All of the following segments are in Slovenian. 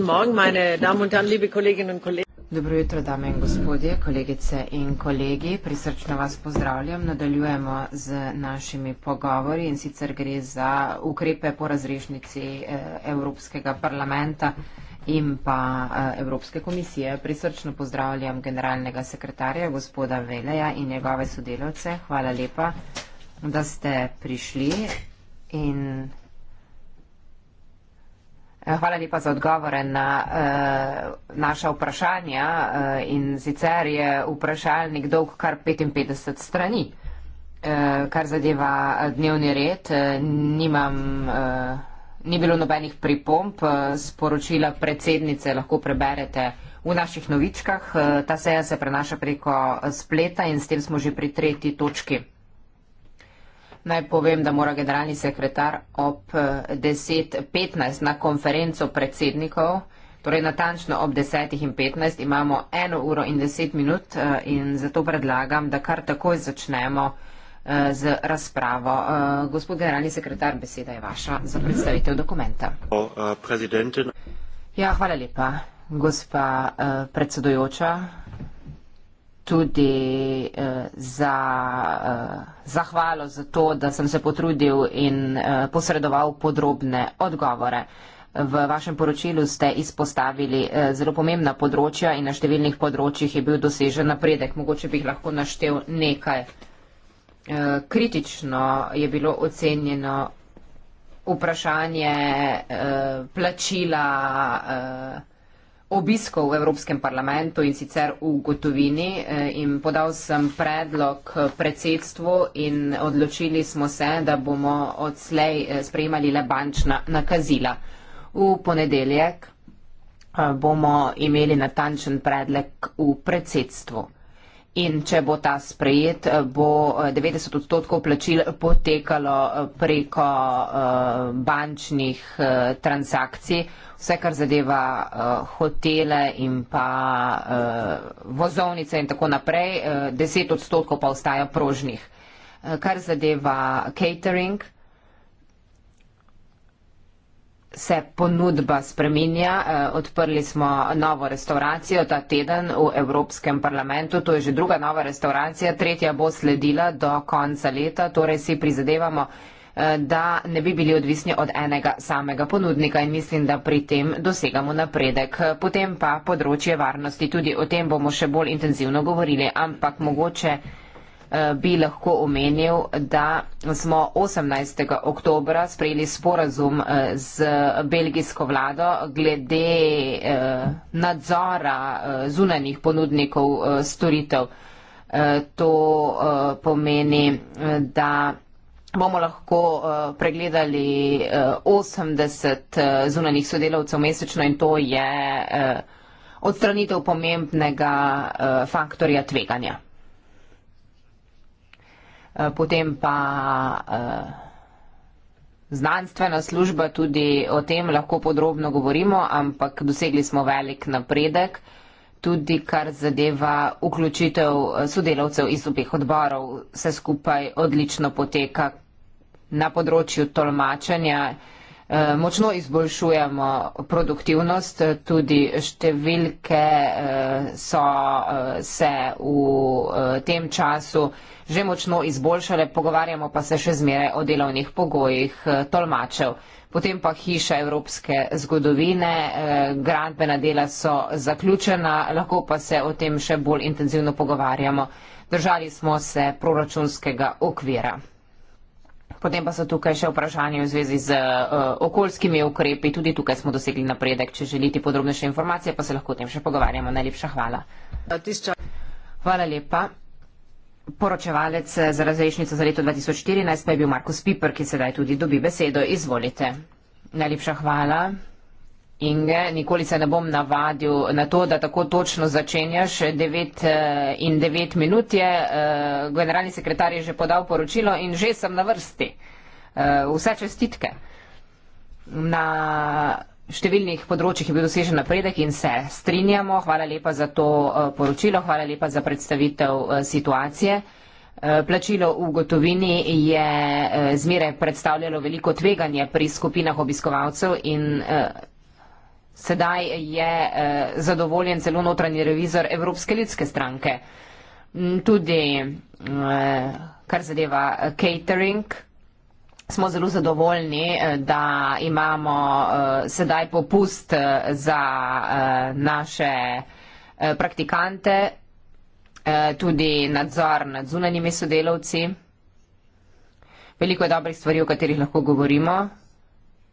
Guten Morgen, meine Damen und Herren, liebe Kolleginnen und Kollegen. Dobro jutro, dame in gospodje, kolegice in kolegi. Prisrčno vas pozdravljam. Nadaljujemo z našimi pogovori in sicer gre za ukrepe po razrešnici eh, Evropskega parlamenta in pa eh, Evropske komisije. Prisrčno pozdravljam generalnega sekretarja gospoda Veleja in njegove sodelavce. Hvala lepa, da ste prišli in Hvala lepa za odgovore na uh, naša vprašanja uh, in sicer je vprašalnik dolg kar 55 strani. Uh, kar zadeva dnevni red, nimam, uh, ni bilo nobenih pripomp, sporočila predsednice lahko preberete v naših novičkah. Uh, ta seja se prenaša preko spleta in s tem smo že pri tretji točki. Naj povem, da mora generalni sekretar ob 10.15 eh, na konferenco predsednikov, torej natančno ob 10.15 imamo eno uro in deset minut eh, in zato predlagam, da kar takoj začnemo eh, z razpravo. Gospod generalni sekretar, beseda je vaša za predstavitev dokumenta. Ja, hvala lepa, gospa predsedujoča tudi uh, za uh, zahvalo za to, da sem se potrudil in uh, posredoval podrobne odgovore. V vašem poročilu ste izpostavili uh, zelo pomembna področja in na številnih področjih je bil dosežen napredek. Mogoče bi lahko naštel nekaj. Uh, kritično je bilo ocenjeno vprašanje uh, plačila. Uh, obiskov v Evropskem parlamentu in sicer v gotovini eh, in podal sem predlog predsedstvu in odločili smo se, da bomo odslej eh, sprejemali le bančna nakazila. V ponedeljek eh, bomo imeli natančen predlog v predsedstvu. In če bo ta sprejet, bo 90 odstotkov plačil potekalo preko bančnih transakcij, vse, kar zadeva uh, hotele in pa uh, vozovnice in tako naprej, uh, eh, 10 odstotkov pa ostaja prožnih. Uh, kar zadeva catering, se ponudba spreminja. Uh, odprli smo novo restauracijo ta teden v Evropskem parlamentu, to je že druga nova restauracija, tretja bo sledila do konca leta, torej si prizadevamo da ne bi bili odvisni od enega samega ponudnika in mislim, da pri tem dosegamo napredek. Potem pa področje varnosti, tudi o tem bomo še bolj intenzivno govorili, ampak mogoče eh, bi lahko omenil, da smo 18. oktober sprejeli sporazum eh, z belgijsko vlado glede eh, nadzora zunanjih ponudnikov storitev. To pomeni, da bomo lahko uh, pregledali uh, eh, 80 uh, eh, zunanih sodelavcev mesečno in to je uh, odstranitev pomembnega uh, faktorja tveganja. Uh, potem pa. Uh, Znanstvena služba tudi o tem lahko podrobno govorimo, ampak dosegli smo velik napredek, tudi kar zadeva vključitev sodelavcev iz obeh odborov. Vse skupaj odlično poteka, na področju tolmačenja eh, močno izboljšujemo produktivnost, tudi številke eh, so eh, se v tem času že močno izboljšale, pogovarjamo pa se še zmeraj o delovnih pogojih tolmačev. Potem pa hiša evropske zgodovine, gradbena dela so zaključena, lahko pa se o tem še bolj intenzivno pogovarjamo. Držali smo se proračunskega okvira. Potem pa so tukaj še vprašanje v zvezi z uh, okoljskimi ukrepi. Tudi tukaj smo dosegli napredek. Če želite podrobnejše informacije, pa se lahko o tem še pogovarjamo. Najlepša hvala. Hvala lepa. Poročevalec eh, za razrešnico za leto 2014 pa je bil Markus Piper, ki sedaj tudi dobi besedo. Izvolite. Najlepša hvala. Inge, nikoli se ne bom navadil na to, da tako točno začenjaš 9 eh, in 9 minut je. Eh, generalni sekretar je že podal poročilo in že sem na vrsti. Eh, vse čestitke. Na številnih področjih je bil dosežen napredek in se strinjamo. Hvala lepa za to poročilo, hvala lepa za predstavitev situacije. Plačilo v gotovini je zmeraj predstavljalo veliko tveganje pri skupinah obiskovalcev in sedaj je eh, zadovoljen celo notranji revizor Evropske ljudske stranke. Mm, tudi, eh, kar zadeva eh, catering, smo zelo zadovoljni, eh, da imamo eh, sedaj popust eh, za eh, naše eh, praktikante, eh, tudi nadzor nad zunanjimi sodelavci. Veliko je dobrih stvari, o katerih lahko govorimo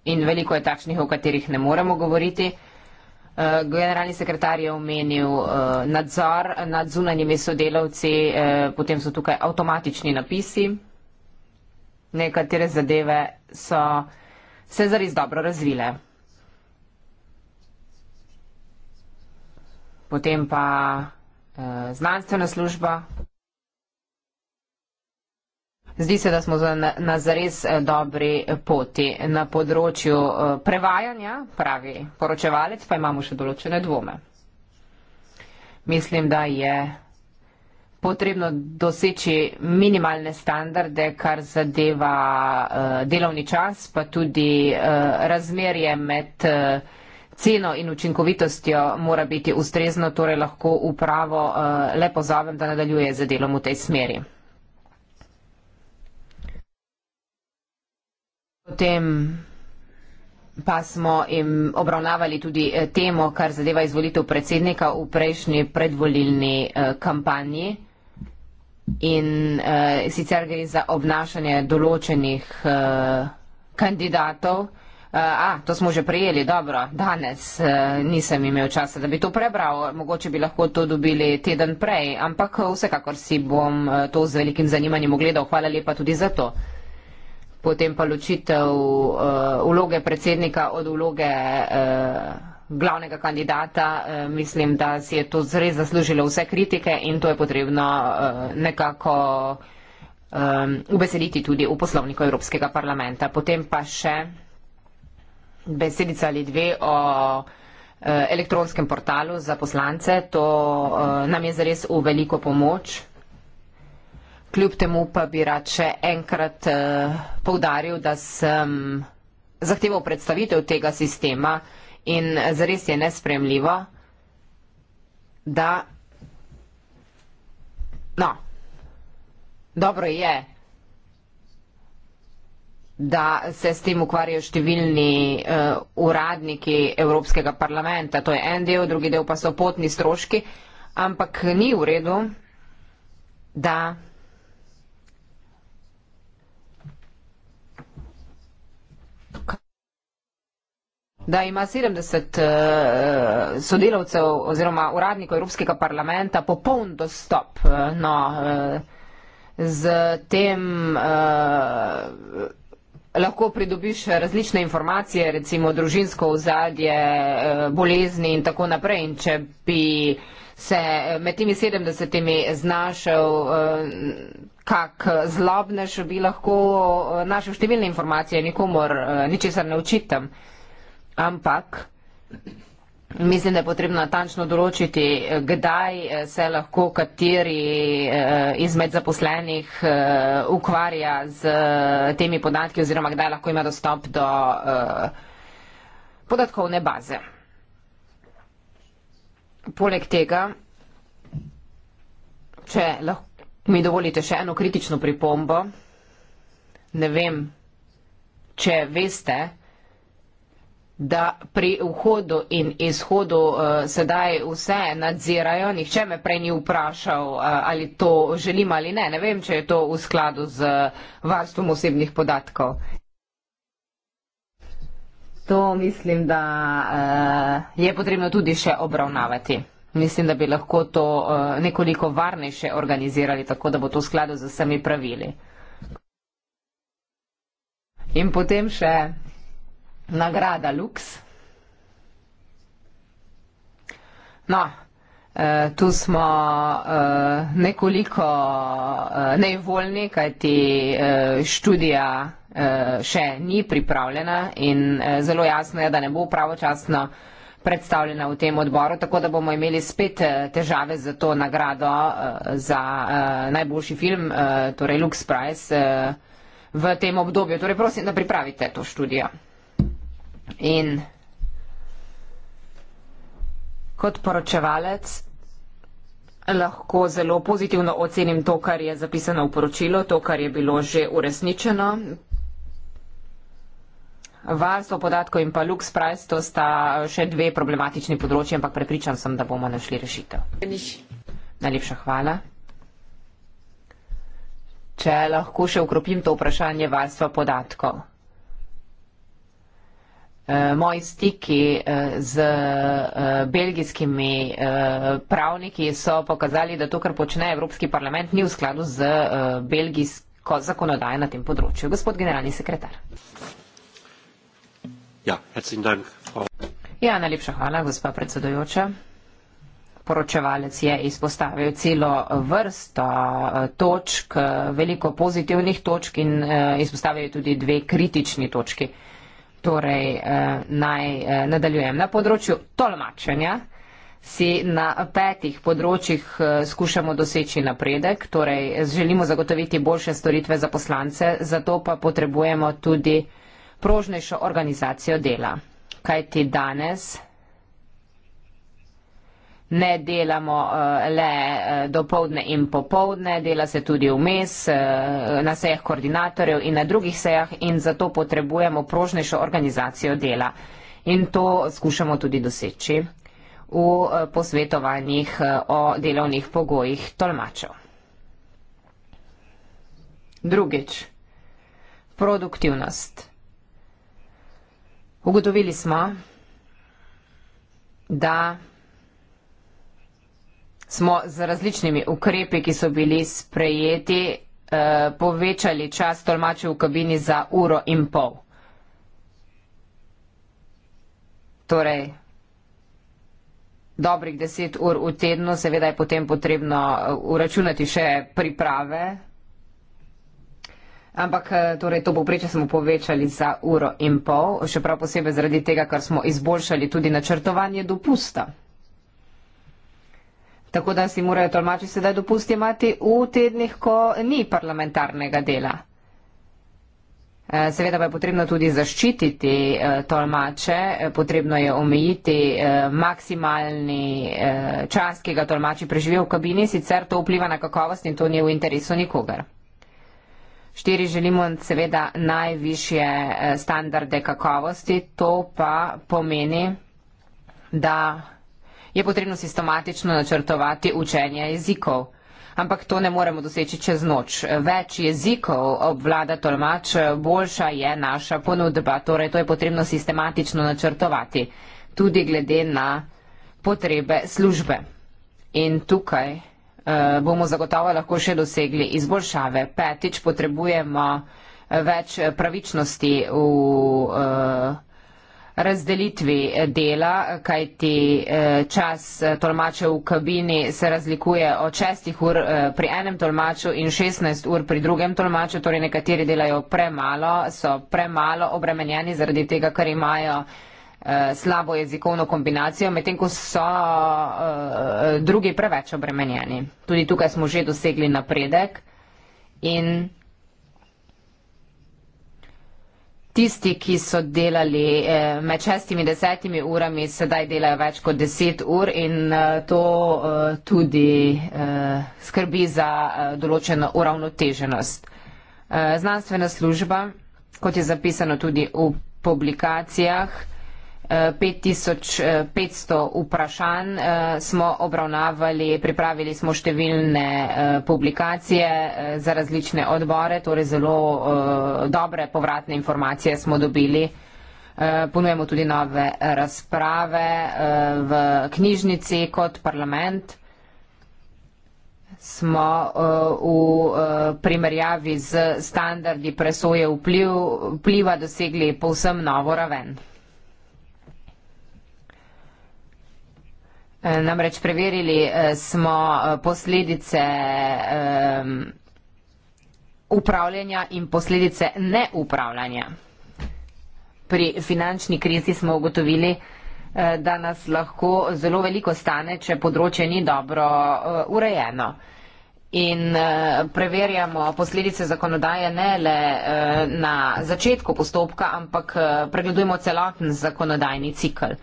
in veliko je takšnih, o katerih ne moremo govoriti. Eh, generalni sekretar je omenil eh, nadzor nad zunanjimi sodelavci, eh, potem so tukaj avtomatični napisi. Nekatere zadeve so se zares dobro razvile. Potem pa znanstvena služba, Zdi se, da smo na, na zares eh, dobri eh, poti na področju eh, prevajanja, pravi poročevalec, pa imamo še določene dvome. Mislim, da je potrebno doseči minimalne standarde, kar zadeva uh, delovni čas, pa tudi uh, razmerje med uh, ceno in učinkovitostjo mora biti ustrezno, torej lahko upravo uh, le pozovem, da nadaljuje z delom v tej smeri. Potem pa smo jim obravnavali tudi eh, temo, kar zadeva izvolitev predsednika v prejšnji predvolilni eh, kampanji. In uh, sicer gre za obnašanje določenih uh, kandidatov. Uh, a, to smo že prejeli, dobro, danes uh, nisem imel časa, da bi to prebral. Mogoče bi lahko to dobili teden prej, ampak vsekakor si bom uh, to z velikim zanimanjem ogledal. Hvala lepa tudi za to potem pa ločitev eh, vloge predsednika od vloge eh, glavnega kandidata, eh, mislim, da si je to zres zaslužilo vse kritike in to je potrebno nekako ubesediti tudi v poslovniku Evropskega parlamenta. Potem pa še besedica ali dve o elektronskem portalu za poslance. To nam je zares v veliko pomoč. Kljub temu pa bi rad še enkrat eh, povdaril, da sem zahteval predstavitev tega sistema in zares je nespremljivo, da. No, dobro je, da se s tem ukvarjajo številni uh, uradniki Evropskega parlamenta. To je en del, drugi del pa so potni stroški, ampak ni v redu, da. da ima 70 uh, eh, sodelavcev oziroma uradnikov Evropskega parlamenta popoln dostop uh, no, uh, eh, z tem. Uh, lahko pridobiš različne informacije, recimo družinsko ozadje, bolezni in tako naprej. In če bi se med temi sedemdesetimi znašel, kak zlobnež bi lahko našel številne informacije, nikomor ničesar ne učitam. Ampak mislim, da je potrebno natančno določiti, kdaj eh, se lahko kateri eh, izmed zaposlenih eh, ukvarja z temi podatki oziroma kdaj lahko ima dostop do podatkovne baze. Poleg tega, če mi dovolite še eno kritično pripombo, ne vem, če veste, da je to, da pri vhodu in izhodu uh, sedaj vse nadzirajo, nihče me prej ni vprašal, uh, ali to želim ali ne. Ne vem, če je to v skladu z uh, varstvom osebnih podatkov. To mislim, da uh, je potrebno tudi še obravnavati. Mislim, da bi lahko to uh, nekoliko varnejše organizirali, tako da bo to v skladu z vsemi pravili. In potem še nagrada Lux. No, eh, tu smo eh, nekoliko eh, nevoljni, kajti študija še ni pripravljena in zelo jasno je, da ne bo pravočasno predstavljena v tem odboru, tako da bomo imeli spet težave za to nagrado za najboljši film, torej Lux Prize, v tem obdobju. Torej prosim, da pripravite to študijo. In kot poročevalec lahko zelo pozitivno ocenim to, kar je zapisano v poročilo, to, kar je bilo že uresničeno. Varstvo podatkov in pa lux price, to sta še dve problematični področji, ampak prepričan sem, da bomo našli rešitev. Najlepša hvala. Če lahko še ukropim to vprašanje varstva podatkov. Eh, moji stiki eh, z eh, belgijskimi pravniki so pokazali, da to, kar počne Evropski parlament, ni v skladu z belgijsko zakonodajo na tem področju. Gospod generalni sekretar. Ja, dank. ja, najlepša hvala, gospa predsedojoča. Poročevalec je izpostavil celo vrsto točk, veliko pozitivnih točk in izpostavil tudi dve kritični točki. Torej, eh, naj eh, nadaljujem. Na področju tolmačenja si na petih področjih eh, skušamo doseči napredek, torej želimo zagotoviti boljše storitve za poslance, zato pa potrebujemo tudi prožnejšo organizacijo dela. Kaj ti danes ne delamo eh, le eh, dopoldne in popoldne, dela se tudi vmes eh, na sejah koordinatorjev in na drugih sejah in zato potrebujemo prožnejšo organizacijo dela. In to skušamo tudi doseči v posvetovanjih o delovnih pogojih tolmačev. Drugič, produktivnost. Ugotovili smo, da smo z različnimi ukrepi, ki so bili sprejeti, eh, povečali čas tolmačev v kabini za uro in pol. Torej, dobrih deset ur v tednu, seveda je potem potrebno eh, uračunati še priprave, ampak eh, torej, to popreče smo povečali za uro in pol, še prav posebej zaradi tega, ker smo izboljšali tudi načrtovanje dopusta. Tako da si morajo tolmači sedaj dopust imati v tednih, ko ni parlamentarnega dela. Eh, seveda pa je potrebno tudi zaščititi eh, tolmače, eh, potrebno je omejiti maksimalni čas, ki ga tolmači preživijo v kabini, sicer to vpliva na kakovost in to ni v interesu nikogar. Štiri želimo seveda najvišje standarde kakovosti, to pa pomeni, da je potrebno sistematično načrtovati učenje jezikov. Ampak to ne moremo doseči čez noč. Več jezikov obvlada tolmač, boljša je naša ponudba. Torej, to je potrebno sistematično načrtovati, tudi glede na potrebe službe. In tukaj eh, bomo zagotovo lahko še dosegli izboljšave. Petič, potrebujemo eh, več eh, pravičnosti v. Eh, razdelitvi dela, kajti eh, čas eh, tolmačev v kabini se razlikuje od 6 ur eh, pri enem tolmaču in 16 ur pri drugem tolmaču, torej nekateri delajo premalo, so premalo obremenjeni zaradi tega, ker imajo slabo jezikovno kombinacijo, medtem ko so drugi preveč obremenjeni. Tudi tukaj smo že dosegli napredek in Tisti, ki so delali eh, med šestimi in desetimi urami, sedaj delajo več kot deset ur in eh, to eh, tudi skrbi za določeno uravnoteženost. Znanstvena služba, kot je zapisano tudi v publikacijah, 5500 eh, vprašanj eh, smo obravnavali, pripravili smo številne eh, publikacije za različne odbore, torej zelo dobre povratne informacije smo dobili. Ponujemo tudi nove razprave v knjižnici kot parlament. Smo v primerjavi z standardi presoje vpliva dosegli povsem novo raven. Eh, namreč preverili eh, smo eh, posledice ehm, upravljanja in posledice neupravljanja. Pri finančni krizi smo ugotovili, da nas lahko zelo veliko stane, če področje ni dobro urejeno. In preverjamo posledice zakonodaje ne le na začetku postopka, ampak pregledujemo celoten zakonodajni cikl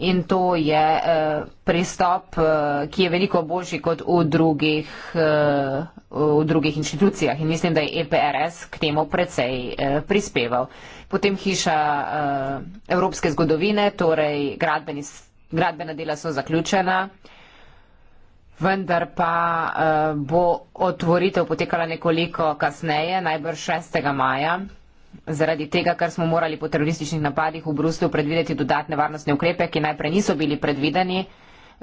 in to je eh, pristop, eh, ki je veliko boljši kot v drugih, eh, v drugih inštitucijah in mislim, da je EPRS k temu precej prispeval. Potem hiša evropske zgodovine, torej gradbeni, gradbena dela so zaključena. Vendar pa uh, bo otvoritev potekala nekoliko kasneje, najbrž 6. maja zaradi tega, ker smo morali po terorističnih napadih v Bruslju predvideti dodatne varnostne ukrepe, ki najprej niso bili predvideni.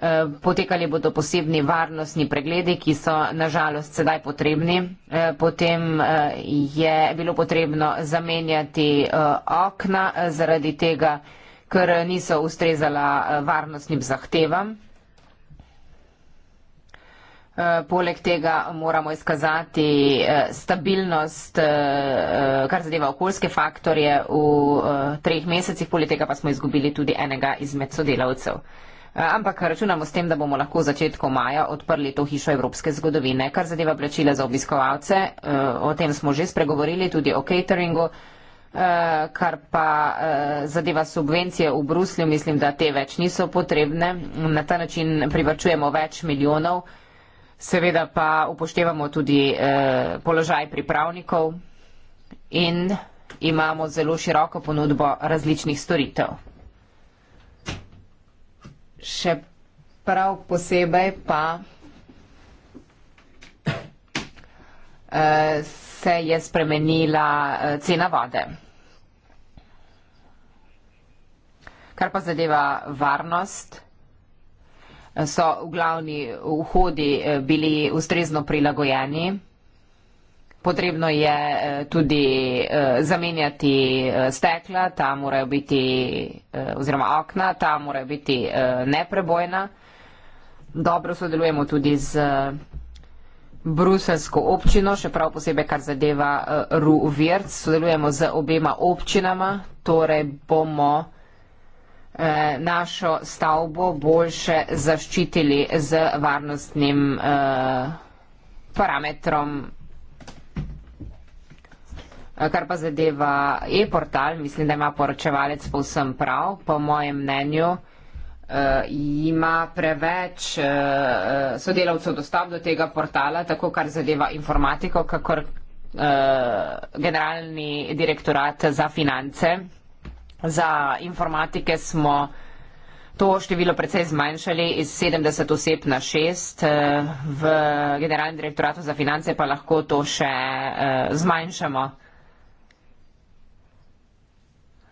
Eh, potekali bodo posebni varnostni pregledi, ki so nažalost sedaj potrebni. Eh, potem eh, je bilo potrebno zamenjati okna zaradi tega, ker niso ustrezala varnostnim zahtevam. Eh, poleg tega moramo izkazati eh, stabilnost, eh, kar zadeva okoljske faktorje v treh mesecih, poleg tega pa smo izgubili tudi enega izmed sodelavcev. Ampak računamo s tem, da bomo lahko v začetku maja odprli to hišo evropske zgodovine. Kar zadeva plačila za obiskovalce, o tem smo že spregovorili tudi o cateringu, kar pa zadeva subvencije v Bruslju, mislim, da te več niso potrebne. Na ta način privrčujemo več milijonov seveda pa upoštevamo tudi eh, položaj pripravnikov in imamo zelo široko ponudbo različnih storitev. Še prav posebej pa eh, se je spremenila eh, cena vode. Kar pa zadeva varnost so glavni vhodi eh, bili ustrezno prilagojeni. Potrebno je eh, tudi eh, zamenjati stekla, ta morajo biti, oziroma okna, ta morajo biti neprebojna. Dobro sodelujemo tudi z bruselsko občino, še prav posebej, kar zadeva Ruvirc. Sodelujemo z obema občinama, torej bomo Eh, našo stavbo boljše zaščitili z varnostnim eh, parametrom. Eh, kar pa zadeva e-portal, mislim, da ima poročevalec povsem prav, po mojem mnenju ima preveč sodelavcev dostop do tega portala, tako kar zadeva informatiko, kakor generalni direktorat za finance. Za informatike smo to število precej zmanjšali iz 70 oseb na 6. Eh, v Generalnem direktoratu za finance pa lahko to še eh, zmanjšamo.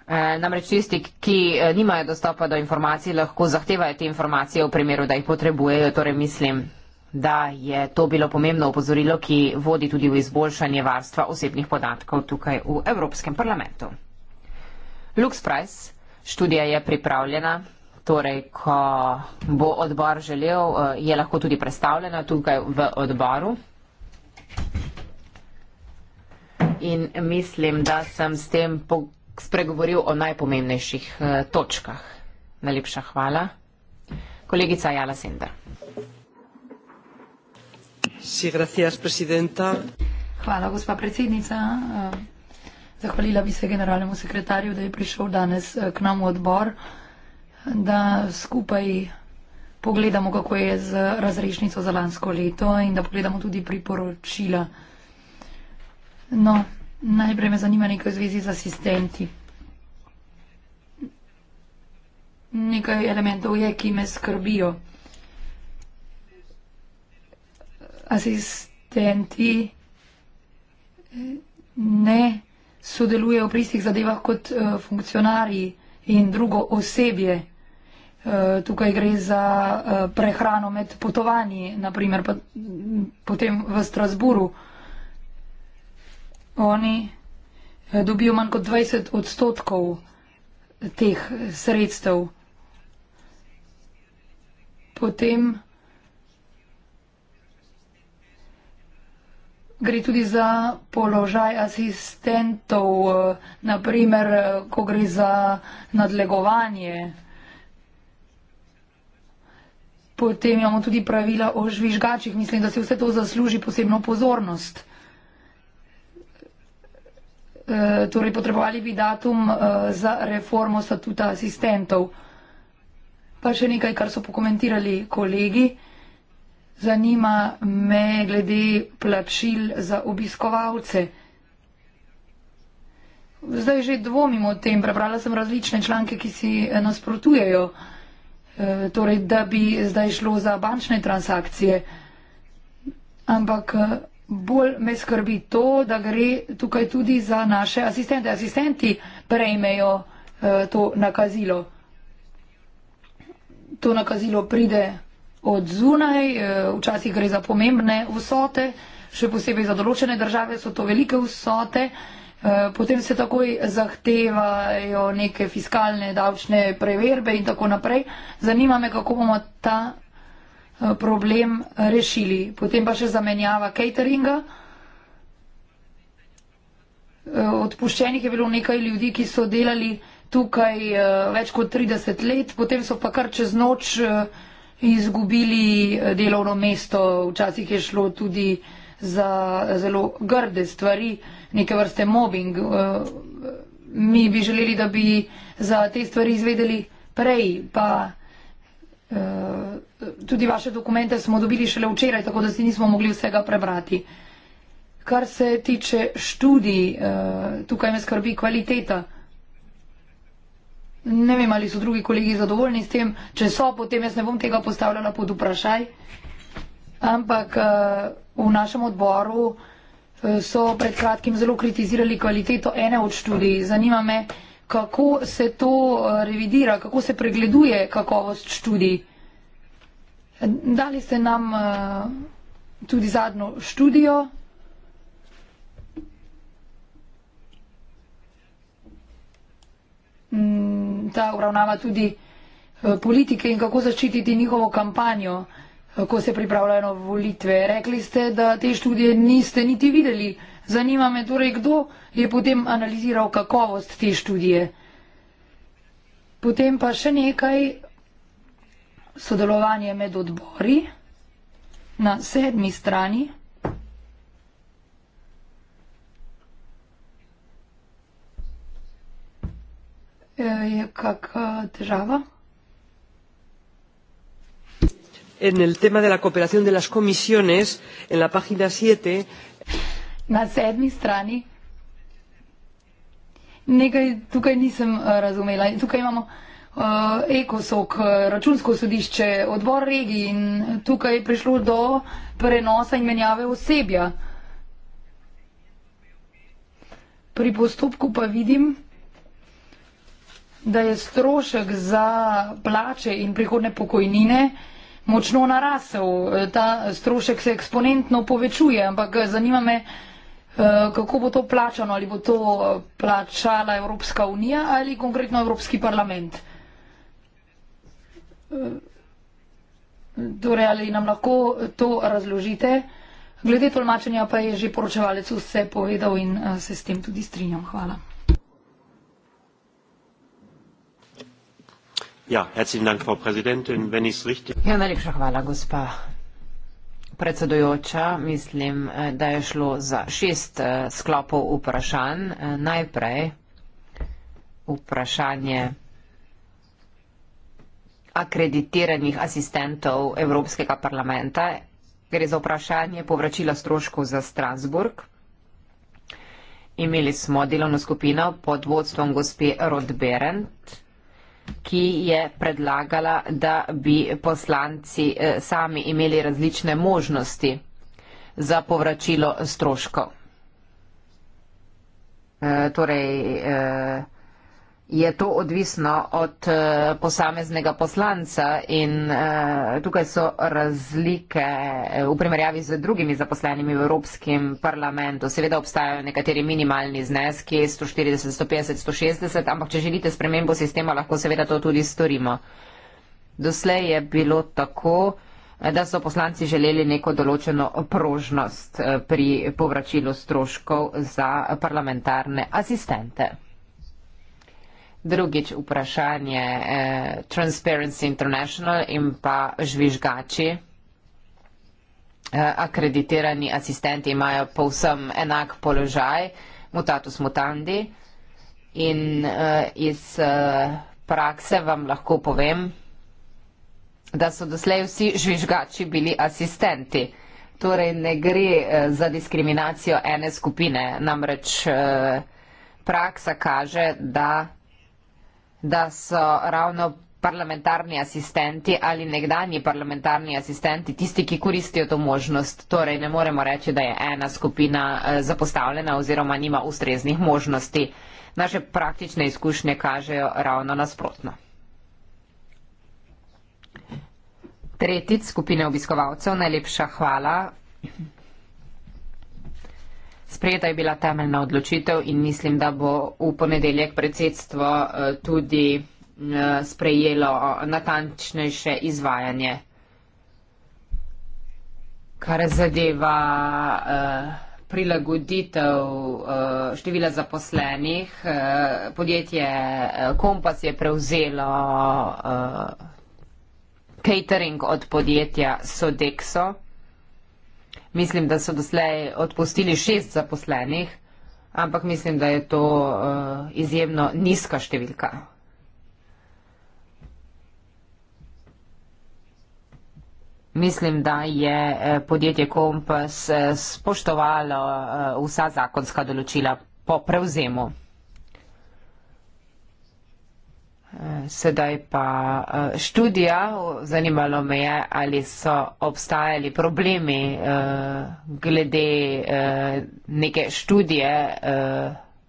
Eh, namreč tisti, ki nimajo dostopa do informacij, lahko zahtevajo te informacije v primeru, da jih potrebujejo. Torej mislim, da je to bilo pomembno opozorilo, ki vodi tudi v izboljšanje varstva osebnih podatkov tukaj v Evropskem parlamentu. LuxPrice. Študija je pripravljena, torej, ko bo odbor želel, eh, je lahko tudi predstavljena tukaj v odboru. In mislim, da sem s tem spregovoril o najpomembnejših eh, točkah. Najlepša hvala. Kolegica Jala Sender. Hvala, gospa predsednica. Eh, Zahvalila bi se generalnemu sekretarju, da je prišel danes eh, k nam v odbor, da skupaj pogledamo, kako je z razrešnico za lansko leto in da pogledamo tudi priporočila. No, najprej me zanima nekaj v zvezi z asistenti. Nekaj elementov je, ki me skrbijo. Asistenti eh, ne sodelujejo pri istih zadevah kot uh, funkcionarji in drugo osebje. Eh, tukaj gre za eh, prehrano med potovanji, naprimer pa potem v Strasburu. Oni dobijo manj kot 20 odstotkov teh sredstev. Potem Gre tudi za položaj asistentov, naprimer, ko gre za nadlegovanje. Potem imamo tudi pravila o žvižgačih. Mislim, da se vse to zasluži posebno pozornost. E, torej, potrebovali bi datum e, za reformo statuta asistentov. Pa še nekaj, kar so pokomentirali kolegi. Zanima me glede plačil za obiskovalce. Zdaj že dvomim o tem, prebrala sem različne članke, ki si nasprotujejo, e, torej, da bi zdaj šlo za bančne transakcije. Ampak eh, bolj me skrbi to, da gre tukaj tudi za naše asistente. Asistenti prejmejo e, to nakazilo. To nakazilo pride od zunaj, eh, včasih gre za pomembne vsote, še posebej za določene države so to velike vsote, eh, potem se takoj zahtevajo neke fiskalne, davčne preverbe in tako naprej. Zanima me, kako bomo ta eh, problem rešili. Potem pa še zamenjava cateringa. Odpuščenih je bilo nekaj ljudi, ki so delali tukaj več kot 30 let, potem so pa kar čez noč izgubili eh, delovno mesto, včasih je šlo tudi za zelo grde stvari, neke vrste mobbing. Eh, mi bi želeli, da bi za te stvari izvedeli prej, pa eh, tudi vaše dokumente smo dobili šele včeraj, tako da si nismo mogli vsega prebrati. Kar se tiče študij, tukaj me skrbi kvaliteta. Ne vem, ali so drugi kolegi zadovoljni s tem, če so, potem jaz ne bom tega postavljala pod vprašaj. Ampak uh, v našem odboru uh, so pred kratkim zelo kritizirali kvaliteto ene od študij. Zanima me, kako se to uh, revidira, kako se pregleduje kakovost študij. Dali ste nam uh, tudi zadnjo študijo. Mm ta uravnava tudi eh, politike in kako zaščititi njihovo kampanjo, eh, ko se pripravljajo na volitve. Rekli ste, da te študije niste niti videli. Zanima me torej, kdo je potem analiziral kakovost te študije. Potem pa še nekaj sodelovanje med odbori na sedmi strani. Eh, je kakšna težava? En el tema de la cooperación de las comisiones, en la página 7. Na sedmi strani. Nekaj tukaj nisem eh, razumela. Tukaj imamo uh, ekosok, računsko sodišče, odbor regij in tukaj je prišlo do prenosa in menjave osebja. Pri postopku pa vidim, da je strošek za plače in prihodne pokojnine močno narasel. Ta strošek se eksponentno povečuje, ampak zanima me, eh, kako bo to plačano, ali bo to plačala Evropska unija ali konkretno Evropski parlament. Eh, torej, ali nam lahko to razložite? Glede tolmačenja pa je že poročevalec vse povedal in eh, se s tem tudi strinjam. Hvala. Ja, ja, najlepša hvala gospa predsedujoča. Mislim, eh, da je šlo za šest eh, sklopov vprašanj. Eh, najprej vprašanje akreditiranih asistentov Evropskega parlamenta. Gre za vprašanje povračila stroškov za Strasburg. Imeli smo delovno skupino pod vodstvom gospe Rod Berendt ki je predlagala, da bi poslanci eh, sami imeli različne možnosti za povračilo stroškov. E, torej, e, je to odvisno od eh, posameznega poslanca in eh, tukaj so razlike eh, v primerjavi z drugimi zaposlenimi v Evropskem parlamentu. Seveda obstajajo nekateri minimalni zneski 140, 150, 160, ampak če želite spremembo sistema, lahko seveda to tudi storimo. Doslej je bilo tako, da so poslanci želeli neko določeno prožnost pri povračilu stroškov za parlamentarne asistente drugič vprašanje eh, Transparency International in pa žvižgači. Eh, akreditirani asistenti imajo povsem enak položaj, mutatus mutandi. In eh, iz eh, prakse vam lahko povem, da so doslej vsi žvižgači bili asistenti. Torej ne gre eh, za diskriminacijo ene skupine, namreč eh, praksa kaže, da da so ravno parlamentarni asistenti ali nekdani parlamentarni asistenti tisti, ki koristijo to možnost. Torej ne moremo reči, da je ena skupina eh, zapostavljena oziroma nima ustreznih možnosti. Naše praktične izkušnje kažejo ravno nasprotno. Tretjic skupine obiskovalcev, najlepša hvala. Sprejeta je bila temeljna odločitev in mislim, da bo v ponedeljek predsedstvo eh, tudi eh, sprejelo eh, natančnejše izvajanje. Kar zadeva prilagoditev števila zaposlenih, podjetje Kompas je prevzelo catering od podjetja Sodexo mislim, da so doslej odpustili šest zaposlenih, ampak mislim, da je to eh, izjemno nizka številka. Mislim, da je eh, podjetje Kompas eh, spoštovalo vsa zakonska določila po prevzemu. Sedaj pa eh, študija, zanimalo me je, ali so obstajali problemi eh, glede eh, neke študije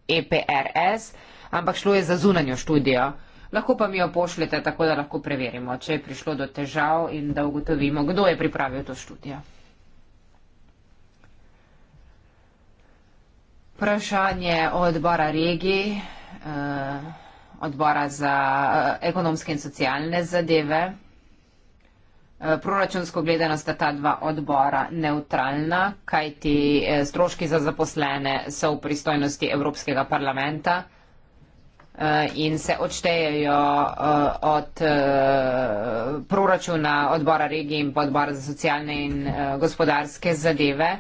EPRS, e ampak šlo je za zunanjo študijo. Lahko pa mi jo pošljete, tako da lahko preverimo, če je prišlo do težav in da ugotovimo, kdo je pripravil to študijo. Vprašanje odbora regij. Uh, odbora za eh, ekonomske in socialne zadeve. Eh, proračunsko gledano sta ta dva odbora neutralna, kajti eh, stroški za zaposlene so v pristojnosti Evropskega parlamenta in se odštejejo od proračuna odbora regij in podbora za socialne in gospodarske zadeve.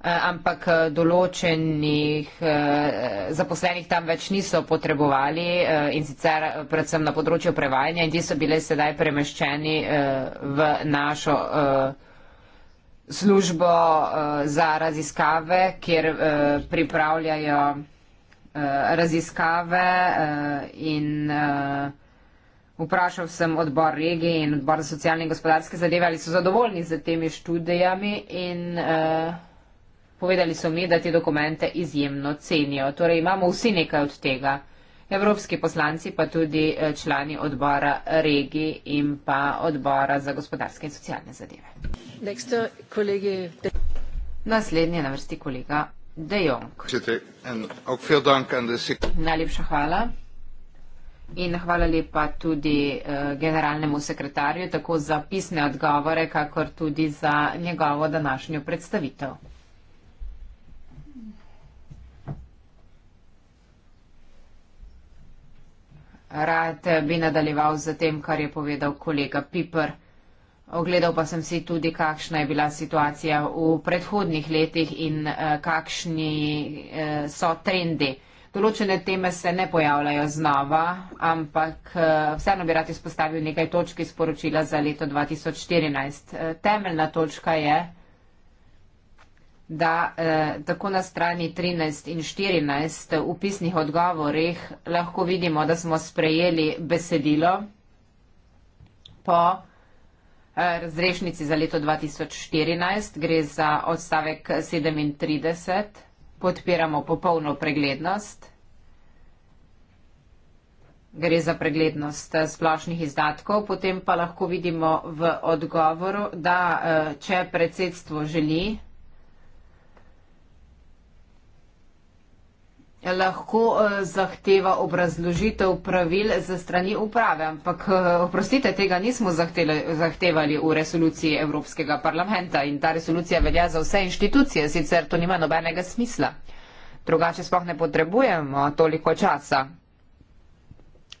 Eh, ampak eh, določenih eh, zaposlenih tam več niso potrebovali in sicer predvsem na področju prevajanja in ti so bile sedaj premeščeni v našo službo za raziskave, kjer pripravljajo raziskave in vprašal sem odbor regije in odbor za socialne in gospodarske zadeve, ali so zadovoljni z temi študijami in Povedali so mi, da te dokumente izjemno cenijo, torej imamo vsi nekaj od tega. Evropski poslanci pa tudi eh, člani odbora regi in pa odbora za gospodarske in socialne zadeve. Next, uh, kolegi... Naslednji je na vrsti kolega De Jong. Najlepša hvala. In hvala lepa tudi eh, generalnemu sekretarju, tako za pisne odgovore, kakor tudi za njegovo današnjo predstavitev. Rajte eh, bi nadaljeval z tem, kar je povedal kolega Piper. Ogledal pa sem si tudi, kakšna je bila situacija v predhodnih letih in eh, kakšni eh, so trendi. Določene teme se ne pojavljajo znova, ampak vseeno bi rad izpostavil nekaj točk iz poročila za leto 2014. Temeljna točka je, da eh, tako na strani 13 in 14 v pisnih odgovorih lahko vidimo, da smo sprejeli besedilo po eh, razrešnici eh, za leto 2014. Gre za odstavek 37. Podpiramo popolno preglednost. Gre za preglednost eh, splošnih izdatkov. Potem pa lahko vidimo v odgovoru, da eh, če predsedstvo želi, lahko eh, zahteva obrazložitev pravil za strani uprave, ampak eh, oprostite, tega nismo zahtevali v resoluciji Evropskega parlamenta in ta resolucija velja za vse inštitucije, sicer to nima nobenega smisla. Drugače sploh ne potrebujemo toliko časa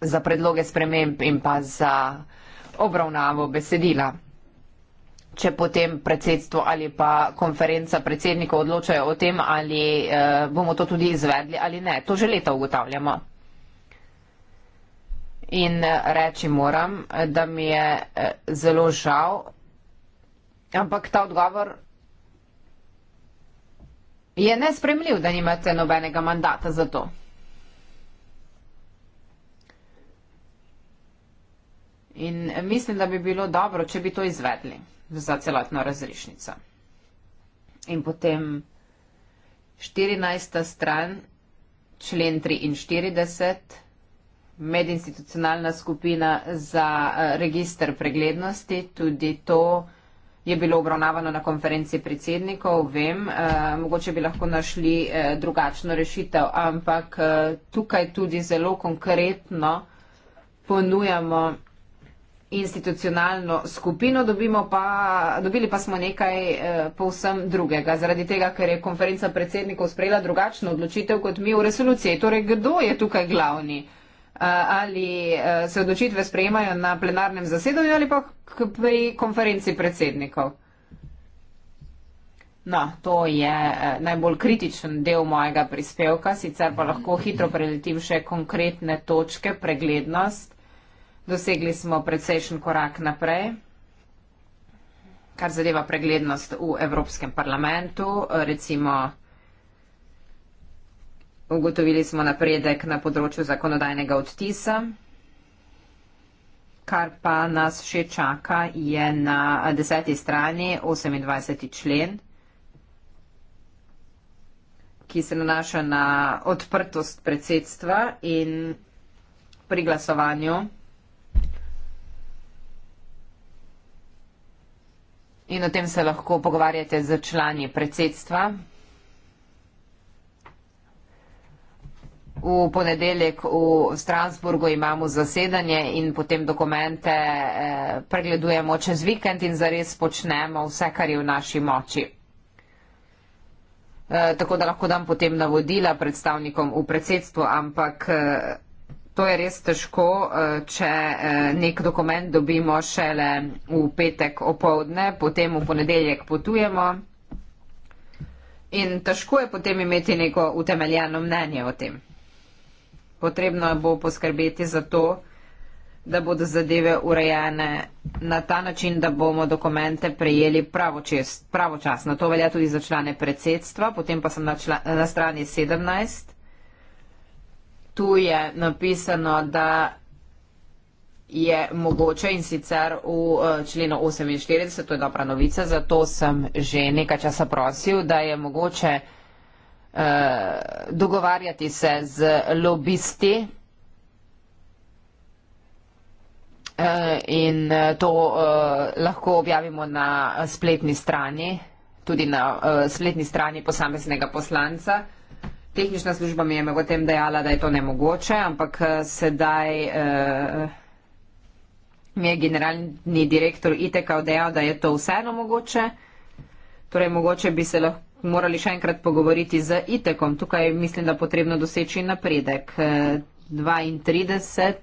za predloge sprememb in pa za obravnavo besedila če potem predsedstvo ali pa konferenca predsednikov odločajo o tem, ali eh, bomo to tudi izvedli ali ne. To že leta ugotavljamo. In eh, reči moram, eh, da mi je eh, zelo žal, ampak ta odgovor je nespremljiv, da nimate nobenega mandata za to. In mislim, da bi bilo dobro, če bi to izvedli za celotno razrešnico. In potem 14. stran, člen 43, medinstitucionalna skupina za eh, registr preglednosti, tudi to je bilo obravnavano na konferenci predsednikov, vem, eh, mogoče bi lahko našli eh, drugačno rešitev, ampak tukaj tudi zelo konkretno ponujamo institucionalno skupino, pa, dobili pa smo nekaj eh, povsem drugega. Zaradi tega, ker je konferenca predsednikov sprejela drugačno odločitev kot mi v resoluciji. Torej, kdo je tukaj glavni? Eh, ali eh, se odločitve sprejemajo na plenarnem zasedanju ali pa pri konferenci predsednikov? No, to je eh, najbolj kritičen del mojega prispevka, sicer pa lahko hitro preletim še konkretne točke, preglednost dosegli smo precejšen korak naprej, kar zadeva preglednost v Evropskem parlamentu. Recimo, ugotovili smo napredek na področju zakonodajnega odtisa. Kar pa nas še čaka, je na deseti strani 28. člen, ki se nanaša na odprtost predsedstva in pri glasovanju. In o tem se lahko pogovarjate z člani predsedstva. V ponedeljek v Strasburgu imamo zasedanje in potem dokumente eh, pregledujemo čez vikend in zares počnemo vse, kar je v naši moči. Eh, tako da lahko dam potem navodila predstavnikom v predsedstvu, ampak eh, to je res težko, eh, če eh, nek dokument dobimo šele v petek opovdne, potem v ponedeljek potujemo. In težko je potem imeti neko utemeljeno mnenje o tem. Potrebno bo poskrbeti za to, da bodo zadeve urejene na ta način, da bomo dokumente prejeli pravočasno. Pravo to velja tudi za člane predsedstva, potem pa sem na, člane, na strani 17 tu je napisano, da je mogoče in sicer v eh, členu 48, to je dobra novica, zato sem že nekaj časa prosil, da je mogoče eh, dogovarjati se z lobisti eh, in eh, to eh, lahko objavimo na spletni strani, tudi na eh, spletni strani posameznega poslanca. Tehnična služba mi je med tem dejala, da je to nemogoče, ampak eh, sedaj eh, mi je generalni direktor ITK dejal, da je to vseeno mogoče. Torej, mogoče bi se lahko morali še enkrat pogovoriti z ITK-om. Tukaj mislim, da je potrebno doseči napredek. Eh, 32,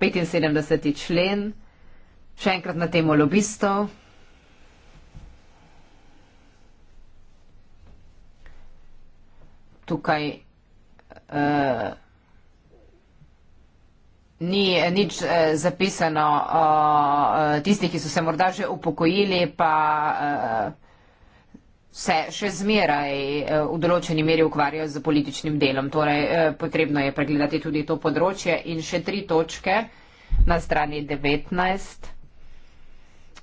75 člen, še enkrat na temo lobistov. tukaj uh, ni nič uh, zapisano. Uh, eh, tisti, ki so se morda že upokojili, pa uh, se še zmeraj uh, v določeni meri ukvarjajo z političnim delom. Torej, uh, potrebno je pregledati tudi to področje in še tri točke na strani 19.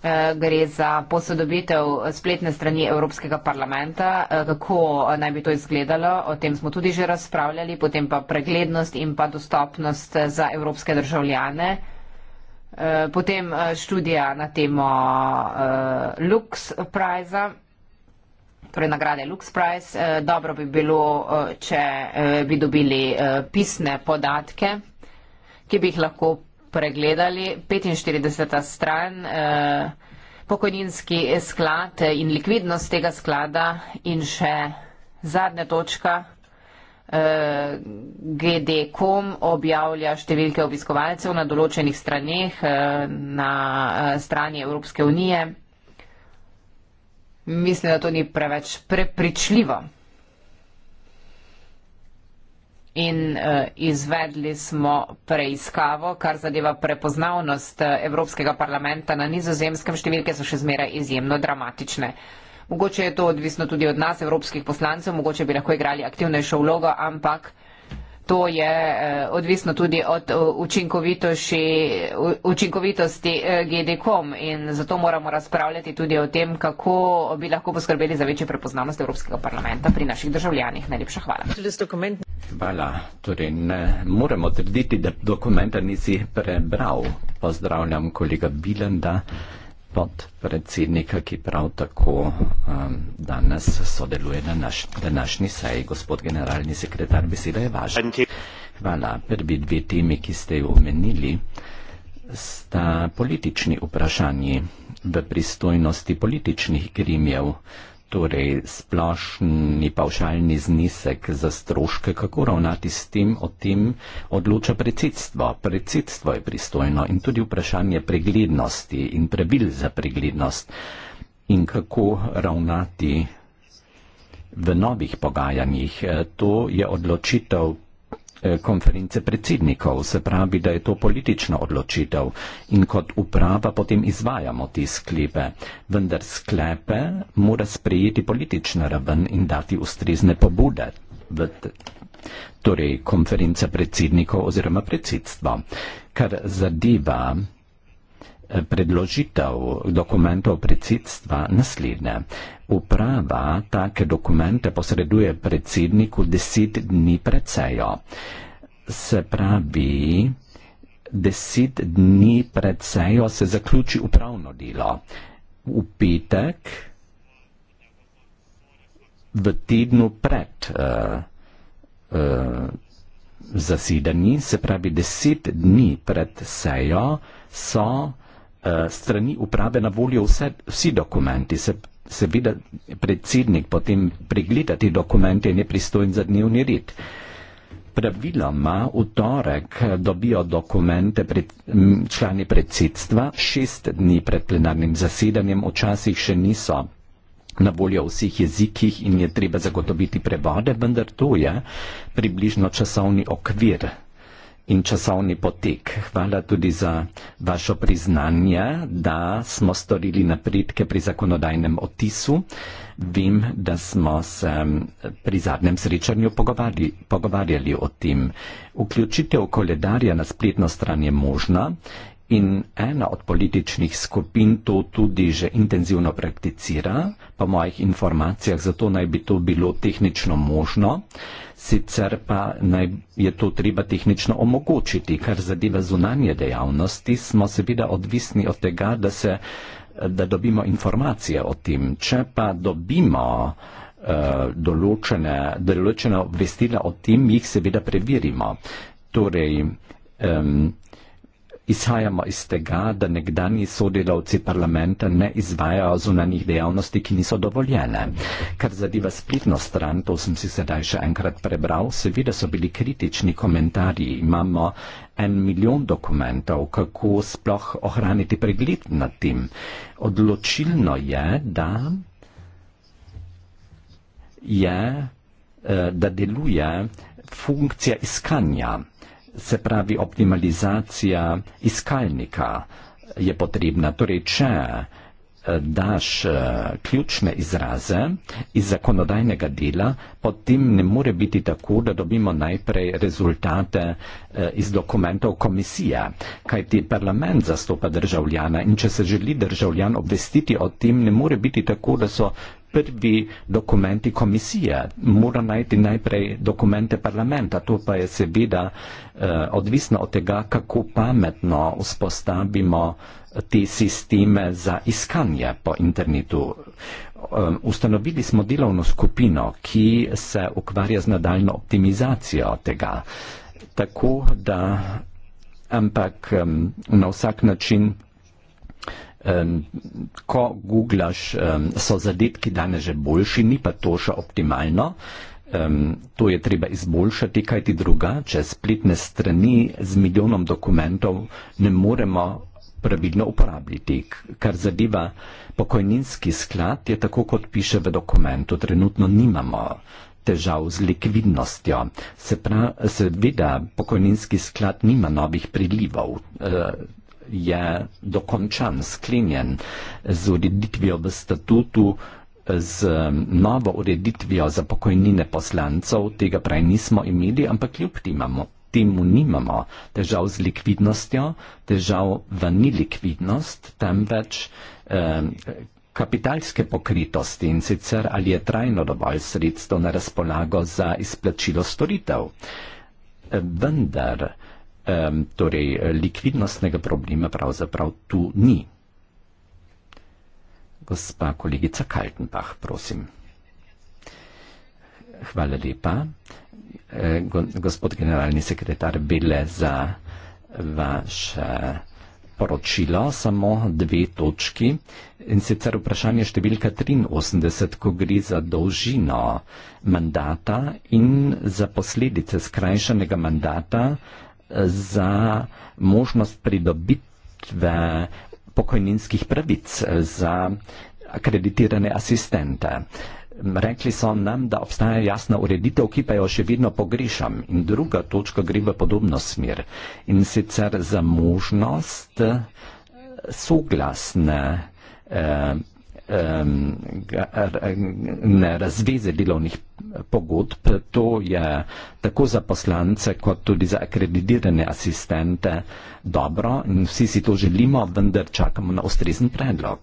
Eh, gre za posodobitev spletne strani Evropskega parlamenta, eh, kako eh, naj bi to izgledalo, o tem smo tudi že razpravljali, potem pa preglednost in pa dostopnost za evropske državljane. Potem študija na temo Lux Prize, torej nagrade Lux Prize. Dobro bi bilo, če bi dobili pisne podatke, ki bi jih lahko pregledali 45. stran, eh, pokojninski sklad in likvidnost tega sklada in še zadnja točka. Eh, GD.com objavlja številke obiskovalcev na določenih straneh, eh, na eh, strani Evropske unije. Mislim, da to ni preveč prepričljivo in eh, izvedli smo preiskavo, kar zadeva prepoznavnost eh, Evropskega parlamenta na nizozemskem. Številke so še zmeraj izjemno dramatične. Mogoče je to odvisno tudi od nas, evropskih poslancev, mogoče bi lahko igrali aktivnejšo vlogo, ampak to je eh, odvisno tudi od učinkovitosti GDKOM in zato moramo razpravljati tudi o tem, kako bi lahko poskrbeli za večjo prepoznavnost Evropskega parlamenta pri naših državljanih. Najlepša hvala. Hvala. Torej, ne moremo trditi, da dokumenta nisi prebral. Pozdravljam kolega Bilenda, podpredsednika, ki prav tako um, danes sodeluje na naš, današnji seji. Gospod generalni sekretar, beseda je vaša. Hvala. Prvi dve temi, ki ste jo omenili, sta politični vprašanji v pristojnosti političnih grimjev torej splošni pavšalni znesek za stroške, kako ravnati s tem, o tem odloča predsedstvo. Predsedstvo je pristojno in tudi vprašanje preglednosti in pravil za preglednost in kako ravnati v novih pogajanjih. To je odločitev Eh, konference predsednikov, se pravi, da je to politična odločitev in kot uprava potem izvajamo te sklepe. Vendar sklepe mora sprejeti politična raven in dati ustrezne pobude. Torej, konference predsednikov oziroma predsedstva. Kar zadeva predložitev dokumentov predsedstva naslednje. Uprava take dokumente posreduje predsedniku deset dni pred sejo. Se pravi, deset dni pred sejo se zaključi upravno delo. V petek, v tednu pred uh, uh, zasedanji, se pravi deset dni pred sejo, so Eh, strani uprave na voljo vse, vsi dokumenti. Se, seveda predsednik potem pregleda te dokumente in je pristojen za dnevni red. Praviloma v torek eh, dobijo dokumente pred, člani predsedstva šest dni pred plenarnim zasedanjem, včasih še niso na voljo v vseh jezikih in je treba zagotoviti prevode, vendar to je približno časovni okvir in časovni potek. Hvala tudi za vašo priznanje, da smo storili napredke pri zakonodajnem otisu. Vem, da smo se pri zadnjem srečanju pogovarjali, pogovarjali o tem. Vključitev koledarja na spletno stran je možna In ena od političnih skupin to tudi že intenzivno prakticira, po mojih informacijah zato naj bi to bilo tehnično možno, sicer pa naj je to treba tehnično omogočiti, kar zadeva zunanje dejavnosti, smo seveda odvisni od tega, da, se, da dobimo informacije o tem. Če pa dobimo uh, določene, določene obvestila o tem, jih seveda preverimo. Torej, um, izhajamo iz tega, da nekdani sodelavci parlamenta ne izvajajo zunanjih dejavnosti, ki niso dovoljene. Kar zadeva spletno stran, to sem si sedaj še enkrat prebral, seveda so bili kritični komentarji. Imamo en milijon dokumentov, kako sploh ohraniti pregled nad tem. Odločilno je, da je, eh, da deluje funkcija iskanja se pravi optimalizacija iskalnika je potrebna. Torej, če eh, daš eh, ključne izraze iz zakonodajnega dela, potem ne more biti tako, da dobimo najprej rezultate eh, iz dokumentov komisije, kajti parlament zastopa državljana in če se želi državljan obvestiti o tem, ne more biti tako, da so prvi dokumenti komisije. Mora najti najprej dokumente parlamenta, to pa je seveda eh, odvisno od tega, kako pametno vzpostavimo te sisteme za iskanje po internetu. Ustanovili smo delovno skupino, ki se ukvarja z nadaljno optimizacijo tega. Tako da, ampak na vsak način ko googlaš, so zadetki danes že boljši, ni pa to še optimalno. Um, to je treba izboljšati, kaj ti drugače, spletne strani z milijonom dokumentov ne moremo pravidno uporabljati. Kar zadeva pokojninski sklad, je tako, kot piše v dokumentu, trenutno nimamo težav z likvidnostjo. Se pravi, seveda pokojninski sklad nima novih prilivov. Uh, je dokončan, sklenjen z ureditvijo v statutu, z novo ureditvijo za pokojnine poslancev, tega prej nismo imeli, ampak kljub imamo. Temu nimamo težav z likvidnostjo, težav v ni likvidnost, temveč eh, kapitalske pokritosti in sicer ali je trajno dovolj sredstev na razpolago za izplačilo storitev. Eh, vendar eh, torej likvidnostnega problema pravzaprav tu ni. Gospa kolegica Kaltenbach, prosim. Hvala lepa. E, gospod generalni sekretar Bele za vaše poročilo. Samo dve točki. In sicer vprašanje številka 83, ko gre za dolžino mandata in za posledice skrajšanega mandata za možnost pridobitve pokojninskih pravic za akreditirane asistente. Rekli so nam, da obstaja jasna ureditev, ki pa jo še vedno pogrešam. In druga točka gre v podobno smer. In sicer za možnost eh, soglasne eh, Um, ne razveze delovnih pogodb, to je tako za poslance kot tudi za akreditirane asistente dobro in vsi si to želimo, vendar čakamo na ustrezen predlog.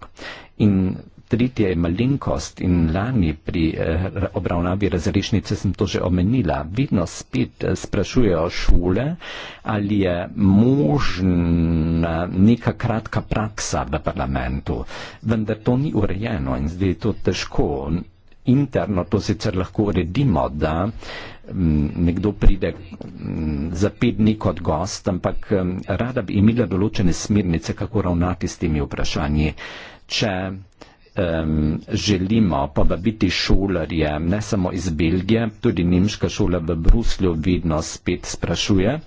In tretje je malinkost in lani pri eh, obravnavi razrešnice sem to že omenila. Vedno spet eh, sprašujejo šole, ali je možna neka kratka praksa v parlamentu, vendar to ni urejeno in zdaj je to težko. Interno to sicer lahko uredimo, da mm, nekdo pride mm, za pet dni kot gost, ampak mm, rada bi imela določene smernice, kako ravnati s temi vprašanji. Če um, želimo povabiti šolarje, ne samo iz Belgije, tudi nemška šola v Bruslju vedno spet sprašuje.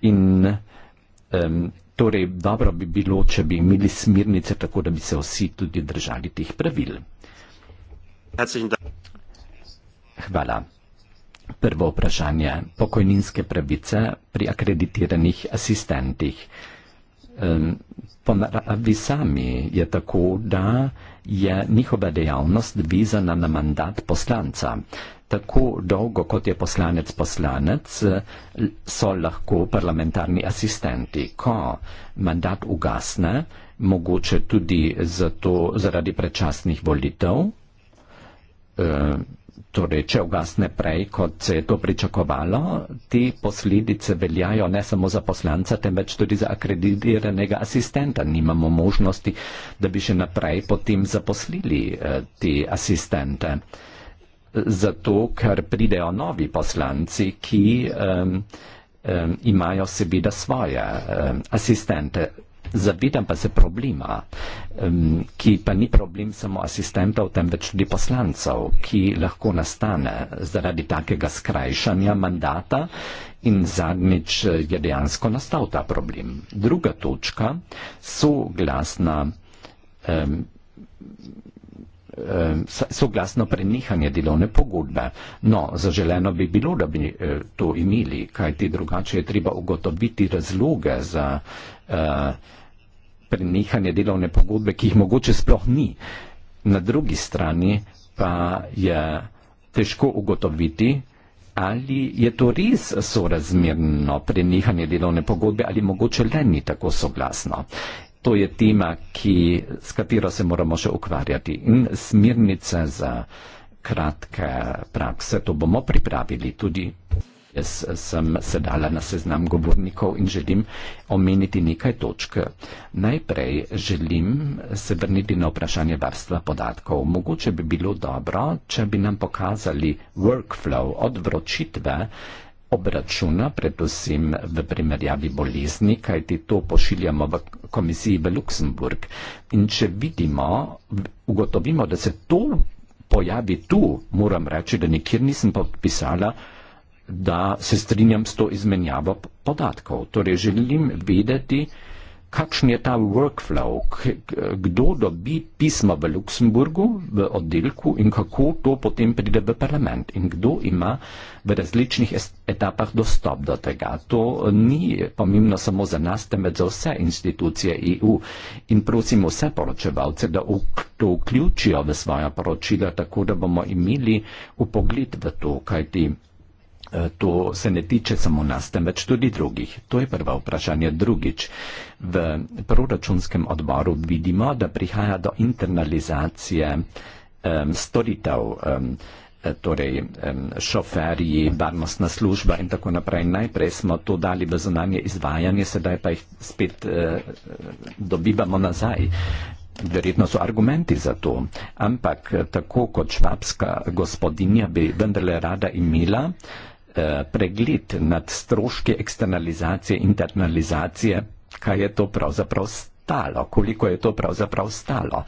In, um, torej, dobro bi bilo, če bi imeli smirnice, tako da bi se vsi tudi držali teh pravil. Hvala. Prvo vprašanje. Pokojninske pravice pri akreditiranih asistentih. Vi sami je tako, da je njihova dejavnost vizana na mandat poslanca. Tako dolgo, kot je poslanec poslanec, so lahko parlamentarni asistenti. Ko mandat ugasne, mogoče tudi zato, zaradi predčasnih volitev, torej, če ugasne prej, kot se je to pričakovalo, ti posledice veljajo ne samo za poslanca, temveč tudi za akrediranega asistenta. Nimamo možnosti, da bi še naprej potem zaposlili eh, te asistente. Zato, ker pridejo novi poslanci, ki um, um, imajo seveda svoje um, asistente. Zavedam pa se problema, um, ki pa ni problem samo asistentov, temveč tudi poslancev, ki lahko nastane zaradi takega skrajšanja mandata in zadnjič eh, je dejansko nastal ta problem. Druga točka so glasna. Um, soglasno prenehanje delovne pogodbe. No, zaželeno bi bilo, da bi eh, to imeli, kajti drugače je treba ugotoviti razloge za uh, prenehanje delovne pogodbe, ki jih mogoče sploh ni. Na drugi strani pa je težko ugotoviti, ali je to res sorazmerno prenehanje delovne pogodbe ali mogoče le ni tako soglasno. To je tema, ki, s katero se moramo še ukvarjati. In smernice za kratke prakse, to bomo pripravili tudi. Jaz sem se dala na seznam govornikov in želim omeniti nekaj točk. Najprej želim se vrniti na vprašanje varstva podatkov. Mogoče bi bilo dobro, če bi nam pokazali workflow od vročitve obračuna, predvsem v primerjavi bolezni, kajti to pošiljamo v komisiji v Luksemburg. In če vidimo, ugotovimo, da se to pojavi tu, moram reči, da nikjer nisem podpisala, da se strinjam s to izmenjavo podatkov. Torej želim vedeti, kakšen je ta workflow, kdo dobi pisma v Luksemburgu v oddelku in kako to potem pride v parlament in kdo ima v različnih etapah dostop do tega. To ni pomembno samo za nas, temveč za vse institucije EU in prosim vse poročevalce, da to vključijo v svoja poročila, tako da bomo imeli upogled v to, kajti Eh, to se ne tiče samo nas, temveč tudi drugih. To je prvo vprašanje. Drugič, v proračunskem odboru vidimo, da prihaja do internalizacije um, storitev, um, torej um, šoferji, varnostna služba in tako naprej. Najprej smo to dali v zunanje izvajanje, sedaj pa jih spet uh, dobivamo nazaj. Verjetno so argumenti za to, ampak tako kot švabska gospodinja bi vendarle rada imela, Eh, pregled nad stroške eksternalizacije, internalizacije, kaj je to pravzaprav stalo, koliko je to pravzaprav stalo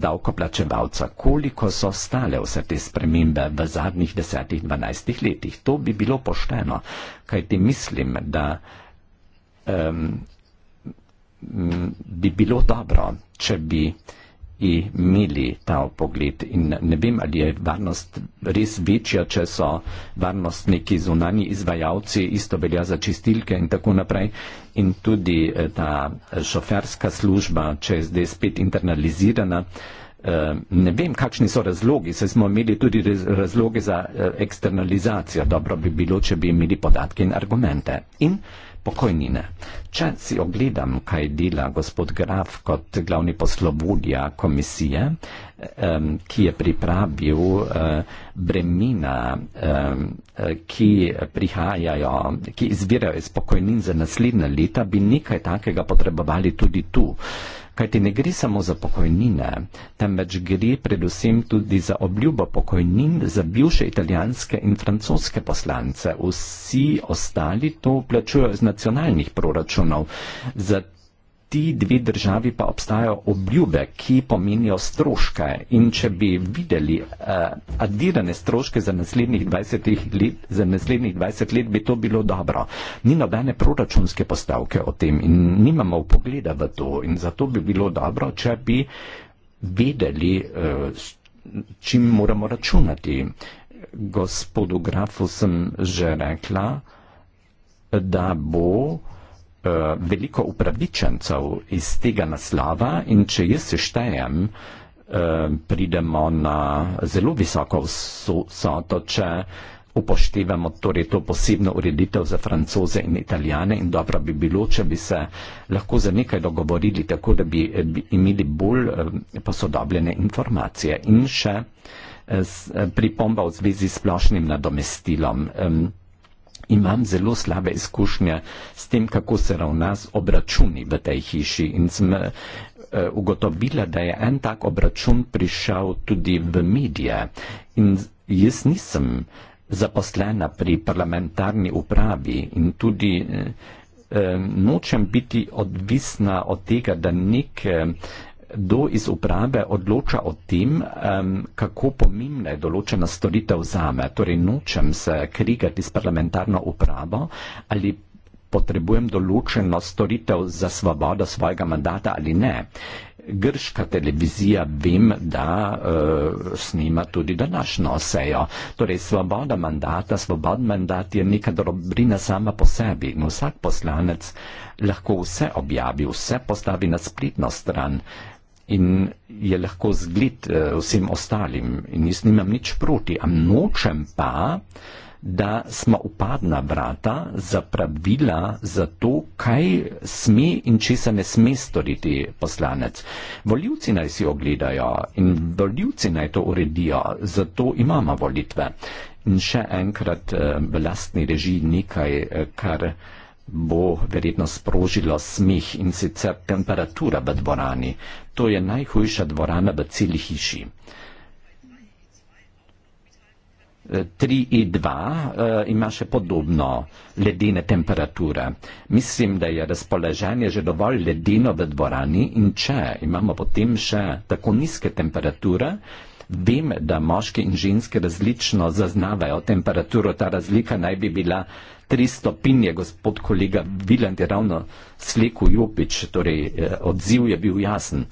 davkoplačevalca, koliko so stale vse te spremembe v zadnjih desetih, dvanajstih letih. To bi bilo pošteno, kajti mislim, da um, bi bilo dobro, če bi imeli ta pogled. In ne vem, ali je varnost res večja, če so varnostniki zunani izvajalci, isto velja za čistilke in tako naprej. In tudi eh, ta eh, šoferska služba, če je zdaj spet internalizirana, Ehm, ne vem, kakšni so razlogi, saj smo imeli tudi razloge za eh, eksternalizacijo. Dobro bi bilo, če bi imeli podatke in argumente. In pokojnine. Če si ogledam, kaj dela gospod Graf kot glavni poslovodja komisije, ehm, ki je pripravil eh, bremina, ehm, eh, ki prihajajo, ki izvirajo iz pokojnin za naslednja leta, bi nekaj takega potrebovali tudi tu. Kajti ne gre samo za pokojnine, temveč gre predvsem tudi za obljubo pokojnin za bivše italijanske in francoske poslance. Vsi ostali to plačujejo iz nacionalnih proračunov. Zato ti dve državi pa obstajajo obljube, ki pomenijo stroške in če bi videli uh, eh, adirane stroške za naslednjih, let, za naslednjih 20 let, bi to bilo dobro. Ni nobene proračunske postavke o tem in nimamo pogleda v to in zato bi bilo dobro, če bi vedeli, uh, čim moramo računati. Gospodu Grafu sem že rekla, da bo uh, Eh, veliko upravičencev iz tega naslava in če jaz se štejem, eh, pridemo na zelo visoko vsoto, če upoštevamo torej to posebno ureditev za francoze in italijane in dobro bi bilo, če bi se lahko za nekaj dogovorili, tako da bi eh, imeli bolj posodobljene informacije. In še pripomba v zvezi s splošnim nadomestilom. Imam zelo slabe izkušnje s tem, kako se ravna z obračuni v tej hiši in sem uh, ugotovila, da je en tak obračun prišel tudi v medije. In jaz nisem zaposlena pri parlamentarni upravi in tudi uh, nočem biti odvisna od tega, da nek uh, kdo iz uprave odloča o tem, um, kako pomembna je določena storitev zame. Torej, nočem se krigati s parlamentarno upravo ali potrebujem določeno storitev za svobodo svojega mandata ali ne. Grška televizija vem, da uh, eh, snima tudi današnjo sejo. Torej, svoboda mandata, svobod mandat je neka dobrina sama po sebi in vsak poslanec lahko vse objavi, vse postavi na spletno stran. Uh, in je lahko zgled eh, vsem ostalim. In jaz nimam nič proti, am nočem pa, da smo upadna brata za pravila za to, kaj sme in česa ne sme storiti poslanec. Voljivci naj si ogledajo in voljivci naj to uredijo, zato imamo volitve. In še enkrat eh, v lastni režiji nekaj, eh, kar bo verjetno sprožilo smih in sicer temperatura v dvorani. To je najhujša dvorana v celi hiši. 3 in 2 uh, eh, ima še podobno ledene temperature. Mislim, da je razpoleženje že dovolj ledeno v dvorani in če imamo potem še tako nizke temperature, Vem, da moški in ženske različno zaznavajo temperaturo, ta razlika naj bi bila tri stopinje, gospod kolega Viland je ravno slekel Jupič, torej eh, odziv je bil jasen.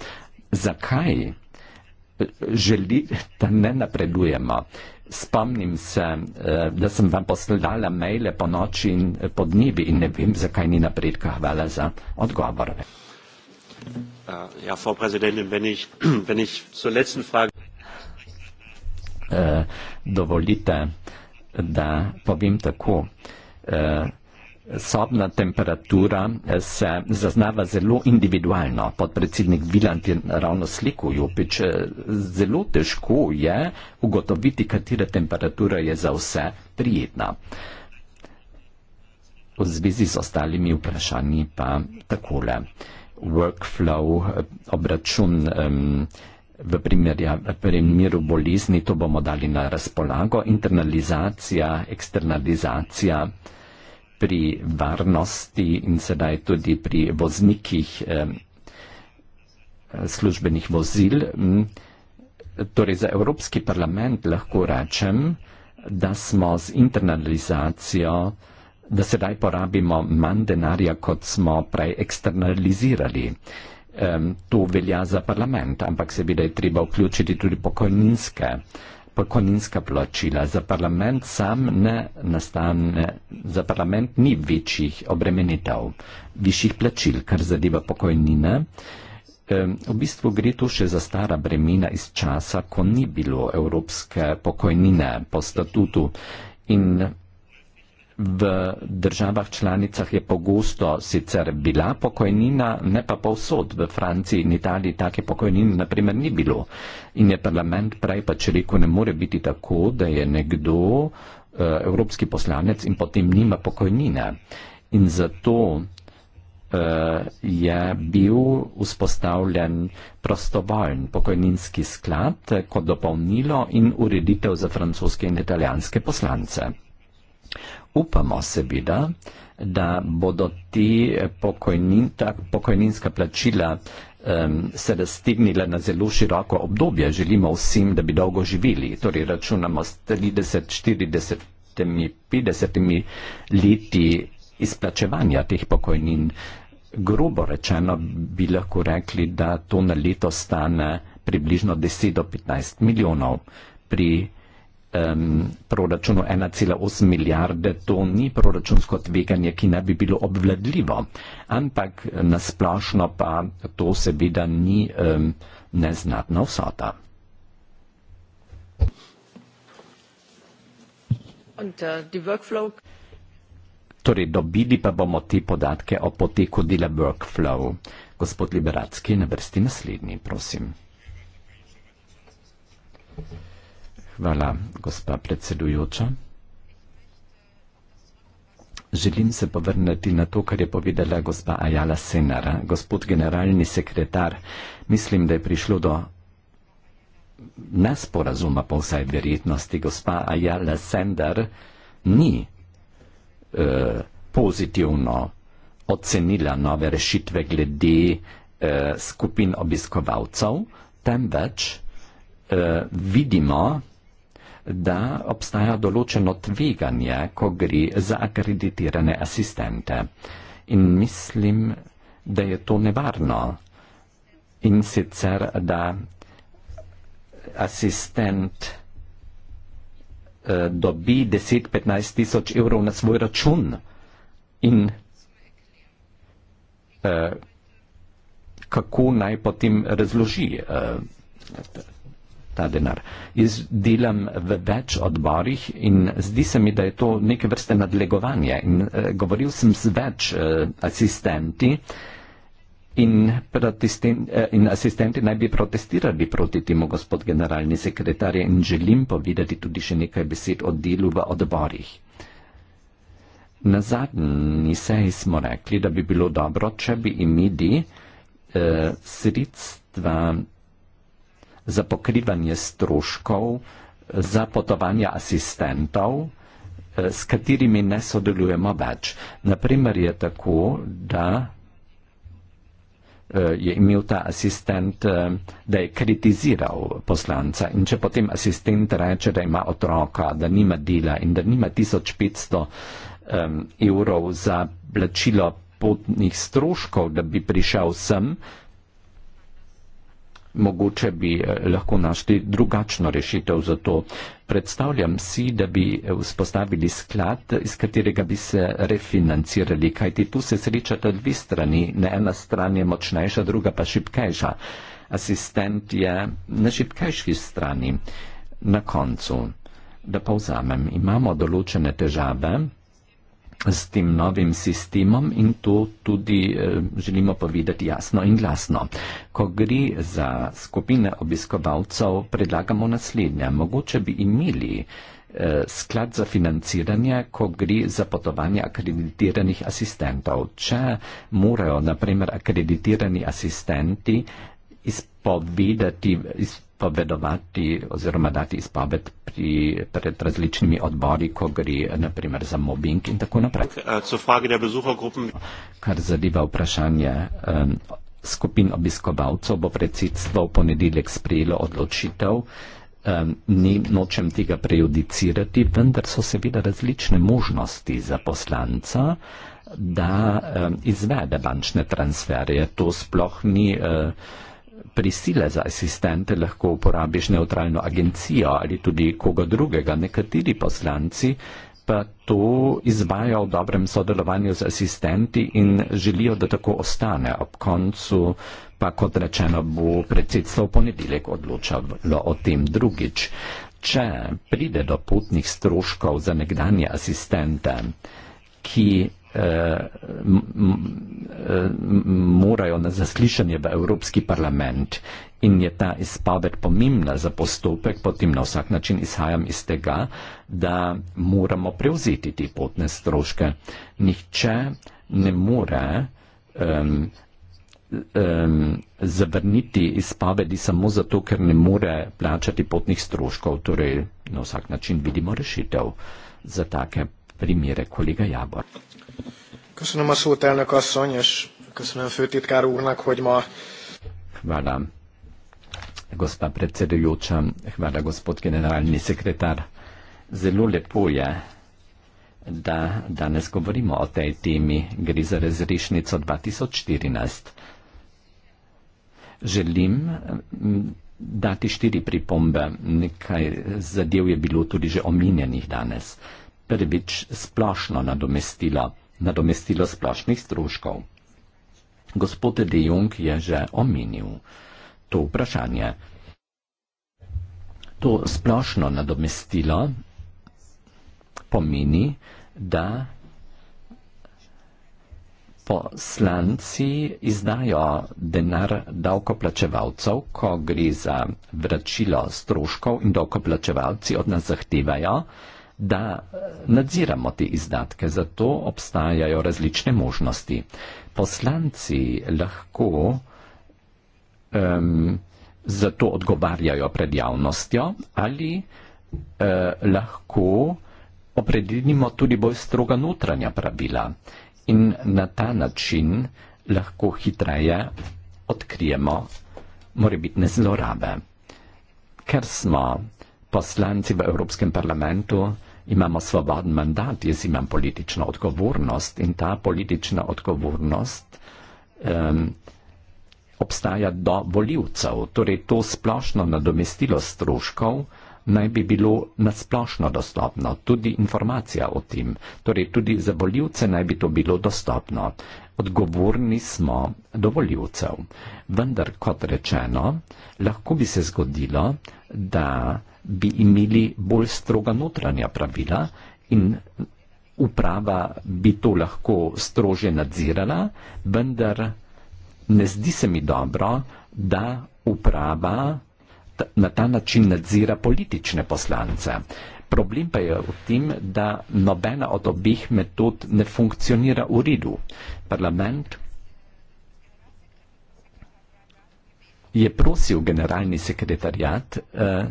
Zakaj eh, želi, da ne napredujemo? Spomnim se, eh, da sem vam poslala maile po noči in po dnevi in ne vem, zakaj ni napredka. Hvala za odgovor. Ja, Frau Präsidentin, wenn ich, wenn ich zur letzten Frage. Eh, dovolite, da povem tako. Eh, sobna temperatura eh, se zaznava zelo individualno. Podpredsednik Viland je ravno slikal Jopič. Zelo težko je ugotoviti, katera temperatura je za vse prijetna. V zvezi z ostalimi vprašanji pa takole. Workflow, obračun. Um, v primeru bolizni, to bomo dali na razpolago, internalizacija, eksternalizacija pri varnosti in sedaj tudi pri voznikih službenih vozil. Torej za Evropski parlament lahko rečem, da smo z internalizacijo, da sedaj porabimo manj denarja, kot smo prej eksternalizirali to velja za parlament, ampak seveda je treba vključiti tudi pokojninske, pokojninska plačila. Za parlament sam ne nastane, za parlament ni večjih obremenitev, višjih plačil, kar zadeva pokojnine. V bistvu gre tu še za stara bremena iz časa, ko ni bilo evropske pokojnine po statutu. In v državah članicah je pogosto sicer bila pokojnina, ne pa povsod v Franciji in Italiji take pokojnine naprimer ni bilo. In je parlament prej pač rekel, ne more biti tako, da je nekdo uh, evropski poslanec in potem nima pokojnine. In zato eh, je bil vzpostavljen prostovoljen pokojninski sklad eh, kot dopolnilo in ureditev za francoske in italijanske poslance upamo seveda, da bodo ti pokojnin, ta pokojninska plačila um, se raztegnila na zelo široko obdobje. Želimo vsem, da bi dolgo živeli. Torej računamo s 30, 40, 50 leti izplačevanja teh pokojnin. Grobo rečeno bi lahko rekli, da to na leto stane približno 10 do 15 milijonov pri um, proračunu 1,8 milijarde, to ni proračunsko tveganje, ki naj bi bilo obvladljivo, ampak eh, nasplošno pa to seveda ni um, neznatna vsota. And, uh, torej, dobili pa bomo te podatke o poteku dela workflow. Gospod Liberacki, na vrsti naslednji, prosim. Thank you. Hvala, gospa predsedujoča. Želim se povrniti na to, kar je povedala gospa Ajala Senara. Gospod generalni sekretar, mislim, da je prišlo do nesporazuma, pa vsaj verjetnosti. Gospa Ajala Sendar ni eh, pozitivno ocenila nove rešitve glede eh, skupin obiskovalcev, temveč eh, vidimo, da obstaja določeno tveganje, ko gre za akreditirane asistente. In mislim, da je to nevarno. In sicer, da asistent eh, dobi 10-15 tisoč evrov na svoj račun in eh, kako naj potem razloži eh, ta denar. Jaz delam v več odborih in zdi se mi, da je to neke vrste nadlegovanje. In, eh, govoril sem z več eh, asistenti in, eh, in asistenti naj bi protestirali proti temu, gospod generalni sekretar, in želim povedati tudi še nekaj besed o delu v odborih. Na zadnji seji smo rekli, da bi bilo dobro, če bi imeli eh, sredstva za pokrivanje stroškov, za potovanje asistentov, eh, s katerimi ne sodelujemo več. Naprimer je tako, da eh, je imel ta asistent, eh, da je kritiziral poslanca in če potem asistent reče, da ima otroka, da nima dela in da nima 1500 um, evrov za plačilo potnih stroškov, da bi prišel sem, mogoče bi eh, lahko našli drugačno rešitev za to. Predstavljam si, da bi eh, vzpostavili sklad, iz katerega bi se refinancirali, kajti tu se srečata dve strani, na ena stran je močnejša, druga pa šipkejša. Asistent je na šipkejški strani. Na koncu, da povzamem, imamo določene težave s tem novim sistemom in to tudi eh, želimo povedati jasno in glasno. Ko gre za skupine obiskovalcev, predlagamo naslednje. Mogoče bi imeli eh, sklad za financiranje, ko gre za potovanje akreditiranih asistentov. Če morajo, naprimer, akreditirani asistenti izpovedati, povedovati oziroma dati izpoved pri, pred različnimi odbori, ko gre naprimer za mobbing in tako naprej. Kar zadeva vprašanje um, skupin obiskovalcev, bo predsedstvo v ponedeljek sprejelo odločitev. Um, ne nočem tega prejudicirati, vendar so seveda različne možnosti za poslanca da um, izvede bančne transferje. To sploh ni. Uh, prisile za asistente lahko uporabiš neutralno agencijo ali tudi koga drugega, nekateri poslanci pa to izvaja v dobrem sodelovanju z asistenti in želijo, da tako ostane. Ob koncu pa, kot rečeno, bo predsedstvo v ponedeljek odločalo o tem drugič. Če pride do potnih stroškov za nekdanje asistente, ki Eh, eh, morajo na zaslišanje v Evropski parlament in je ta izpoved pomembna za postopek, potem na vsak način izhajam iz tega, da moramo prevzeti te potne stroške. Nihče ne more um, um, zavrniti izpovedi samo zato, ker ne more plačati potnih stroškov, torej na vsak način vidimo rešitev za take primere kolega Jabor. Köszönöm a szót, elnök asszony, és köszönöm főtitkár úrnak, hogy ma... Hvala, gospa predsedujoča, hvala, gospod generalni sekretar. Zelo lepo je, da danes govorimo o tej temi. Gre za razrešnico 2014. Želim dati štiri pripombe. Nekaj zadev je bilo tudi že omenjenih danes. Prvič, splošno nadomestilo nadomestilo splošnih stroškov. Gospod De Jong je že omenil to vprašanje. To splošno nadomestilo pomeni, da poslanci izdajo denar davkoplačevalcev, ko gre za vračilo stroškov in davkoplačevalci od nas zahtevajo, da nadziramo te izdatke. Zato obstajajo različne možnosti. Poslanci lahko um, zato odgovarjajo pred javnostjo ali uh, lahko opredelimo tudi bolj stroga notranja pravila in na ta način lahko hitreje odkrijemo morebitne zlorabe. Ker smo poslanci v Evropskem parlamentu, imamo svoboden mandat, jaz imam politično odgovornost in ta politična odgovornost um, obstaja do voljivcev. Torej to splošno nadomestilo stroškov naj bi bilo nasplošno dostopno, tudi informacija o tem. Torej tudi za voljivce naj bi to bilo dostopno. Odgovorni smo do voljivcev. Vendar, kot rečeno, lahko bi se zgodilo, da bi imeli bolj stroga notranja pravila in uprava bi to lahko strože nadzirala, vendar ne zdi se mi dobro, da uprava na ta način nadzira politične poslance. Problem pa je v tem, da nobena od obih metod ne funkcionira v redu. Parlament je prosil generalni sekretarjat, eh,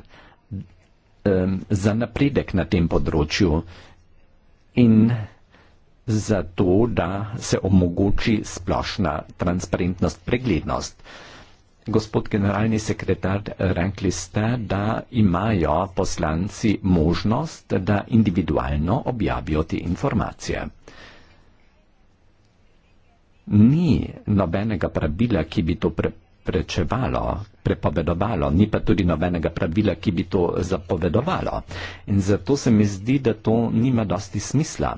Um, za napredek na tem področju in za to, da se omogoči splošna transparentnost, preglednost. Gospod generalni sekretar, rekli ste, da imajo poslanci možnost, da individualno objavijo te informacije. Ni nobenega pravila, ki bi to pre prečevalo, prepovedovalo, ni pa tudi nobenega pravila, ki bi to zapovedovalo. In zato se mi zdi, da to nima dosti smisla.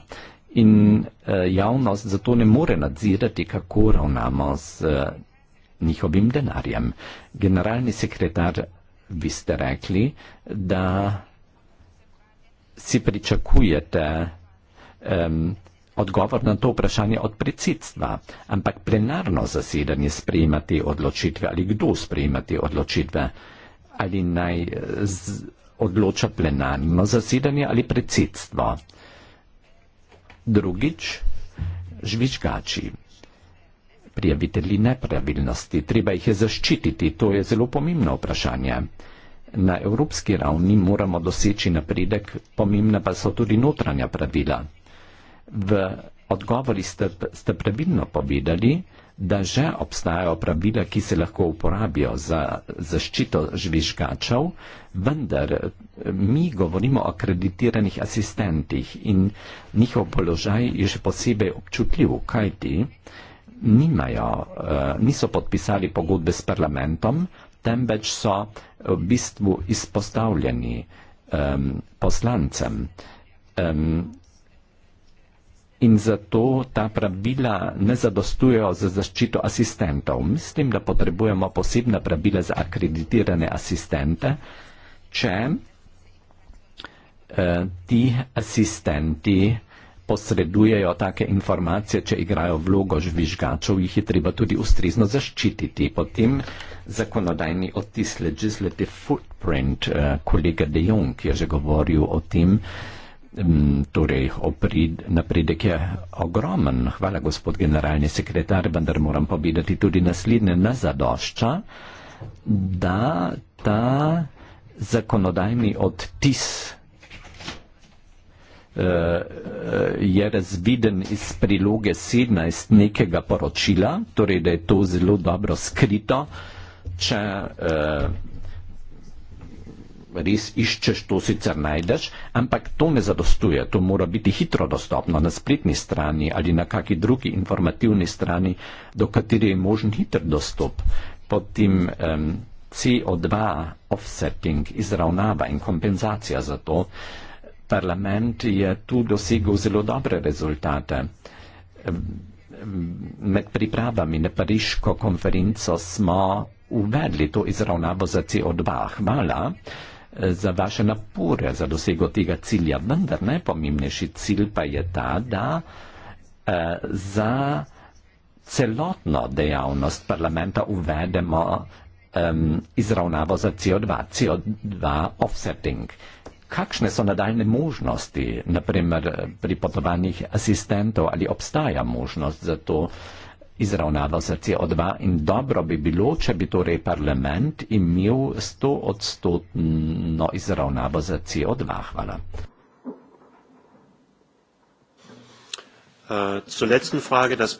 In e, javnost zato ne more nadzirati, kako ravnamo z e, njihovim denarjem. Generalni sekretar, vi ste rekli, da si pričakujete, odgovor na to vprašanje od predsedstva, ampak plenarno zasedanje sprejemati odločitve ali kdo sprejemati odločitve. Ali naj eh, odloča plenarno zasedanje ali predsedstvo. Drugič, žvižgači. Prijavitelji nepravilnosti, treba jih je zaščititi, to je zelo pomembno vprašanje. Na evropski ravni moramo doseči napredek, pomembna pa so tudi notranja pravila v odgovori ste, ste pravilno povedali, da že obstajajo pravila, ki se lahko uporabijo za zaščito žvižgačev, vendar eh, mi govorimo o kreditiranih asistentih in njihov položaj je še posebej občutljiv, kajti nimajo, eh, niso podpisali pogodbe s parlamentom, temveč so v bistvu izpostavljeni um, poslancem. Um, in zato ta pravila ne zadostujejo za zaščito asistentov. Mislim, da potrebujemo posebna pravila za akreditirane asistente, če eh, ti asistenti posredujejo take informacije, če igrajo vlogo žvižgačev, jih je treba tudi ustrezno zaščititi. Potem zakonodajni odtis legislative footprint, eh, kolega De Jong je že govoril o tem, eh, Mm, torej, oprid, napredek je ogromen, hvala gospod generalni sekretar, vendar moram povedati tudi naslednje, ne zadošča, da ta zakonodajni odtis eh, eh, je razviden iz priloge 17 nekega poročila, torej da je to zelo dobro skrito. Če eh, res iščeš, to sicer najdeš, ampak to ne zadostuje, to mora biti hitro dostopno na spletni strani ali na kaki drugi informativni strani, do kateri je možen hiter dostop. Potem um, CO2 offsetting, izravnava in kompenzacija za to. Parlament je tu dosegel zelo dobre rezultate. Med pripravami na pariško konferenco smo uvedli to izravnavo za CO2. Hvala za vaše napore za dosego tega cilja. Vendar najpomembnejši cilj pa je ta, da eh, za celotno dejavnost parlamenta uvedemo um, izravnavo za CO2, CO2 offsetting. Kakšne so nadaljne možnosti, naprimer pri potovanjih asistentov, ali obstaja možnost za to? Uh, izravnaval srce od dva in dobro bi bilo, če bi torej parlament imel 100 odstotno izravnavo za CO2. Hvala. Äh,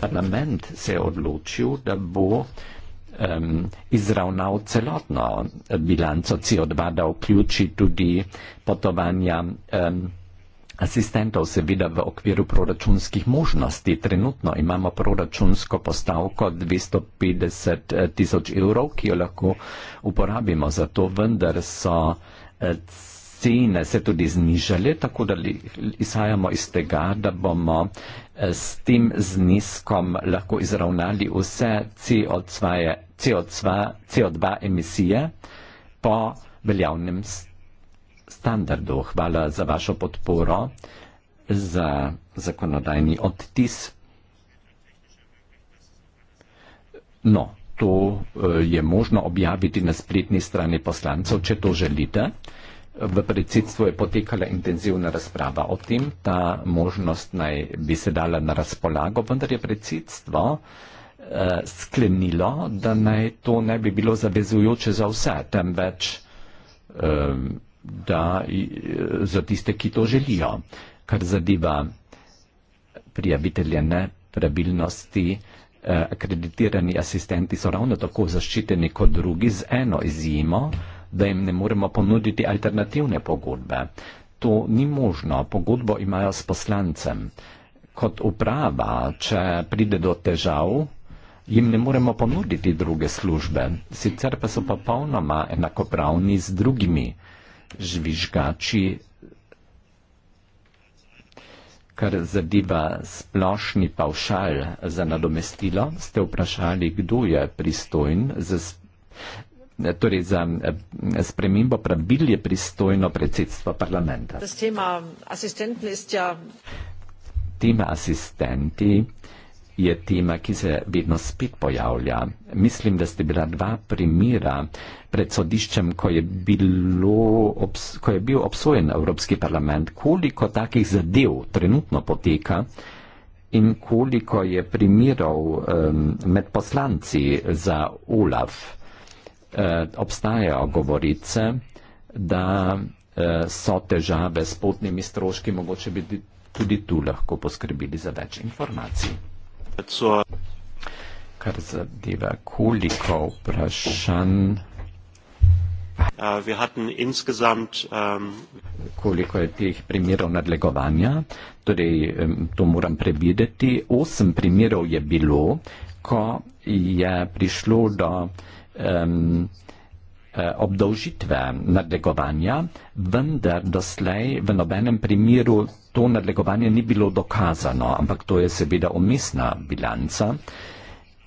parlament se je odločil, da bo um, izravnal celotno eh, bilanco CO2, da vključi tudi potovanja. Um, asistentov seveda v okviru proračunskih možnosti. Trenutno imamo proračunsko postavko 250 eh, tisoč evrov, ki jo lahko uporabimo za to, vendar so eh, cene se tudi znižale, tako da izhajamo iz tega, da bomo eh, s tem zniskom lahko izravnali vse CO2, CO2, CO2 emisije po veljavnem stanju standardu. Hvala za vašo podporo, za zakonodajni odtis. No, to eh, je možno objaviti na spletni strani poslancev, če to želite. V predsedstvu je potekala intenzivna razprava o tem, ta možnost naj bi se dala na razpolago, vendar je predsedstvo eh, sklenilo, da naj to ne bi bilo zavezujoče za vse, temveč eh, da za tiste, ki to želijo. Kar zadeva prijavitelje nepravilnosti, eh, akreditirani asistenti so ravno tako zaščiteni kot drugi z eno izjimo, da jim ne moremo ponuditi alternativne pogodbe. To ni možno, pogodbo imajo s poslancem. Kot uprava, če pride do težav, jim ne moremo ponuditi druge službe, sicer pa so popolnoma enakopravni z drugimi žvižgači, kar zadeva splošni pavšal za nadomestilo, ste vprašali, kdo je pristojen za Torej, za eh, spremembo pravil je pristojno predsedstvo parlamenta. Ja Tema asistenti je tema, ki se vedno spet pojavlja. Mislim, da ste bila dva primera pred sodiščem, ko je, bilo, ko je bil obsojen Evropski parlament, koliko takih zadev trenutno poteka in koliko je primerov um, med poslanci za ULAV. Uh, e, obstajajo govorice, da uh, so težave s potnimi stroški, mogoče bi tudi tu lahko poskrbili za več informacij. Kar zadeva koliko vprašanj. Uh, insgesamt, um, koliko je teh primerov nadlegovanja, torej um, to moram prevideti. Osem primerov je bilo, ko je prišlo do um, Eh, obdolžitve nadlegovanja, vendar doslej v nobenem primeru to nadlegovanje ni bilo dokazano, ampak to je seveda umestna bilanca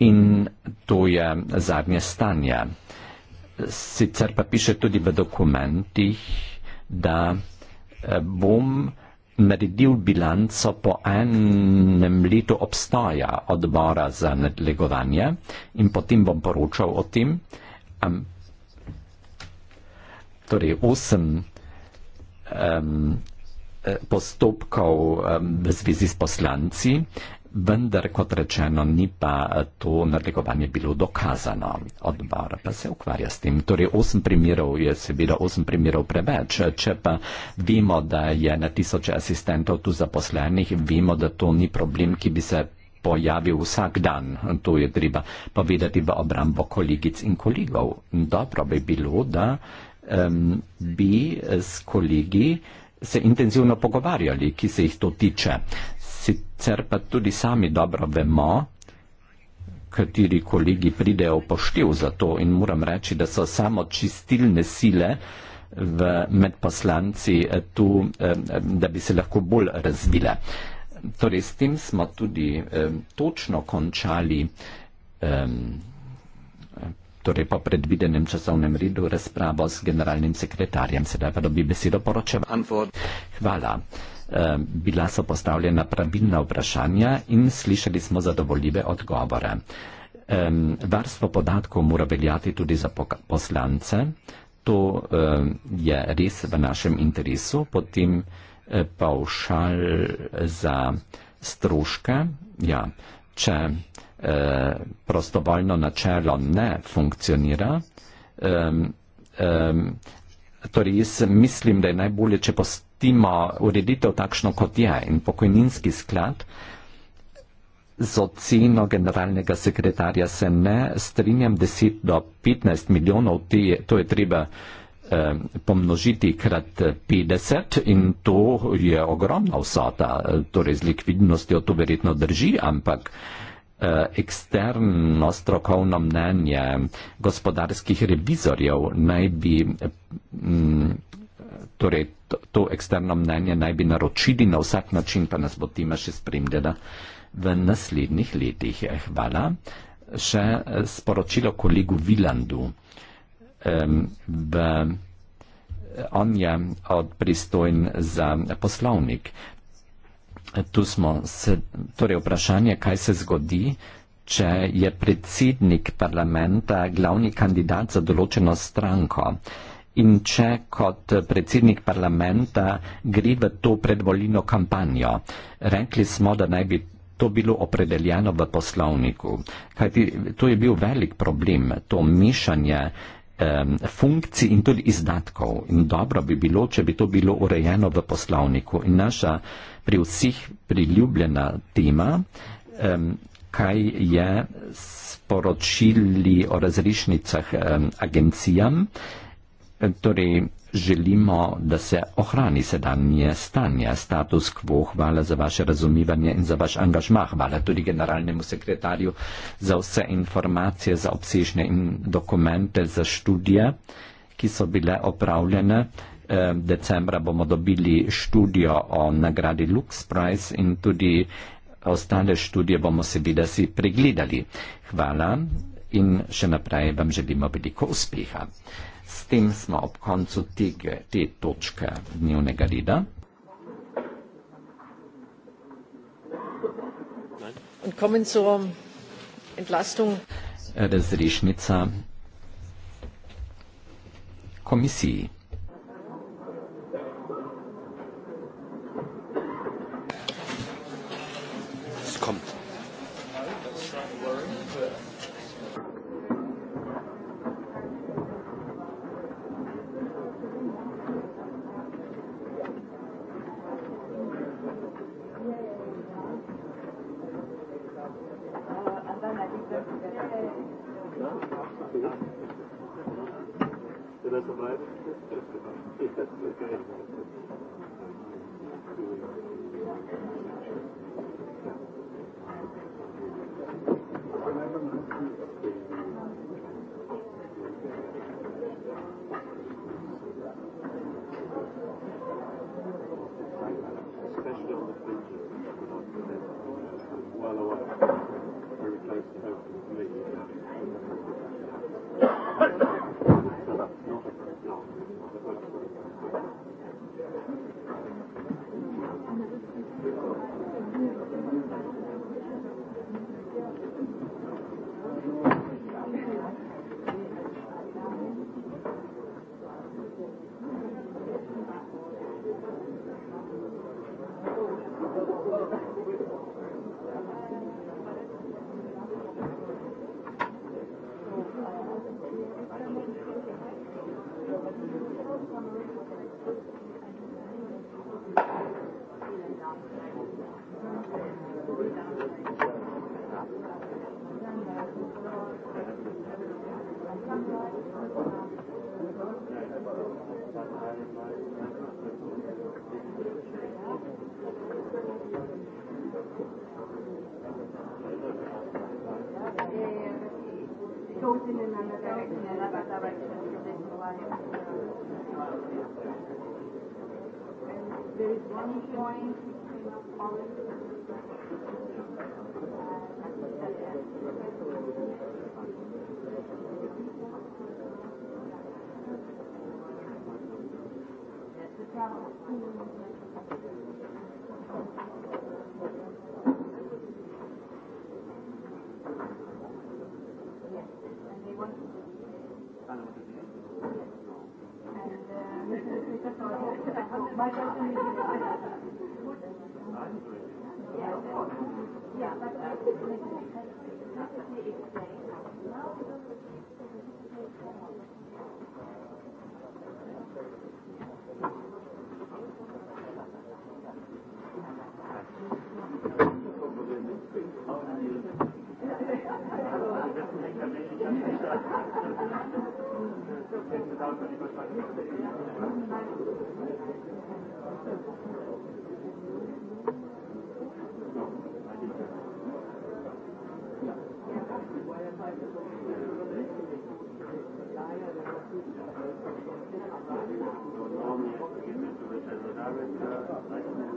in to je zadnje stanje. Sicer pa piše tudi v dokumentih, da eh, bom naredil bilanco po enem letu obstoja odbora za nadlegovanje in potem bom poročal o tem, torej osem um, postopkov v zvezi s poslanci, vendar, kot rečeno, ni pa e, to nadlegovanje bilo dokazano. Odbor pa se ukvarja s tem. Torej, osem primerov je seveda osem primerov preveč. Če pa vemo, da je na tisoče asistentov tu zaposlenih, vemo, da to ni problem, ki bi se pojavil vsak dan. To je treba povedati v obrambo kolegic in kolegov. Dobro bi bilo, da um, bi eh, s kolegi se intenzivno pogovarjali, ki se jih to tiče. Sicer pa tudi sami dobro vemo, kateri kolegi pridejo poštev za to in moram reči, da so samo čistilne sile med poslanci eh, tu, da bi se lahko bolj razvile. Torej, s tem smo tudi točno končali. Um, torej po predvidenem časovnem redu razpravo s generalnim sekretarjem. Sedaj pa dobi besedo poročevalca. Hvala. Eh, bila so postavljena pravilna vprašanja in slišali smo zadovoljive odgovore. Varstvo podatkov mora veljati tudi za poslance. To eh, je res v našem interesu. Potem eh, pa všal za stroške. Ja, če prostovoljno načelo ne funkcionira. Um, um, torej, jaz mislim, da je najbolje, če postimo ureditev takšno, kot je in pokojninski sklad z oceno generalnega sekretarja se ne strinjam, 10 do 15 milijonov, je, to je treba pomnožiti krat 50 in to je ogromna vsota, torej z likvidnostjo to verjetno drži, ampak eh, eksterno eh, strokovno mnenje gospodarskih revizorjev naj bi mm, torej to, to eksterno mnenje naj bi naročili na vsak način, pa nas bo tima še spremljala v naslednjih letih. Eh, hvala. Še eh, sporočilo kolegu Vilandu. V, on je od pristojn za poslovnik tu smo se, torej vprašanje, kaj se zgodi, če je predsednik parlamenta glavni kandidat za določeno stranko. In če kot predsednik parlamenta gre v to predvolino kampanjo, rekli smo, da naj bi to bilo opredeljeno v poslovniku. Kajti to je bil velik problem, to mišanje eh, funkcij in tudi izdatkov. In dobro bi bilo, če bi to bilo urejeno v poslovniku. In naša pri vseh priljubljena tema, kaj je sporočili o razrešnicah agencijam, torej želimo, da se ohrani sedanje stanje, status quo. Hvala za vaše razumivanje in za vaš angažma. Hvala tudi generalnemu sekretarju za vse informacije, za obsežne in dokumente, za študije, ki so bile opravljene. Eh, decembra bomo dobili študijo o nagradi Lux Prize in tudi ostale študije bomo seveda si pregledali. Hvala in še naprej vam želimo veliko uspeha. S tem smo ob koncu tege, te točke dnevnega reda. Razrešnica komisiji. Kommt. Yeah, that's Thank you.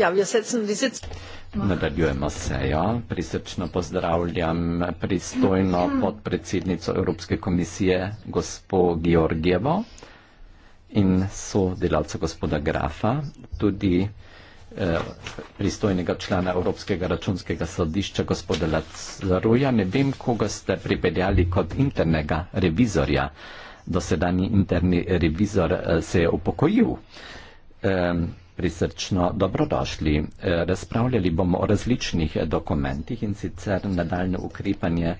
Ja, wir setzen die Sitz. Nadaljujemo se, ja. Prisrčno pozdravljam pristojno mhm. podpredsednico Evropske komisije, gospo Georgijevo in sodelavca gospoda Grafa, tudi eh, pristojnega člana Evropskega računskega sodišča, gospoda Lazaruja. Ne vem, koga ste pripeljali kot internega revizorja. Dosedani interni revizor eh, se je upokojil. Eh, Prisrčno dobrodošli. E, razpravljali bomo o različnih dokumentih in sicer nadaljne ukrepanje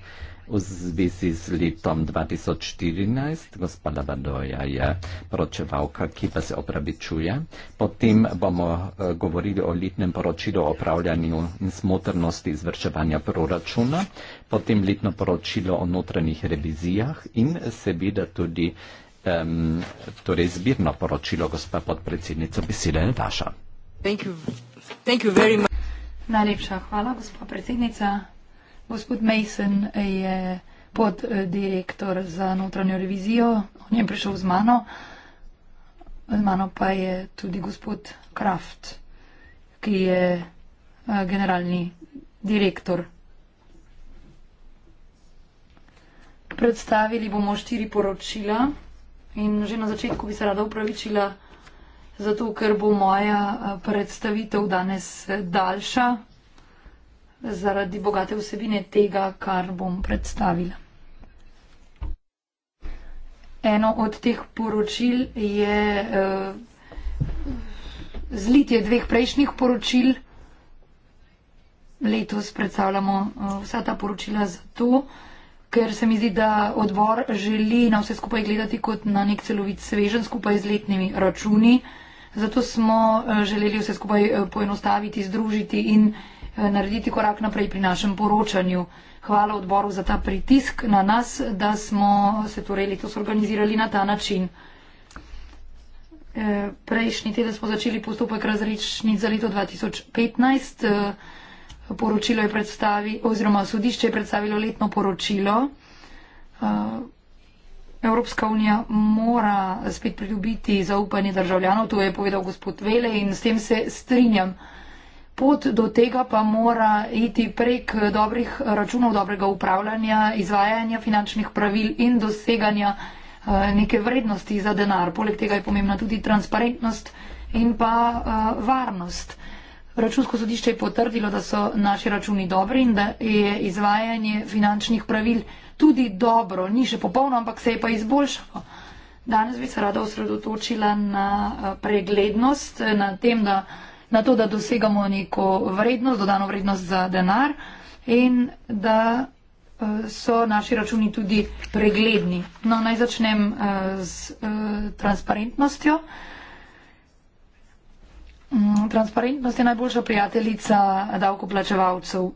v zvezi z letom 2014. Gospa Lavadoja je poročevalka, ki pa se opravičuje. Potem bomo e, govorili o letnem poročilu o opravljanju in smotrnosti izvrševanja proračuna, potem letno poročilo o notranjih revizijah in seveda tudi um, torej zbirno poročilo gospa podpredsednica besede Nataša. Najlepša hvala, gospa predsednica. Gospod Mason je poddirektor za notranjo revizijo, on je prišel z mano, z mano pa je tudi gospod Kraft, ki je eh, generalni direktor. Predstavili bomo štiri poročila. In že na začetku bi se rada upravičila, zato ker bo moja eh, predstavitev danes eh, daljša zaradi bogate vsebine tega, kar bom predstavila. Eno od teh poročil je eh, zlitje dveh prejšnjih poročil. Letos predstavljamo eh, vsa ta poročila zato, eh, ker se mi zdi, da odbor želi na vse skupaj gledati kot na nek celovit svežen skupaj z letnimi računi. Zato smo eh, želeli vse skupaj eh, poenostaviti, združiti in eh, narediti korak naprej pri našem poročanju. Hvala odboru za ta pritisk na nas, da smo se torej letos organizirali na ta način. Prejšnji teden smo začeli postopek razrečnic za leto 2015 poročilo je predstavilo, oziroma sodišče je predstavilo letno poročilo. Eh, Evropska unija mora spet pridobiti zaupanje državljanov, to je povedal gospod Vele in s tem se strinjam. Pot do tega pa mora iti prek dobrih računov, dobrega upravljanja, izvajanja finančnih pravil in doseganja eh, neke vrednosti za denar. Poleg tega je pomembna tudi transparentnost in pa eh, varnost. Računsko sodišče je potrdilo, da so naši računi dobri in da je izvajanje finančnih pravil tudi dobro. Ni še popolno, ampak se je pa izboljšalo. Danes bi se rada osredotočila na eh, preglednost, eh, na, tem, da, na to, da dosegamo neko vrednost, dodano vrednost za denar in da eh, so naši računi tudi pregledni. No, naj začnem z transparentnostjo. Mm, transparentnost je najboljša prijateljica davkoplačevalcev.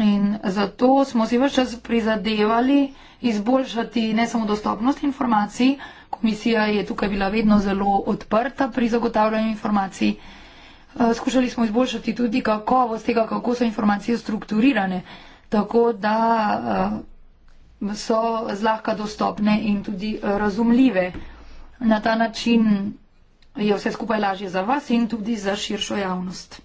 In zato smo si vse čas prizadevali izboljšati ne samo dostopnost informacij, komisija je tukaj bila vedno zelo odprta pri zagotavljanju informacij. Eh, skušali smo izboljšati tudi kakovost tega, kako so informacije strukturirane, tako da eh, so zlahka dostopne in tudi eh, razumljive. Na ta način je vse skupaj lažje za vas in tudi za širšo javnost.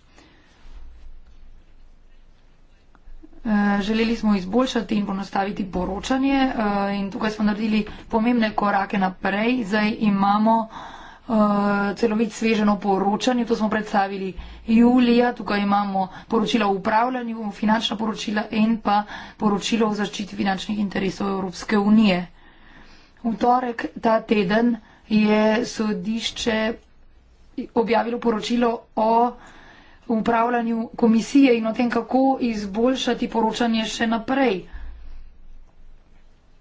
Eh, želeli smo izboljšati in ponostaviti poročanje eh, in tukaj smo naredili pomembne korake naprej. Zdaj imamo eh, celovit sveženo poročanje, to smo predstavili julija, tukaj imamo poročila o upravljanju, finančna poročila in pa poročilo o zaščiti finančnih interesov Evropske unije. V torek ta teden je sodišče objavilo poročilo o upravljanju komisije in o tem, kako izboljšati poročanje še naprej.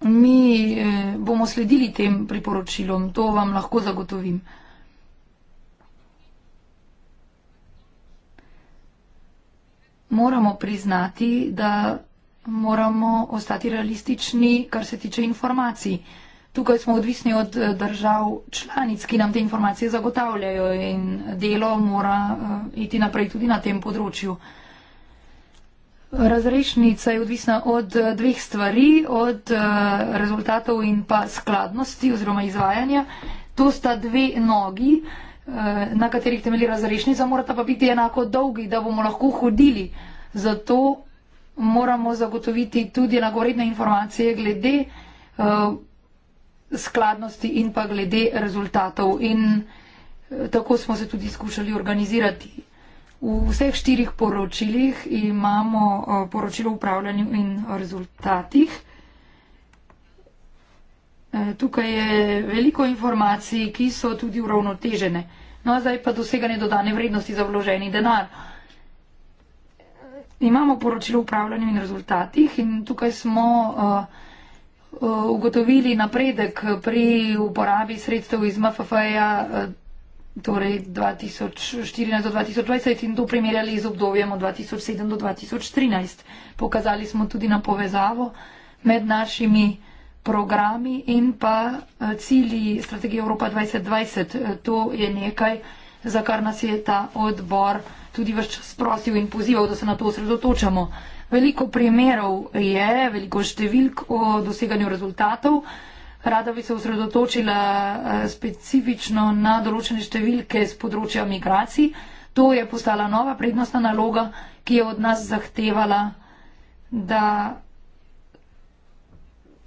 Mi eh, bomo sledili tem priporočilom, to vam lahko zagotovim. Moramo priznati, da moramo ostati realistični, kar se tiče informacij. Tukaj smo odvisni od eh, držav članic, ki nam te informacije zagotavljajo in delo mora eh, iti naprej tudi na tem področju. Razrešnica je odvisna od eh, dveh stvari, od rezultatov in pa skladnosti oziroma izvajanja. To sta dve nogi, na katerih temelji razrešnica, morata pa biti enako dolgi, da bomo lahko hodili. Zato moramo zagotoviti tudi nagoredne informacije glede skladnosti in pa glede rezultatov. In eh, tako smo se tudi skušali organizirati. V vseh štirih poročilih imamo eh, poročilo o upravljanju in rezultatih. Eh, tukaj je veliko informacij, ki so tudi uravnotežene. No, zdaj pa doseganje dodane vrednosti za vloženi denar. Imamo poročilo o upravljanju in rezultatih in tukaj smo uh, Eh, ugotovili napredek pri uporabi sredstev iz MFF-ja, eh, torej 2014 do 2020 in to primerjali z obdobjem od 2007 do 2013. Pokazali smo tudi na povezavo med našimi programi in pa eh, cilji strategije Evropa 2020. To je nekaj, za kar nas je ta odbor tudi vrščas prosil in pozival, da se na to osredotočamo. Veliko primerov je, veliko številk o doseganju rezultatov. Rada bi se osredotočila eh, specifično na določene številke z področja migracij. To je postala nova prednostna naloga, ki je od nas zahtevala, da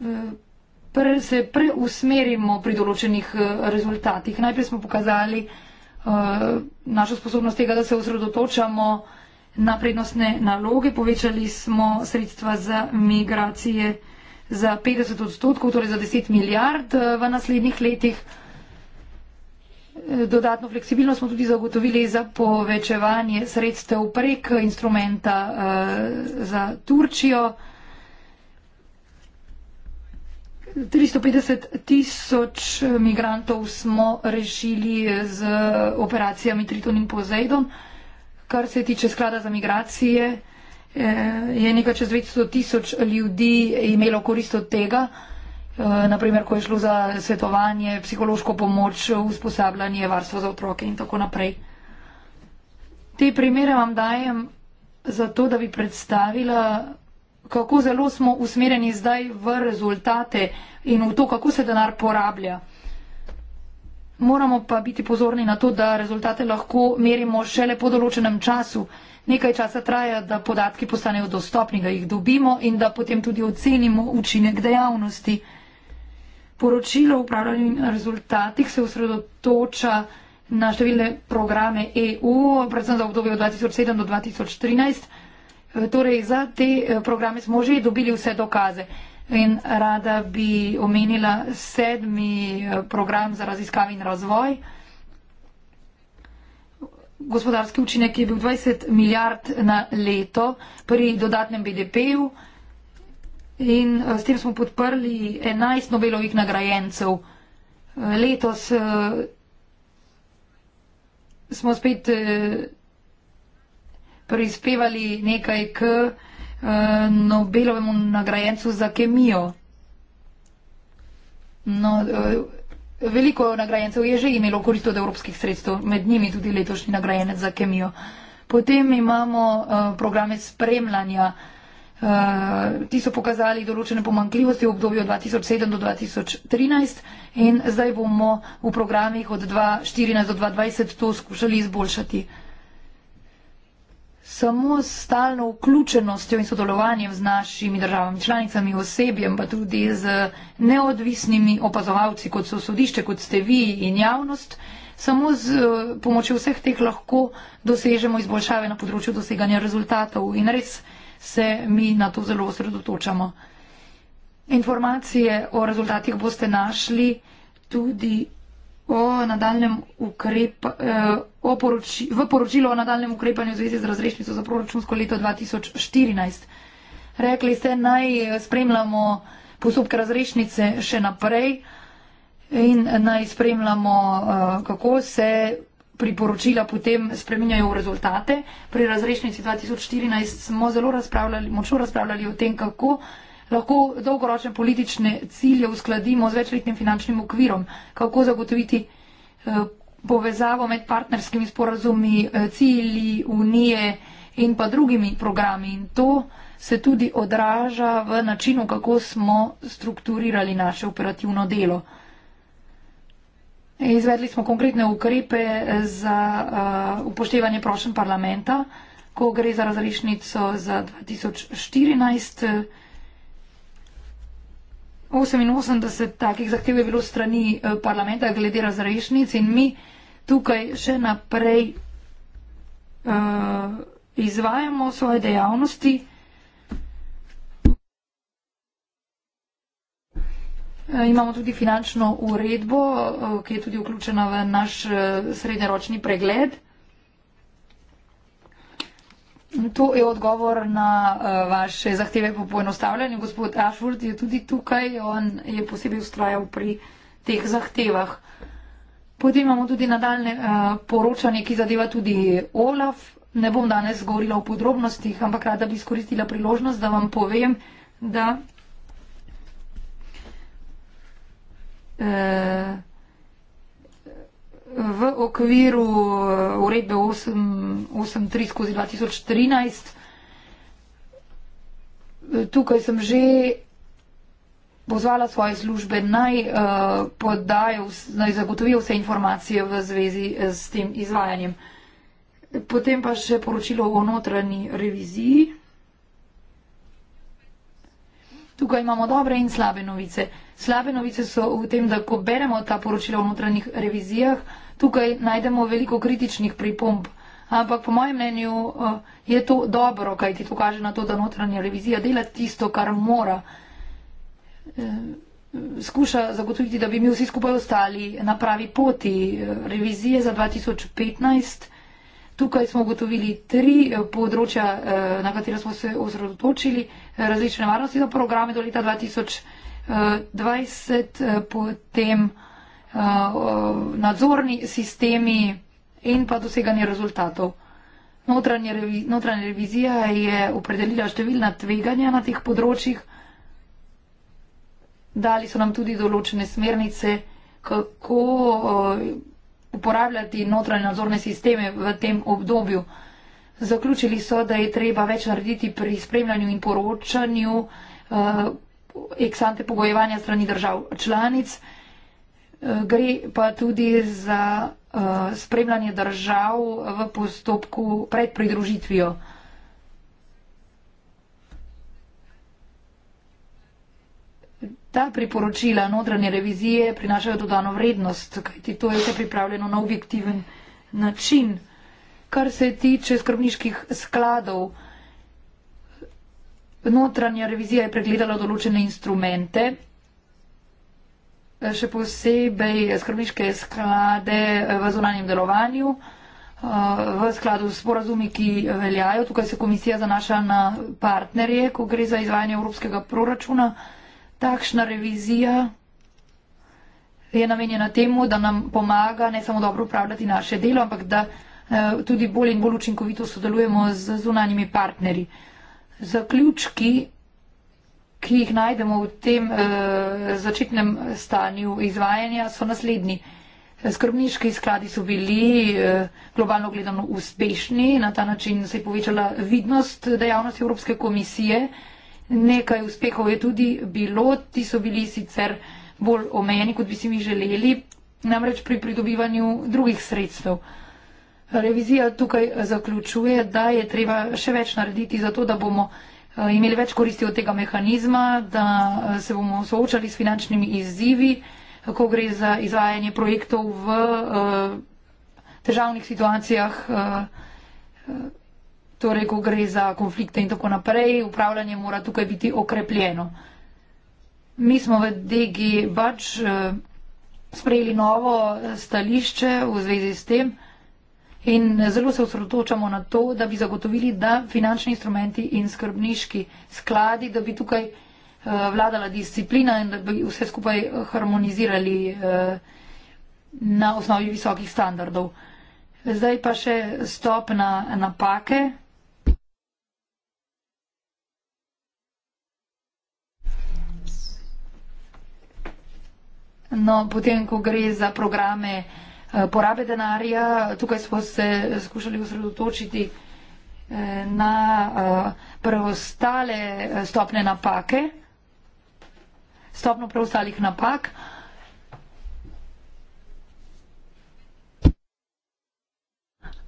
eh, se preusmerimo pri določenih eh, rezultatih. Najprej smo pokazali našo sposobnost tega, da se osredotočamo na prednostne naloge, povečali smo sredstva za migracije za 50 odstotkov, torej za 10 milijard eh, v naslednjih letih. Eh, dodatno fleksibilnost smo tudi zagotovili za povečevanje sredstev prek instrumenta eh, za Turčijo. 350 tisoč migrantov smo rešili z operacijami Triton in Poseidon. Kar se tiče sklada za migracije, eh, je nekaj čez 200 tisoč ljudi imelo korist od tega, eh, naprimer, ko je šlo za svetovanje, psihološko pomoč, usposabljanje, varstvo za otroke in tako naprej. Te primere vam dajem zato, da bi predstavila, kako zelo smo usmerjeni zdaj v rezultate in v to, kako se denar porablja. Moramo pa biti pozorni na to, da rezultate lahko merimo šele po določenem času. Nekaj časa traja, da podatki postanejo dostopni, da jih dobimo in da potem tudi ocenimo učinek dejavnosti. Poročilo o upravljanjih rezultatih se osredotoča na številne programe EU, predvsem za obdobje od 2007 do 2013. Torej, za te eh, programe smo že dobili vse dokaze. In rada bi omenila sedmi eh, program za raziskave in razvoj. Gospodarski učinek je bil 20 milijard na leto pri dodatnem BDP-ju in eh, s tem smo podprli 11 Nobelovih nagrajencev. Eh, letos smo spet prispevali nekaj k Nobelovemu nagrajencu za kemijo. No, eh, veliko nagrajencev je že imelo korist od evropskih sredstev, med njimi tudi letošnji nagrajenec za kemijo. Potem imamo eh, programe spremljanja. Eh, ti so pokazali določene pomankljivosti v obdobju 2007 do 2013 in zdaj bomo v programih od 2014 do 2020 to skušali izboljšati samo s stalno vključenostjo in sodelovanjem z našimi državami članicami, osebjem, pa tudi z neodvisnimi opazovalci, kot so sodišče, kot ste vi in javnost, samo z eh, pomočjo vseh teh lahko dosežemo izboljšave na področju doseganja rezultatov in res se mi na to zelo osredotočamo. Informacije o rezultatih boste našli tudi o nadaljem ukrepu. Eh, v poročilo o nadaljem ukrepanju v zvezi z razrešnico za proračunsko leto 2014. Rekli ste, naj eh, spremljamo postopke razrešnice še naprej in naj spremljamo, eh, kako se priporočila potem spreminjajo v rezultate. Pri razrešnici 2014 smo zelo razpravljali, močno razpravljali o tem, kako lahko dolgoročne politične cilje uskladimo z večletnim finančnim okvirom, kako zagotoviti eh, povezavo med partnerskimi sporazumi, eh, cilji unije in pa drugimi programi. In to se tudi odraža v načinu, kako smo strukturirali naše operativno delo. Izvedli smo konkretne ukrepe za eh, upoštevanje prošen parlamenta, ko gre za razrešnico za 2014. 88 takih zahtev je bilo strani eh, parlamenta glede razrešnic in mi tukaj še naprej uh, izvajamo svoje dejavnosti. Eh, imamo tudi finančno uredbo, ki je tudi vključena v naš srednjeročni pregled. To je odgovor na uh, vaše zahteve po poenostavljanju. Gospod Ashford je tudi tukaj, on je posebej ustrajal pri teh zahtevah. Potem imamo tudi nadaljne uh, eh, poročanje, ki zadeva tudi Olaf. Ne bom danes govorila o podrobnostih, ampak rada bi izkoristila priložnost, da vam povem, da. Uh, v okviru eh, uredbe 8.3 skozi 2013. Eh, tukaj sem že pozvala svoje službe naj, eh, podajo, naj zagotovijo vse informacije v zvezi s tem izvajanjem. Potem pa še poročilo o notranji reviziji. Tukaj imamo dobre in slabe novice. Slabe novice so v tem, da ko beremo ta poročila o notranjih revizijah, tukaj najdemo veliko kritičnih pripomb. Ampak po mojem mnenju eh, je to dobro, kaj ti to kaže na to, da notranja revizija dela tisto, kar mora. Eh, skuša zagotoviti, da bi mi vsi skupaj ostali na pravi poti eh, revizije za 2015. Tukaj smo ugotovili tri področja, na katera smo se osredotočili, različne varnosti za programe do leta 2020, potem. Eh, nadzorni sistemi in pa doseganje rezultatov. Notranja, revi, notranja revizija je opredelila številna tveganja na teh področjih. Dali so nam tudi določene smernice, kako eh, uporabljati notranje nadzorne sisteme v tem obdobju. Zaključili so, da je treba več narediti pri spremljanju in poročanju eh, eksante pogojevanja strani držav članic. Eh, gre pa tudi za eh, spremljanje držav v postopku pred pridružitvijo. Ta priporočila notranje revizije prinašajo dodano vrednost, kajti to je vse pripravljeno na objektiven način. Kar se tiče skrbniških skladov, notranja revizija je pregledala določene instrumente, še posebej skrbniške sklade v zunanjem delovanju eh, v skladu s porazumi, ki veljajo. Tukaj se komisija zanaša na partnerje, ko gre za izvajanje evropskega proračuna. Takšna revizija je namenjena temu, da nam pomaga ne samo dobro upravljati naše delo, ampak da eh, tudi bolj in bolj učinkovito sodelujemo z zunanjimi partnerji. Zaključki ki jih najdemo v tem uh, začetnem stanju izvajanja, so naslednji. Skrbniški skladi so bili eh, globalno gledano uspešni, na ta način se je povečala vidnost dejavnosti Evropske komisije. Nekaj uspehov je tudi bilo, ti so bili sicer bolj omejeni, kot bi si mi želeli, namreč pri pridobivanju drugih sredstev. Revizija tukaj zaključuje, da je treba še več narediti za to, da bomo Eh, imeli več koristi od tega mehanizma, da eh, se bomo soočali s finančnimi izzivi, eh, ko gre za izvajanje projektov v težavnih situacijah, torej ko gre za konflikte in tako naprej, upravljanje mora tukaj biti okrepljeno. Mi smo v DG Bač sprejeli novo stališče v zvezi s tem, In zelo se osredotočamo na to, da bi zagotovili, da finančni instrumenti in skrbniški skladi, da bi tukaj eh, vladala disciplina in da bi vse skupaj eh, harmonizirali eh, na osnovi visokih standardov. Zdaj pa še stop na napake. No, potem, ko gre za programe, Eh, porabe denarja. Tukaj smo se skušali osredotočiti eh, na eh, preostale stopne napake, stopno preostalih napak.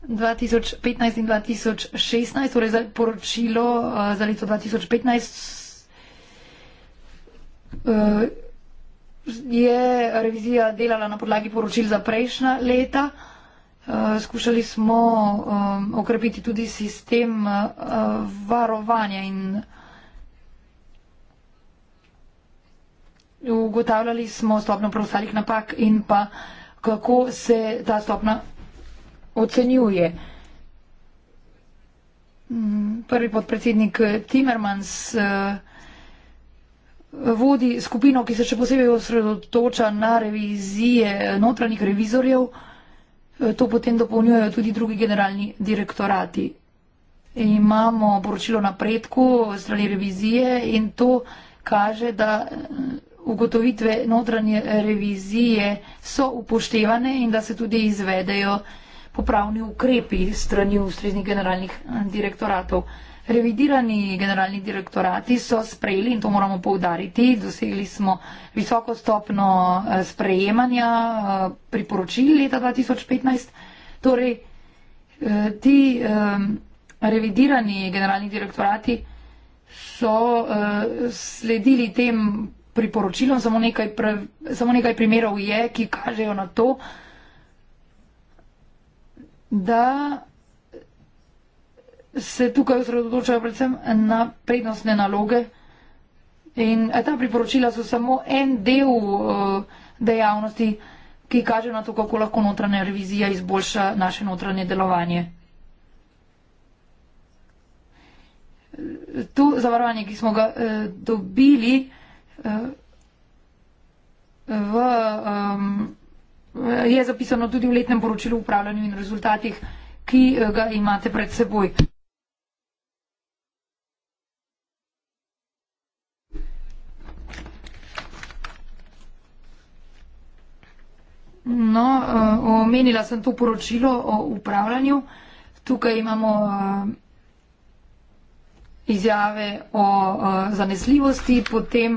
dvajset petnajst in dvajset šestnajst torej poročilo za leto dvajset petnajst je revizija delala na podlagi poročil za prejšnja leta. Uh, skušali smo um, okrepiti tudi sistem uh, varovanja in ugotavljali smo stopno preostalih napak in pa kako se ta stopna ocenjuje. Mm, prvi podpredsednik Timmermans uh, vodi skupino, ki se še posebej osredotoča na revizije notranjih revizorjev. E, to potem dopolnjujejo tudi drugi generalni direktorati. E, imamo poročilo napredku strani revizije in to kaže, da e, ugotovitve notranje revizije so upoštevane in da se tudi izvedejo popravni ukrepi strani ustreznih generalnih direktoratov. Revidirani generalni direktorati so sprejeli, in to moramo povdariti, dosegli smo visoko stopno eh, sprejemanja eh, priporočil leta 2015. Torej, eh, ti revidirani generalni direktorati so sledili tem priporočilom, samo nekaj, pre, samo nekaj primerov je, ki kažejo na to, da se tukaj osredotočajo predvsem na prednostne naloge. In eh, ta priporočila so samo en del eh, dejavnosti, ki kaže na to, kako lahko notranja revizija izboljša naše notranje delovanje. Eh, to zavarovanje, ki smo ga dobili v, je zapisano tudi v letnem poročilu o upravljanju in rezultatih, ki ga imate pred seboj. No, uh, omenila sem to poročilo o upravljanju. Tukaj imamo uh, izjave o uh, zanesljivosti, potem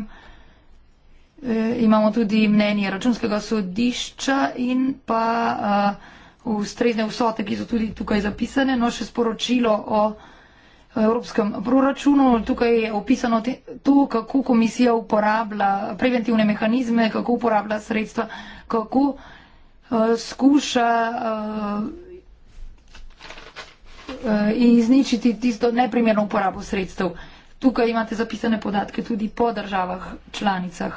uh, imamo tudi mnenje računskega sodišča in pa uh, ustrezne vsote, ki so tudi tukaj zapisane. No, še sporočilo o uh, evropskem proračunu. Tukaj je opisano te, to, kako komisija uporablja preventivne mehanizme, kako uporablja sredstva, kako uh, skuša uh, uh, izničiti tisto neprimerno uporabo sredstev. Tukaj imate zapisane podatke tudi po državah članicah.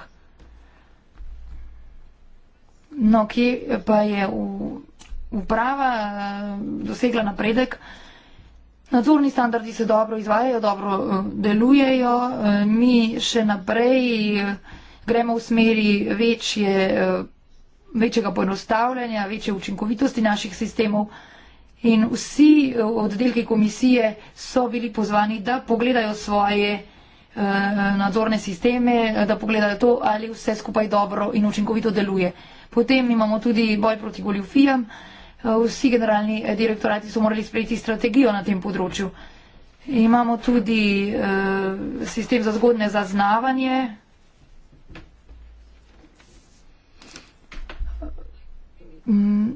No, kje pa je uprava dosegla napredek? Uh, Nadzorni standardi se dobro izvajajo, dobro eh, delujejo. Eh, mi še naprej eh, gremo v smeri večje, večjega poenostavljanja, večje učinkovitosti naših sistemov. In vsi oddelki komisije so bili pozvani, da pogledajo svoje nadzorne sisteme, da pogledajo to, ali vse skupaj dobro in učinkovito deluje. Potem imamo tudi boj proti goljufijam. Vsi generalni direktorati so morali sprejeti strategijo na tem področju. Imamo tudi uh, sistem za zgodne zaznavanje. Um,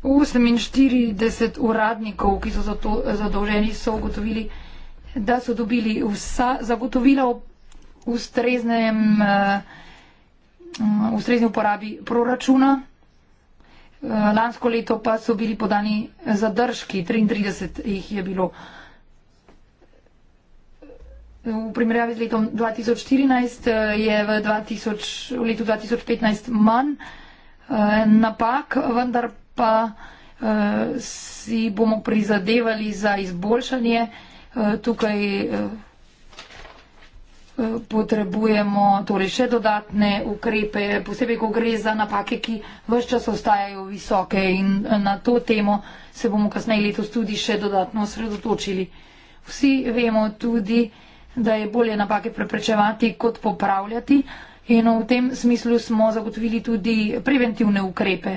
48 uradnikov, ki so za to zadolženi, so ugotovili, da so dobili vsa zagotovila o ustreznem, uh, ustrezni uporabi proračuna. Lansko leto pa so bili podani zadržki, 33 jih je bilo. V primerjavi z letom 2014 eh, je v, 2000, v letu 2015 manj eh, napak, vendar pa eh, si bomo prizadevali za izboljšanje. Tukaj potrebujemo torej še dodatne ukrepe, posebej, ko gre za napake, ki vse čas ostajajo visoke in na to temo se bomo kasneje letos tudi še dodatno osredotočili. Vsi vemo tudi, da je bolje napake preprečevati kot popravljati in v tem smislu smo zagotovili tudi preventivne ukrepe.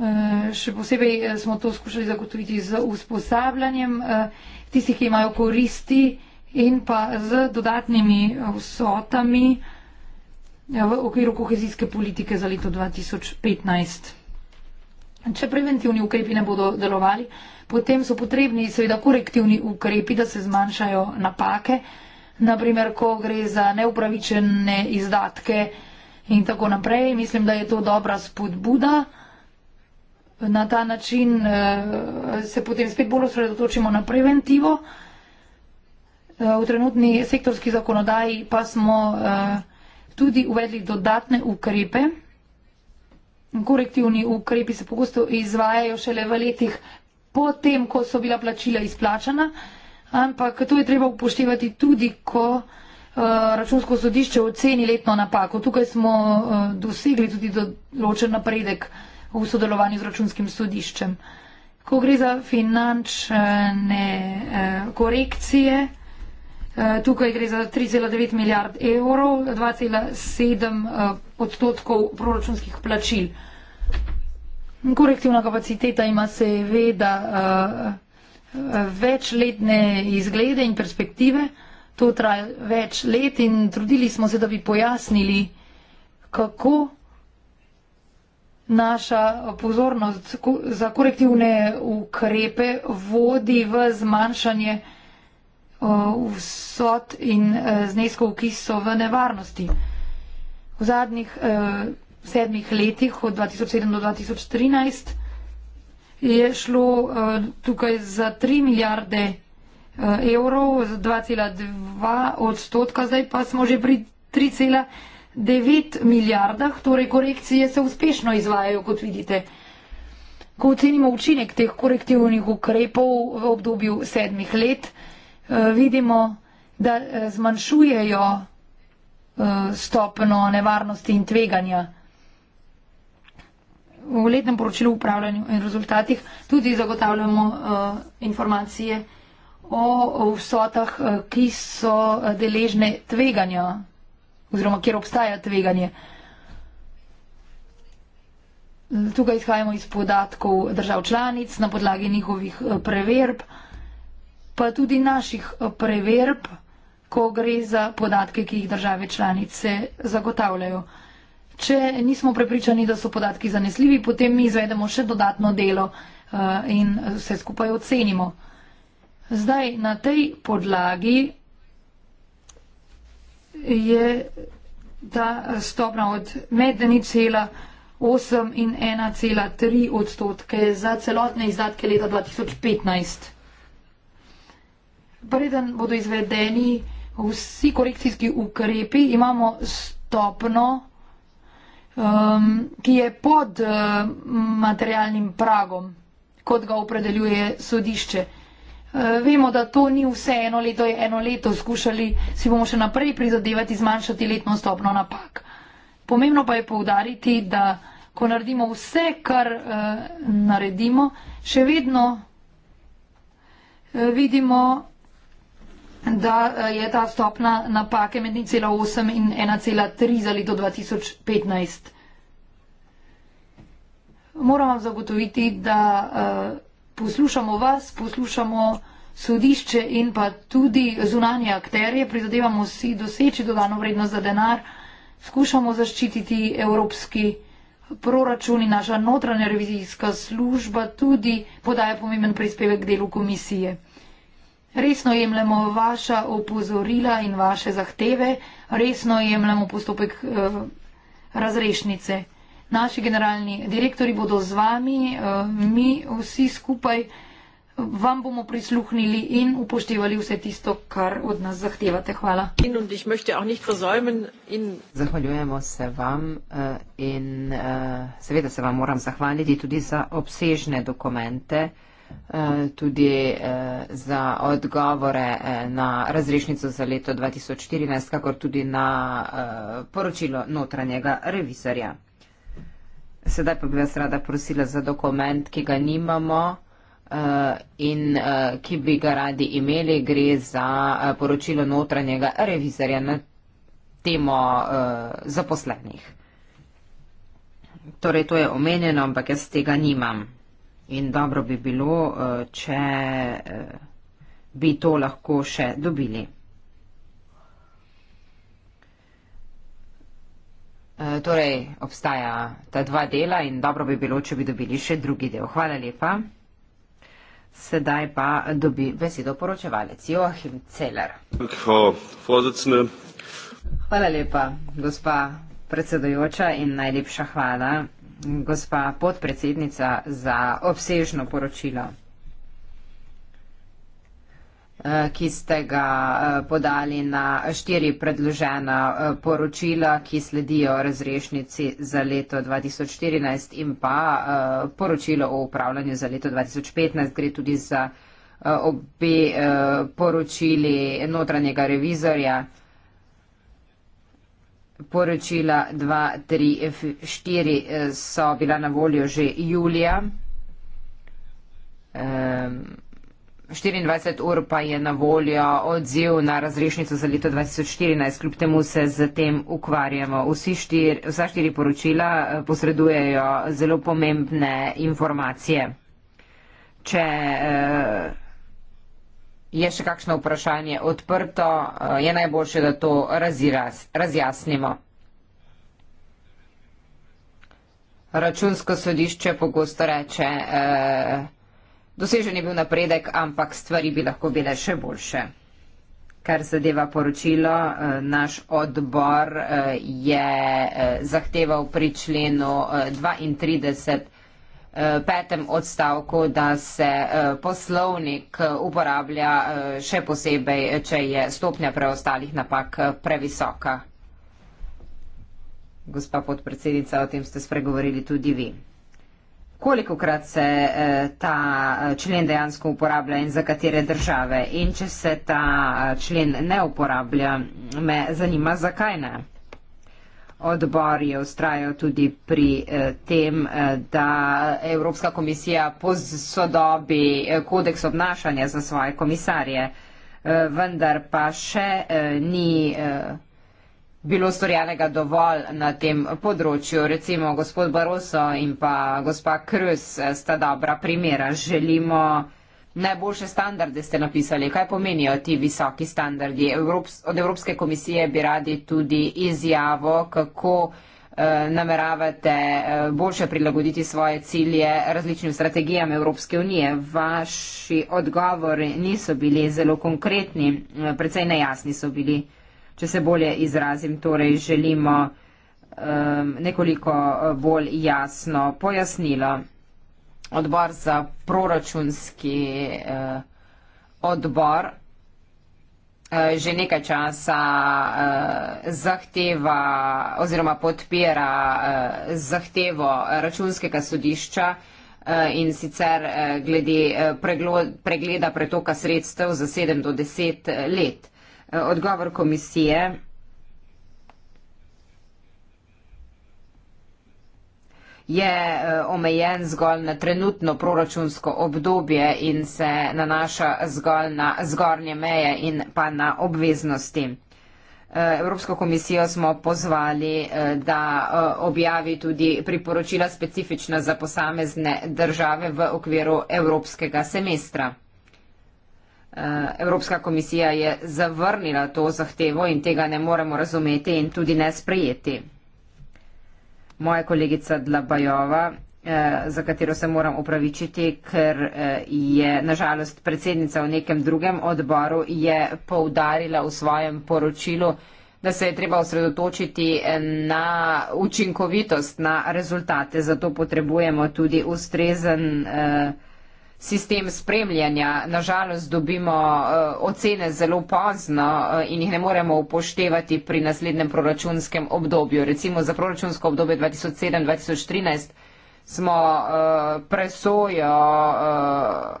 Eh, še posebej eh, smo to skušali zagotoviti z usposabljanjem eh, tistih, ki imajo koristi, in pa z dodatnimi vsotami ja, v okviru kohezijske politike za leto 2015. Če preventivni ukrepi ne bodo delovali, potem so potrebni seveda korektivni ukrepi, da se zmanjšajo napake, naprimer, ko gre za neupravičene izdatke in tako naprej. Mislim, da je to dobra spodbuda. Na ta način eh, se potem spet bolj osredotočimo na preventivo. Eh, v trenutni sektorski zakonodaji pa smo eh, tudi uvedli dodatne ukrepe. Korektivni ukrepi se pogosto izvajajo šele v letih potem, ko so bila plačila izplačana, ampak to je treba upoštevati tudi, ko eh, računsko sodišče oceni letno napako. Tukaj smo dosegli tudi določen napredek v sodelovanju z računskim sodiščem. Ko gre za finančne korekcije, Eh, tukaj gre za 3,9 milijard evrov, 2,7 eh, odstotkov proračunskih plačil. Korektivna kapaciteta ima seveda eh, večletne izglede in perspektive. To traja več let in trudili smo se, da bi pojasnili, kako naša pozornost za korektivne ukrepe vodi v zmanjšanje Eh, vsot in eh, zneskov, ki so v nevarnosti. V zadnjih eh, sedmih letih, od 2007 do 2013, je šlo tukaj za 3 milijarde evrov, za 2,2 odstotka, zdaj pa smo že pri 3,9 milijardah, torej korekcije se uspešno izvajajo, kot vidite. Ko ocenimo učinek teh korektivnih ukrepov v obdobju sedmih let, Eh, vidimo, da eh, zmanjšujejo eh, stopno nevarnosti in tveganja. V letnem poročilu upravljanju in rezultatih tudi zagotavljamo informacije o vsotah, ki so deležne tveganja oziroma kjer obstaja tveganje. Tukaj izhajamo iz podatkov držav članic na podlagi njihovih preverb pa tudi naših eh, preverb, ko gre za podatke, ki jih države članice zagotavljajo. Če nismo prepričani, da so podatki zanesljivi, potem mi izvedemo še dodatno delo eh, in vse skupaj ocenimo. Zdaj, na tej podlagi je ta stopna od med 1,8 in 1,3 odstotke za celotne izdatke leta 2015. Preden bodo izvedeni vsi korekcijski ukrepi, imamo stopno, um, ki je pod uh, materialnim pragom, kot ga opredeljuje sodišče. Uh, vemo, da to ni vse eno leto, je eno leto, skušali si bomo še naprej prizadevati zmanjšati letno stopno napak. Pomembno pa je povdariti, da ko naredimo vse, kar uh, naredimo, še vedno uh, vidimo, da eh, je ta stopna napake med 0,8 in 1,3 za leto 2015. Moram vam zagotoviti, da eh, poslušamo vas, poslušamo sodišče in pa tudi zunanje akterje, prizadevamo si doseči dodano vrednost za denar, skušamo zaščititi evropski proračun in naša notranja revizijska služba tudi podaja pomemben prispevek delu komisije. Resno jemljemo vaša opozorila in vaše zahteve, resno jemljemo postopek eh, razrešnice. Naši generalni direktori bodo z vami, eh, mi vsi skupaj vam bomo prisluhnili in upoštevali vse tisto, kar od nas zahtevate. Hvala. Zahvaljujemo se vam eh, in seveda se vam moram zahvaliti tudi za obsežne dokumente. Eh, tudi eh, za odgovore eh, na razrešnico za leto 2014, kakor tudi na poročilo notranjega revizorja. Sedaj pa bi vas rada prosila za dokument, ki ga nimamo in ki bi ga radi imeli. Gre za poročilo notranjega revizorja na temo zaposlenih. Torej, to je omenjeno, ampak jaz tega nimam in dobro bi bilo, eh, če eh, bi to lahko še dobili. Eh, torej, obstaja ta dva dela in dobro bi bilo, če bi dobili še drugi del. Hvala lepa. Sedaj pa dobi besedo poročevalec Joachim Celer. Hvala lepa, gospa predsedojoča in najlepša hvala gospa podpredsednica, za obsežno poročilo, eh, ki ste ga eh, podali na štiri predložena eh, poročila, ki sledijo razrešnici za leto 2014 in pa poročilo o upravljanju za leto 2015. Gre tudi za obe poročili notranjega revizorja poročila 2, 3, 4 so bila na voljo že julija. 24 ehm, ur pa je na voljo odziv na razrešnico za leto 2014. Kljub temu se z tem ukvarjamo. Vsi štir, vsa štiri poročila eh, posredujejo zelo pomembne informacije. Če eh, je še kakšno vprašanje odprto, eh, je najboljše, da to raziraz, razjasnimo. Računsko sodišče pogosto reče, eh, dosežen je bil napredek, ampak stvari bi lahko bile še boljše. Kar zadeva poročilo, eh, naš odbor eh, je zahteval pri členu 32. Eh, petem odstavku, da se eh, poslovnik eh, uporablja še posebej, če je stopnja preostalih napak previsoka. Gospa podpredsednica, o tem ste spregovorili tudi vi. Koliko krat se ta člen dejansko uporablja in za katere države? In če se ta člen ne uporablja, me zanima, zakaj ne? Odbor je ustrajal tudi pri eh, tem, eh, da Evropska komisija posodobi eh, kodeks obnašanja za svoje komisarje, vendar pa še ni bilo storjenega dovolj na tem področju. Recimo gospod Baroso in pa gospa Krus sta dobra primera. Želimo najboljše standarde ste napisali. Kaj pomenijo ti visoki standardi? Evrops od Evropske komisije bi radi tudi izjavo, kako eh, nameravate eh, boljše prilagoditi svoje cilje različnim strategijam Evropske unije. Vaši odgovori niso bili zelo konkretni, eh, precej nejasni so bili. Če se bolje izrazim, torej želimo eh, nekoliko eh, bolj jasno pojasnilo odbor za proračunski eh, odbor eh, že nekaj časa eh, zahteva oziroma podpira eh, zahtevo računskega sodišča eh, in sicer eh, glede eh, preglo, pregleda pretoka sredstev za sedem do deset eh, let. Eh, odgovor komisije. je eh, omejen zgolj na trenutno proračunsko obdobje in se nanaša zgolj na zgornje meje in pa na obveznosti. Eh, Evropsko komisijo smo pozvali, eh, da objavi tudi priporočila specifična za posamezne države v okviru evropskega semestra. Evropska komisija je zavrnila to zahtevo in tega ne moremo razumeti in tudi ne sprejeti moja kolegica Dlabajova, eh, za katero se moram upravičiti, ker eh, je nažalost predsednica v nekem drugem odboru, je poudarila v svojem poročilu, da se je treba osredotočiti eh, na učinkovitost, na rezultate. Zato potrebujemo tudi ustrezen. Eh, sistem spremljanja. Nažalost dobimo eh, ocene zelo pozno eh, in jih ne moremo upoštevati pri naslednjem proračunskem obdobju. Recimo za proračunsko obdobje 2007-2013 smo uh, presojo uh,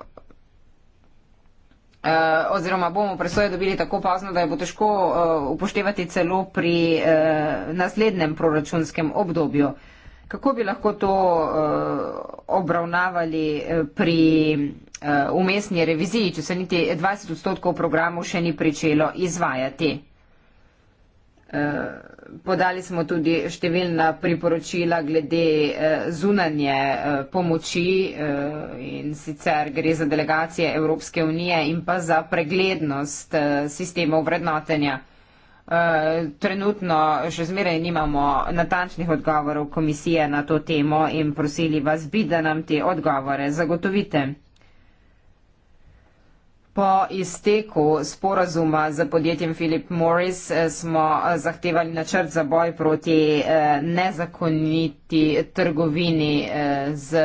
uh, oziroma bomo presojo dobili tako pozno, da jo bo težko uh, upoštevati celo pri uh, naslednjem proračunskem obdobju. Kako bi lahko to uh, obravnavali eh, pri uh, umestni reviziji, če se niti 20 odstotkov programov še ni pričelo izvajati? Uh, podali smo tudi številna priporočila glede uh, zunanje uh, pomoči uh, in sicer gre za delegacije Evropske unije in pa za preglednost uh, sistemov vrednotenja. Uh, Eh, trenutno še zmeraj nimamo natančnih odgovorov komisije na to temo in prosili vas bi, da nam te odgovore zagotovite. Po izteku sporazuma z podjetjem Philip Morris eh, smo eh, zahtevali načrt za boj proti nezakoniti trgovini z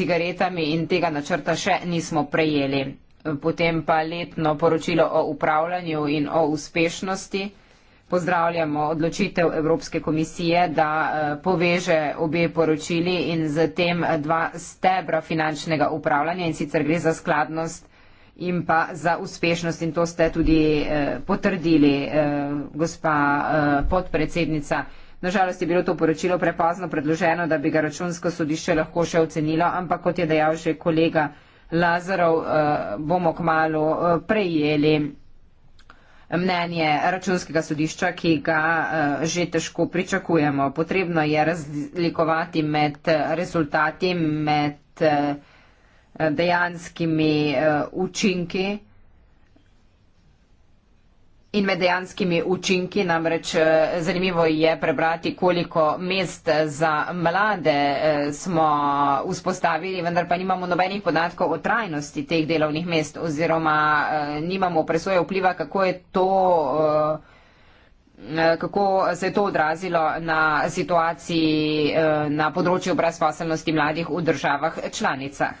cigaretami in tega načrta še nismo prejeli potem pa letno poročilo o upravljanju in o uspešnosti. Pozdravljamo odločitev Evropske komisije, da eh, poveže obe poročili in z tem eh, dva stebra finančnega upravljanja in sicer gre za skladnost in pa za uspešnost in to ste tudi eh, potrdili, gospa podpredsednica. Nažalost je bilo to poročilo prepozno predloženo, da bi ga računsko sodišče lahko še ocenilo, ampak kot je dejal že kolega, Lazarov eh, bomo kmalo eh, prejeli mnenje računskega sodišča, ki ga eh, že težko pričakujemo. Potrebno je razlikovati med rezultati, med dejanskimi učinki. In med dejanskimi učinki namreč eh, zanimivo je prebrati, koliko mest za mlade eh, smo vzpostavili, vendar pa nimamo nobenih podatkov o trajnosti teh delovnih mest oziroma eh, nimamo presoje vpliva, kako je to kako se je to odrazilo na situaciji na področju brezposelnosti mladih v državah članicah.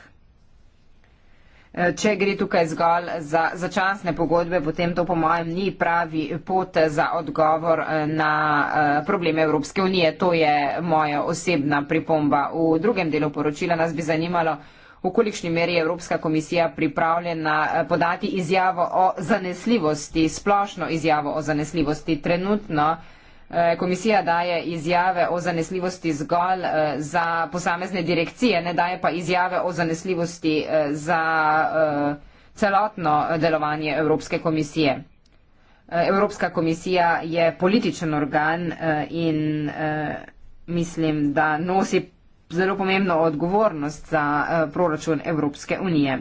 Eh, če gre tukaj zgolj za začasne pogodbe, potem to po mojem ni pravi pot za odgovor eh, na eh, probleme Evropske unije. To je moja osebna pripomba. V drugem delu poročila nas bi zanimalo, v kolikšni meri je Evropska komisija pripravljena podati izjavo o zanesljivosti, splošno izjavo o zanesljivosti trenutno. Eh, komisija daje izjave o zanesljivosti zgolj eh, za posamezne direkcije, ne daje pa izjave o zanesljivosti eh, za celotno delovanje Evropske komisije. Evropska komisija je političen organ in mislim, da nosi zelo pomembno odgovornost za proračun Evropske unije.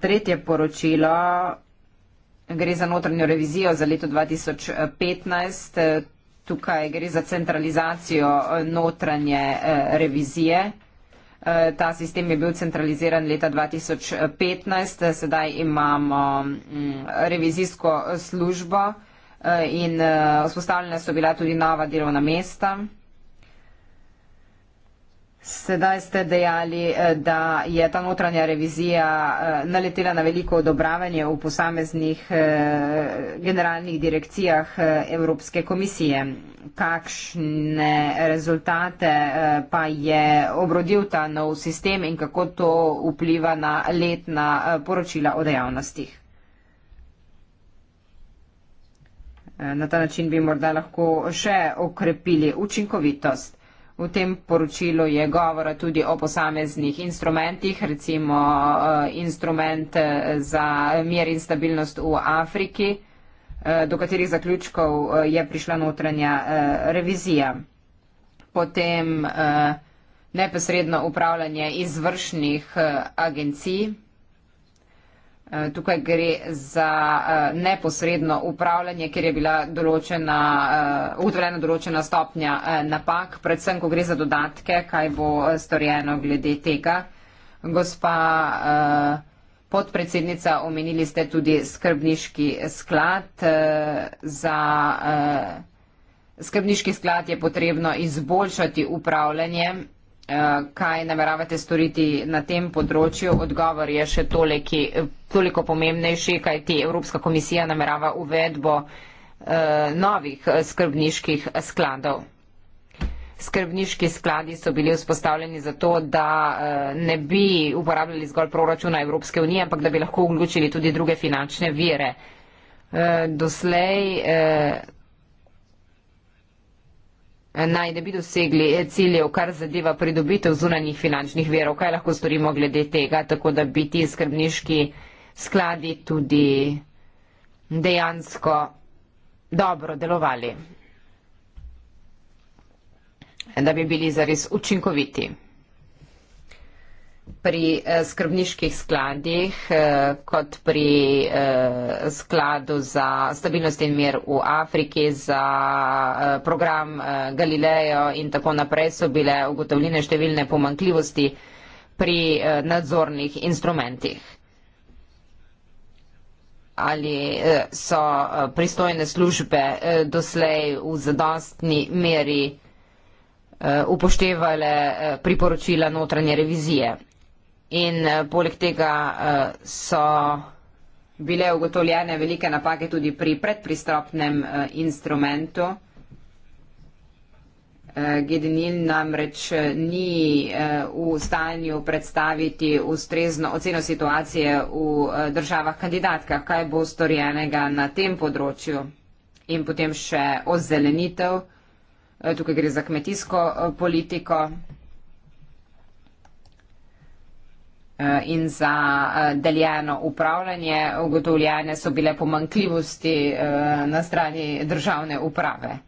Tretje poročilo Gre za notranjo revizijo za leto 2015. Tukaj gre za centralizacijo eh, notranje eh, revizije. Eh, ta sistem je bil centraliziran leta 2015, sedaj imamo mm, revizijsko službo in vzpostavljena so bila tudi nova delovna mesta. Sedaj ste dejali, eh, da je ta notranja revizija eh, naletela na veliko odobravanje v posameznih eh, generalnih direkcijah Evropske komisije. Kakšne rezultate pa je obrodil ta nov sistem in kako to vpliva na letna poročila o dejavnostih? Na ta način bi morda lahko še okrepili učinkovitost. V tem poročilu je govora tudi o posameznih instrumentih, recimo eh, instrument eh, za mir in stabilnost v Afriki, eh, do katerih zaključkov je prišla notranja revizija. Potem neposredno upravljanje izvršnih agencij, Tukaj gre za eh, neposredno upravljanje, ker je bila utvorena eh, določena stopnja eh, napak, predvsem, ko gre za dodatke, kaj bo storjeno glede tega. Gospa podpredsednica, omenili ste tudi skrbniški sklad. Za skrbniški sklad je potrebno izboljšati upravljanje Eh, kaj nameravate storiti na tem področju. Odgovor je še toliki, toliko pomembnejši, kaj ti Evropska komisija namerava uvedbo eh, novih eh, skrbniških skladov. Skrbniški skladi so bili vzpostavljeni zato, da ne bi uporabljali zgolj proračuna Evropske unije, ampak da bi lahko vključili tudi druge finančne vire. Doslej naj ne bi dosegli eh, ciljev, kar zadeva pridobitev zunanjih finančnih verov. Kaj lahko storimo glede tega, tako da bi ti skrbniški skladi tudi dejansko dobro delovali, da bi bili zares učinkoviti pri eh, skrbniških skladih eh, kot pri eh, skladu za stabilnost in mir v Afriki, za program Galileo in tako naprej so bile ugotovljene številne pomankljivosti pri nadzornih instrumentih. Ali so pristojne službe doslej v zadostni meri upoštevale priporočila notranje revizije. In eh, poleg tega eh, so bile ugotovljene velike napake tudi pri predpristropnem eh, instrumentu. Gedenil namreč ni v stanju predstaviti ustrezno oceno situacije v državah kandidatkah, kaj bo storjenega na tem področju. In potem še ozelenitev, tukaj gre za kmetijsko politiko. Eh, in za eh, deljeno upravljanje. Ugotovljene so bile pomankljivosti eh, na strani državne uprave.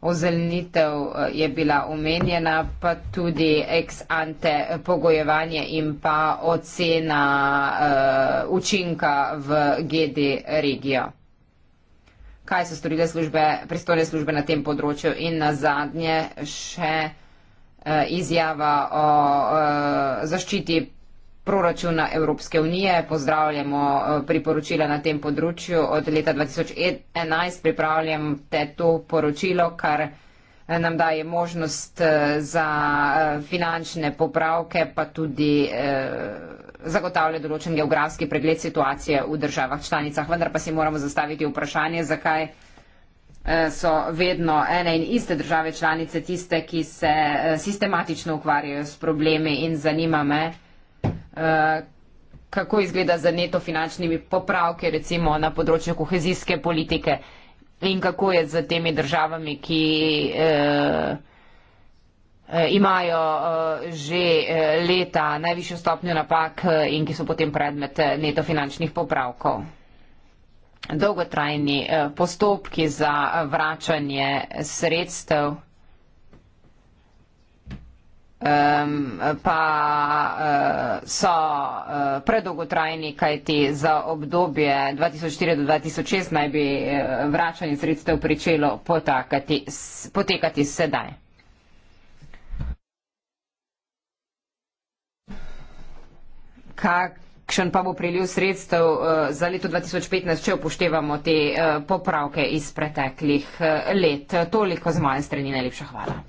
Ozelnitev je bila omenjena, pa tudi ex ante pogojevanje in pa ocena učinka v GD regijo. Kaj so storile službe, pristojne službe na tem področju in na zadnje še izjava o zaščiti proračuna Evropske unije. Pozdravljamo eh, priporočila na tem področju. Od leta 2011 pripravljam te to poročilo, kar eh, nam daje možnost eh, za finančne popravke, pa tudi zagotavlja določen geografski pregled situacije v državah članicah. Vendar pa si moramo zastaviti vprašanje, zakaj so vedno ene in iste države članice tiste, ki se sistematično ukvarjajo s problemi in zanima me, Eh, kako izgleda za neto finančnimi popravki, recimo na področju kohezijske politike in kako je z temi državami, ki eh, eh, imajo že leta najvišjo stopnjo napak in ki so potem predmet neto finančnih popravkov. Dolgotrajni postopki za vračanje sredstev um, pa uh, so uh, predolgotrajni, kajti za obdobje 2004 do 2006 naj bi eh, vračanje sredstev pričelo potakati, potekati sedaj. Kakšen pa bo priliv sredstev za leto 2015, če upoštevamo te popravke iz preteklih let? Toliko z moje strani. Najlepša hvala.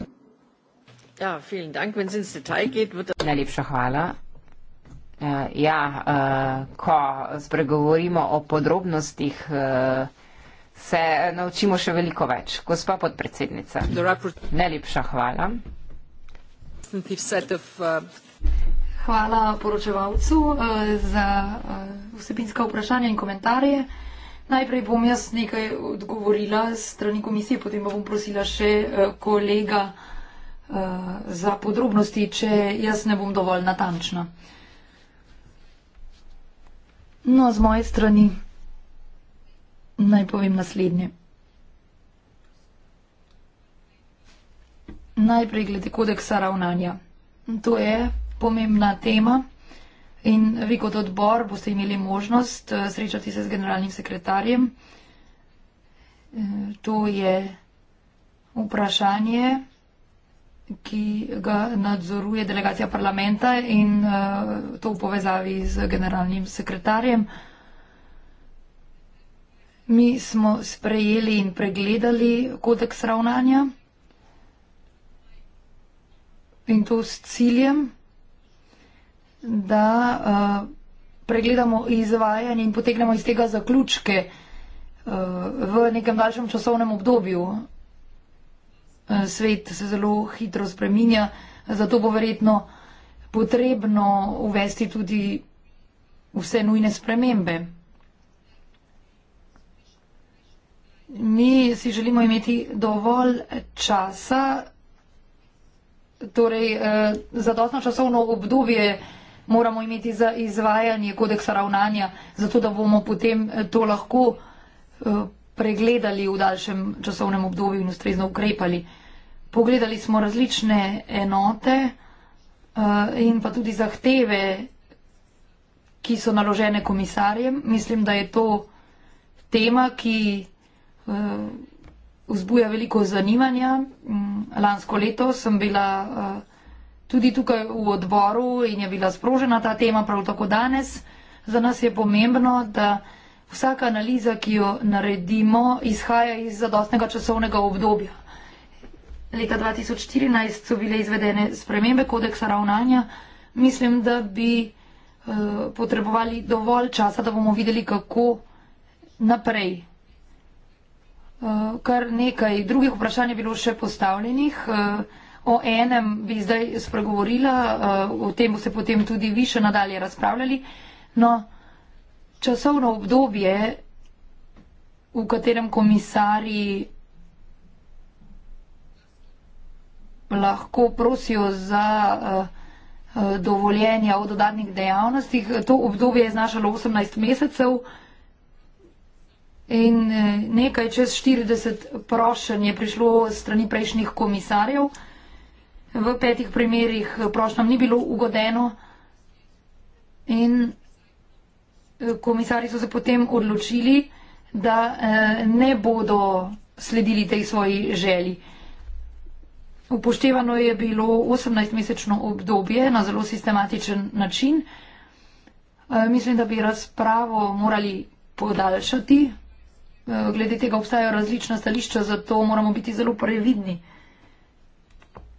Ja, vielen Dank. Wenn es ins Detail geht, wird das. Najlepša hvala. Uh, ja, uh, ko spregovorimo o podrobnostih, uh, se naučimo še veliko več. Gospa podpredsednica. Najlepša hvala. Hvala poročevalcu uh, za uh, vsebinska vprašanja in komentarje. Najprej bom jaz nekaj odgovorila strani komisije, potem pa bom prosila še uh, kolega uh, Eh, za podrobnosti, če jaz ne bom dovolj natančna. No, z moje strani naj povem naslednje. Najprej glede kodeksa ravnanja. To je pomembna tema in vi kot odbor boste imeli možnost eh, srečati se z generalnim sekretarjem. Eh, to je vprašanje, ki ga nadzoruje delegacija parlamenta in uh, to v povezavi z generalnim sekretarjem. Mi smo sprejeli in pregledali kodeks ravnanja in to s ciljem, da uh, pregledamo izvajanje in potegnemo iz tega zaključke uh, v nekem daljšem časovnem obdobju. Eh, svet se zelo hitro spreminja, zato bo verjetno potrebno uvesti tudi vse nujne spremembe. Mi si želimo imeti dovolj časa, torej eh, zadostno časovno obdobje moramo imeti za izvajanje kodeksa ravnanja, zato da bomo potem eh, to lahko eh, pregledali v daljšem časovnem obdobju in ustrezno ukrepali. Pogledali smo različne enote eh, in pa tudi zahteve, ki so naložene komisarjem. Mislim, da je to tema, ki eh, vzbuja veliko zanimanja. Mm, lansko leto sem bila eh, tudi tukaj v odboru in je bila sprožena ta tema, prav tako danes. Za nas je pomembno, da Vsaka analiza, ki jo naredimo, izhaja iz zadostnega časovnega obdobja. Leta 2014 so bile izvedene spremembe kodeksa ravnanja. Mislim, da bi uh, potrebovali dovolj časa, da bomo videli, kako naprej. Uh, kar nekaj drugih vprašanj je bilo še postavljenih. Uh, o enem bi zdaj spregovorila, uh, o tem bo se potem tudi više nadalje razpravljali. No, uh, časovno obdobje, v katerem komisari lahko prosijo za uh, dovoljenja o dodatnih dejavnostih. To obdobje je znašalo 18 mesecev in eh, nekaj čez 40 prošenj je prišlo strani prejšnjih komisarjev. V petih primerjih prošnjam ni bilo ugodeno in komisari so se potem odločili, da eh, ne bodo sledili tej svoji želji. Upoštevano je bilo 18-mesečno obdobje na zelo sistematičen način. Eh, mislim, da bi razpravo morali podaljšati. Eh, glede tega obstajajo različna stališča, zato moramo biti zelo previdni.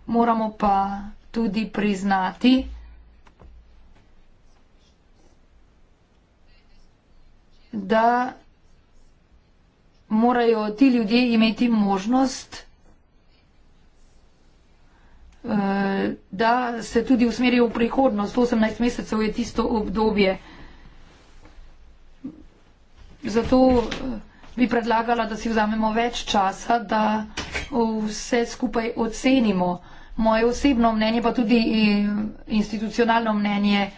Moramo pa tudi priznati, da morajo ti ljudje imeti možnost, eh, da se tudi usmerijo v prihodnost. 18 mesecev je tisto obdobje. Zato eh, bi predlagala, da si vzamemo več časa, da vse skupaj ocenimo. Moje osebno mnenje, pa tudi eh, institucionalno mnenje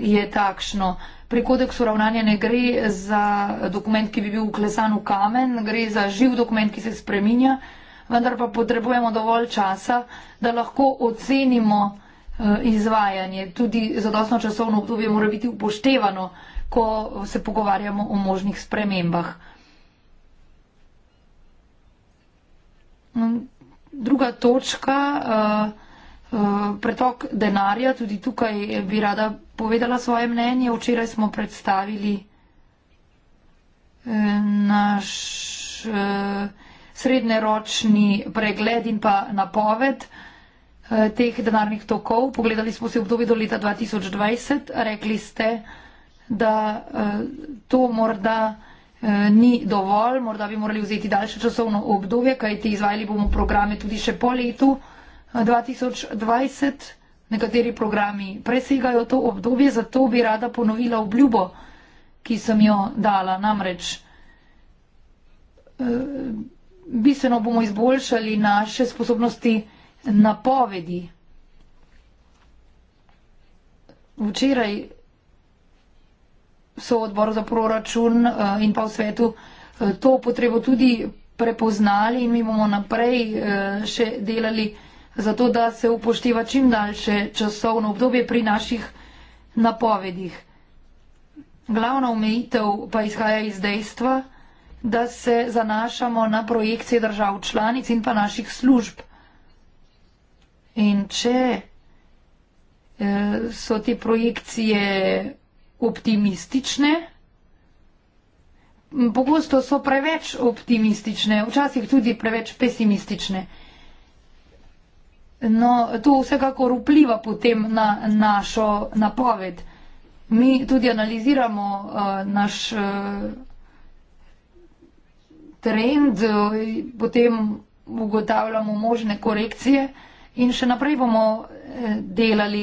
je takšno. Pri kodeksu ravnanja ne gre za dokument, ki bi bil uklesan v kamen, gre za živ dokument, ki se spreminja, vendar pa potrebujemo dovolj časa, da lahko ocenimo eh, izvajanje. Tudi za dosno časovno obdobje mora biti upoštevano, ko se pogovarjamo o možnih spremembah. Hm, druga točka. Uh, Eh, pretok denarja, tudi tukaj bi rada povedala svoje mnenje. Včeraj smo predstavili eh, naš eh, srednjeročni pregled in pa napoved teh denarnih tokov. Pogledali smo se obdobje do leta 2020. Rekli ste, da to morda ni dovolj, morda bi morali vzeti daljše časovno obdobje, kajti izvajali bomo programe tudi še po letu 2020. Nekateri programi presegajo to obdobje, zato bi rada ponovila obljubo, ki sem jo dala. Namreč eh, bistveno bomo izboljšali naše sposobnosti napovedi. Včeraj so odbor za proračun eh, in pa v svetu eh, to potrebo tudi prepoznali in mi bomo naprej še delali zato da se upošteva čim daljše časovno obdobje pri naših napovedih. Glavna omejitev pa izhaja iz dejstva, da se zanašamo na projekcije držav članic in pa naših služb. In če eh, so te projekcije optimistične, pogosto so preveč optimistične, včasih tudi preveč pesimistične. No, to vsekakor vpliva potem na našo napoved. Mi tudi analiziramo uh, naš uh, trend, uh, potem ugotavljamo možne korekcije in še naprej bomo uh, delali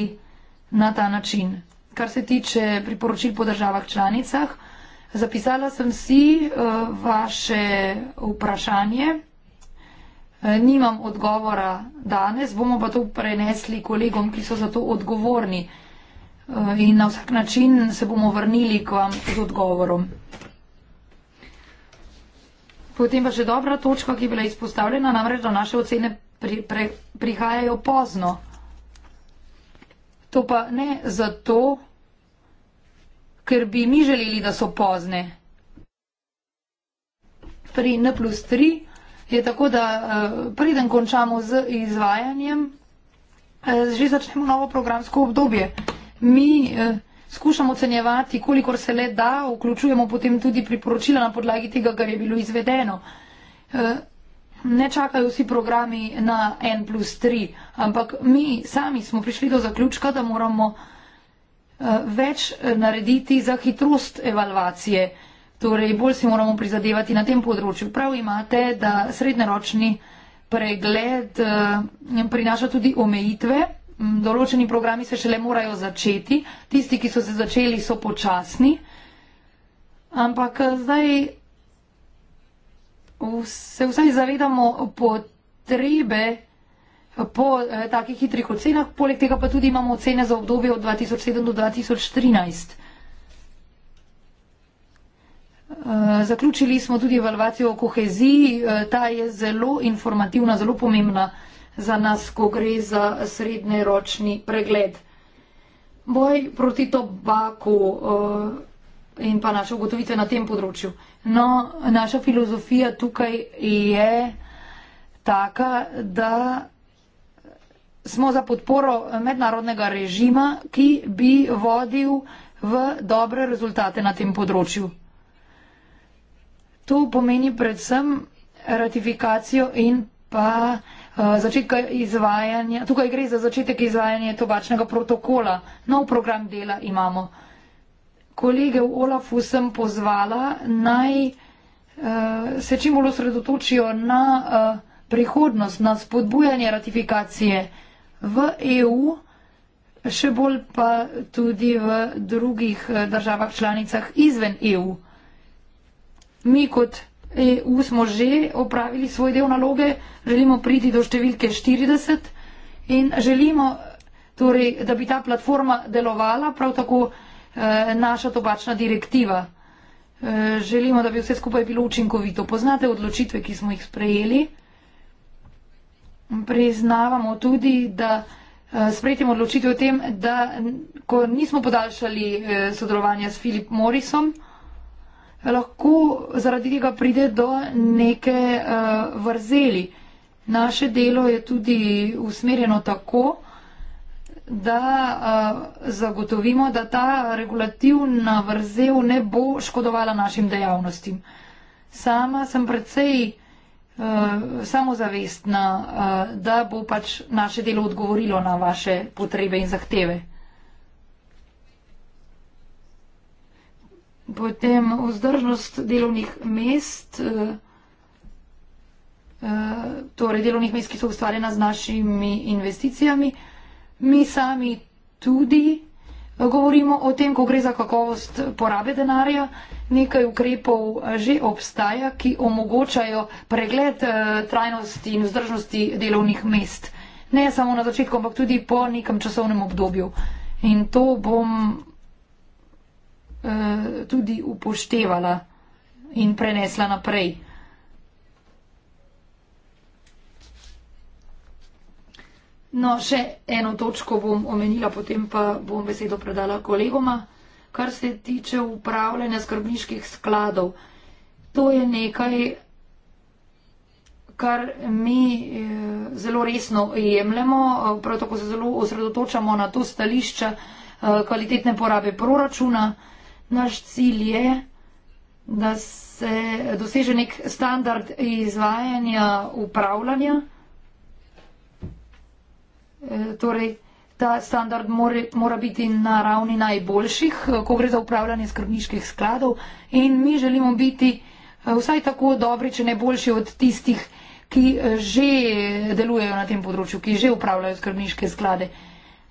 na ta način. Kar se tiče priporočil po državah članicah, zapisala sem si uh, vaše vprašanje. Eh, nimam odgovora danes, bomo pa to prenesli kolegom, ki so za to odgovorni. Eh, in na vsak način se bomo vrnili k vam z odgovorom. Potem pa še dobra točka, ki je bila izpostavljena, namreč, da naše ocene pri, pre, prihajajo pozno. To pa ne zato, ker bi mi želeli, da so pozne. Pri N plus 3 je tako, da eh, preden končamo z izvajanjem, eh, že začnemo novo programsko obdobje. Mi eh, skušamo ocenjevati, kolikor se le da, vključujemo potem tudi priporočila na podlagi tega, kar je bilo izvedeno. Ne čakajo vsi programi na N plus 3, ampak mi sami smo prišli do zaključka, da moramo več narediti za hitrost evalvacije. Torej, bolj si moramo prizadevati na tem področju. Prav imate, da srednjeročni pregled eh, prinaša tudi omejitve. Mm, določeni programi se šele morajo začeti. Tisti, ki so se začeli, so počasni. Ampak eh, zdaj se vsaj zavedamo potrebe eh, po takih hitrih ocenah. Poleg tega pa tudi imamo ocene za obdobje od 2007 do 2013. Eh, zaključili smo tudi evalvacijo o koheziji. Eh, ta je zelo informativna, zelo pomembna za nas, ko gre za srednje ročni pregled. Boj proti tobaku eh, in pa naše ugotovitve na tem področju. No, naša filozofija tukaj je taka, da smo za podporo mednarodnega režima, ki bi vodil v dobre rezultate na tem področju tu pomeni predvsem ratifikacijo in pa uh, začetka izvajanja, tukaj gre za začetek izvajanja tobačnega protokola. Nov program dela imamo. Kolege v Olafu sem pozvala naj uh, se čim bolj osredotočijo na uh, prihodnost, na spodbujanje ratifikacije v EU, še bolj pa tudi v drugih državah članicah izven EU mi kot EU smo že opravili svoj del naloge, želimo priti do številke 40 in želimo, torej, da bi ta platforma delovala, prav tako eh, naša tobačna direktiva. Eh, želimo, da bi vse skupaj bilo učinkovito. Poznate odločitve, ki smo jih sprejeli. Priznavamo tudi, da eh, sprejetjem odločitev o tem, da ko nismo podaljšali eh, sodelovanja s Filip Morisom, eh, lahko zaradi tega pride do neke uh, vrzeli. Naše delo je tudi usmerjeno tako, da uh, zagotovimo, da ta regulativna vrzel ne bo škodovala našim dejavnostim. Sama sem predvsej uh, eh, samozavestna, uh, da bo pač naše delo odgovorilo na vaše potrebe in zahteve. potem vzdržnost delovnih mest, eh, eh, torej delovnih mest, ki so ustvarjena z našimi investicijami. Mi sami tudi eh, govorimo o tem, ko gre za kakovost porabe denarja. Nekaj ukrepov že obstaja, ki omogočajo pregled trajnosti in vzdržnosti delovnih mest. Ne samo na začetku, ampak tudi po nekem časovnem obdobju. In to bom Eh, tudi upoštevala in prenesla naprej. No, še eno točko bom omenila, potem pa bom besedo predala kolegoma. Kar se tiče upravljanja skrbniških skladov, to je nekaj, kar mi eh, zelo resno jemljemo, eh, prav tako se zelo osredotočamo na to stališče kvalitetne porabe proračuna. Naš cilj je, da se doseže nek standard izvajanja upravljanja. E, torej, ta standard more, mora biti na ravni najboljših, ko gre za upravljanje skrbniških skladov in mi želimo biti e, vsaj tako dobri, če ne boljši od tistih, ki e, že delujejo na tem področju, ki že upravljajo skrbniške sklade.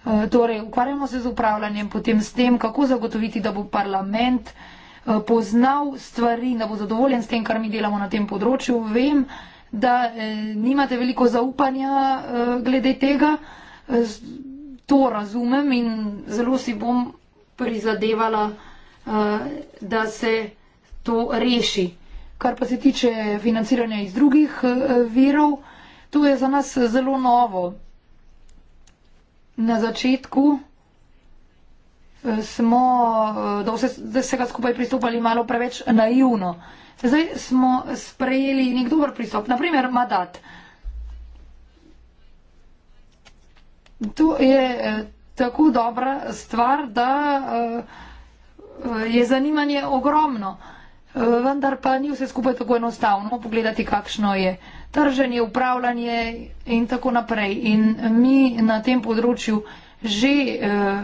Eh, torej, ukvarjamo se z upravljanjem, potem s tem, kako zagotoviti, da bo parlament eh, poznal stvari, da bo zadovoljen s tem, kar mi delamo na tem področju. Vem, da eh, nimate veliko zaupanja glede tega. To razumem in zelo si bom prizadevala, da se to reši. Kar pa se tiče financiranja iz drugih virov, to je za nas zelo novo na začetku eh, smo eh, do vsega skupaj pristopali malo preveč naivno. Zdaj smo sprejeli nek dober pristop, naprimer Madat. To je eh, tako dobra stvar, da je zanimanje ogromno, vendar pa ni vse skupaj tako enostavno pogledati, kakšno je trženje, upravljanje in tako naprej. In mi na tem področju že uh,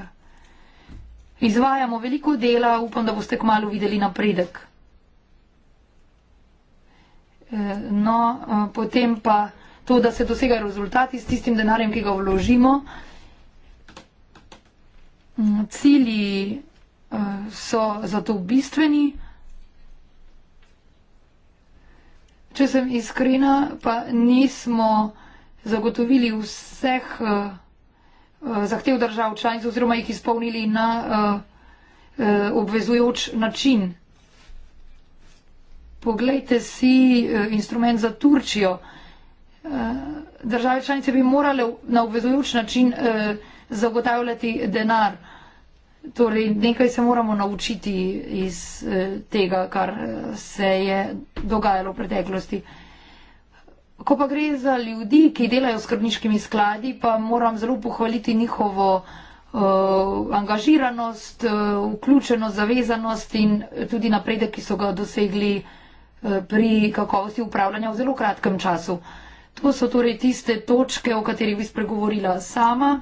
izvajamo veliko dela, upam, da boste kmalo videli napredek. Uh, no, uh, potem pa to, da se dosega rezultati s tistim denarjem, ki ga vložimo. Mm, Cili uh, so zato bistveni. Če sem iskrena, pa nismo zagotovili vseh uh, zahtev držav članic oziroma jih izpolnili na uh, uh, obvezujoč način. Poglejte si uh, instrument za Turčijo. Uh, države članice bi morale na obvezujoč način uh, zagotavljati denar. Uh, Torej, nekaj se moramo naučiti iz eh, tega, kar eh, se je dogajalo v preteklosti. Ko pa gre za ljudi, ki delajo s krvniškimi skladi, pa moram zelo pohvaliti njihovo uh, angažiranost, uh, vključenost, zavezanost in tudi napredek, ki so ga dosegli uh, pri kakovosti upravljanja v zelo kratkem času. To so torej tiste točke, o katerih bi spregovorila sama.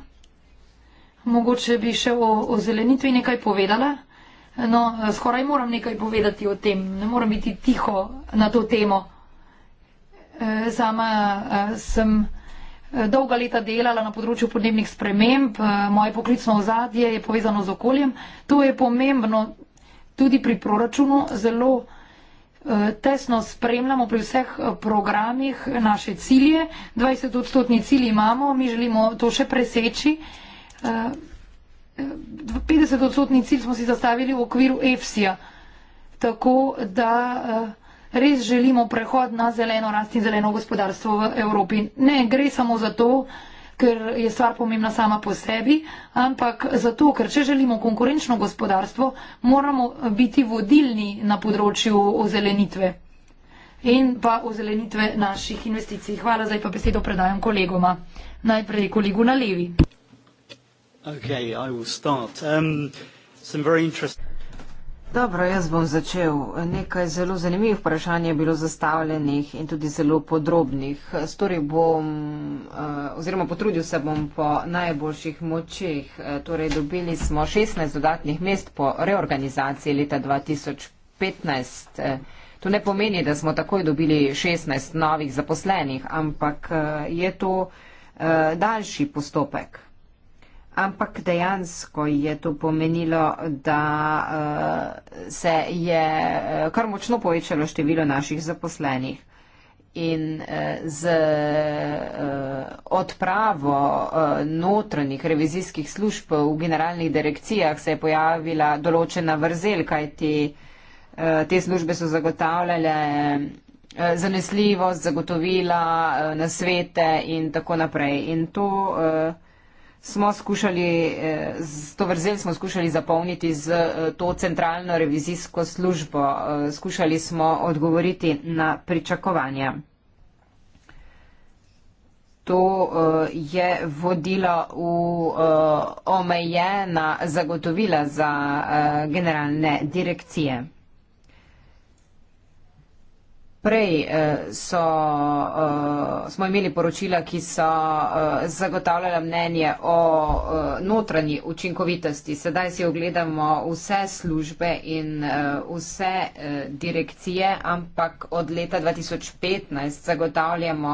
Mogoče bi še o, o zelenitvi nekaj povedala. No, skoraj moram nekaj povedati o tem. Ne moram biti tiho na to temo. E, sama e, sem e, dolga leta delala na področju podnebnih sprememb. Moje poklicno ozadje je povezano z okoljem. To je pomembno tudi pri proračunu. Zelo tesno spremljamo pri vseh programih naše cilje. 20 odstotni cilj imamo, mi želimo to še preseči. 50-odstotni cilj smo si zastavili v okviru EFSI-ja, tako da eh, res želimo prehod na zeleno rast in zeleno gospodarstvo v Evropi. Ne gre samo za to, ker je stvar pomembna sama po sebi, ampak zato, ker če želimo konkurenčno gospodarstvo, moramo biti vodilni na področju ozelenitve in pa ozelenitve naših investicij. Hvala, zdaj pa besedo predajam kolegoma. Najprej kolegu na levi. Okay, I will start. Um, some very interesting. Dobro, jaz bom začel. Nekaj zelo zanimivih vprašanj je bilo zastavljenih in tudi zelo podrobnih. Storil bom, eh, oziroma potrudil se bom po najboljših močeh. Eh, torej, dobili smo 16 dodatnih mest po reorganizaciji leta 2015. Eh, to ne pomeni, da smo takoj dobili 16 novih zaposlenih, ampak je to daljši postopek. Ampak dejansko je to pomenilo, da uh, se je eh, kar močno povečalo število naših zaposlenih. In eh, z odpravo notranjih revizijskih služb v generalnih direkcijah se je pojavila določena vrzel, kajti te službe so zagotavljale zanesljivost, zagotovila nasvete in tako naprej. In to smo skušali, eh, z to vrzel smo skušali zapolniti z eh, to centralno revizijsko službo. Eh, skušali smo odgovoriti na pričakovanja. To je vodilo v omejena zagotovila za generalne direkcije. Prej eh, so, eh, smo imeli poročila, ki so eh, zagotavljala mnenje o notranji učinkovitosti. Sedaj si ogledamo vse službe in vse direkcije, ampak od leta 2015 zagotavljamo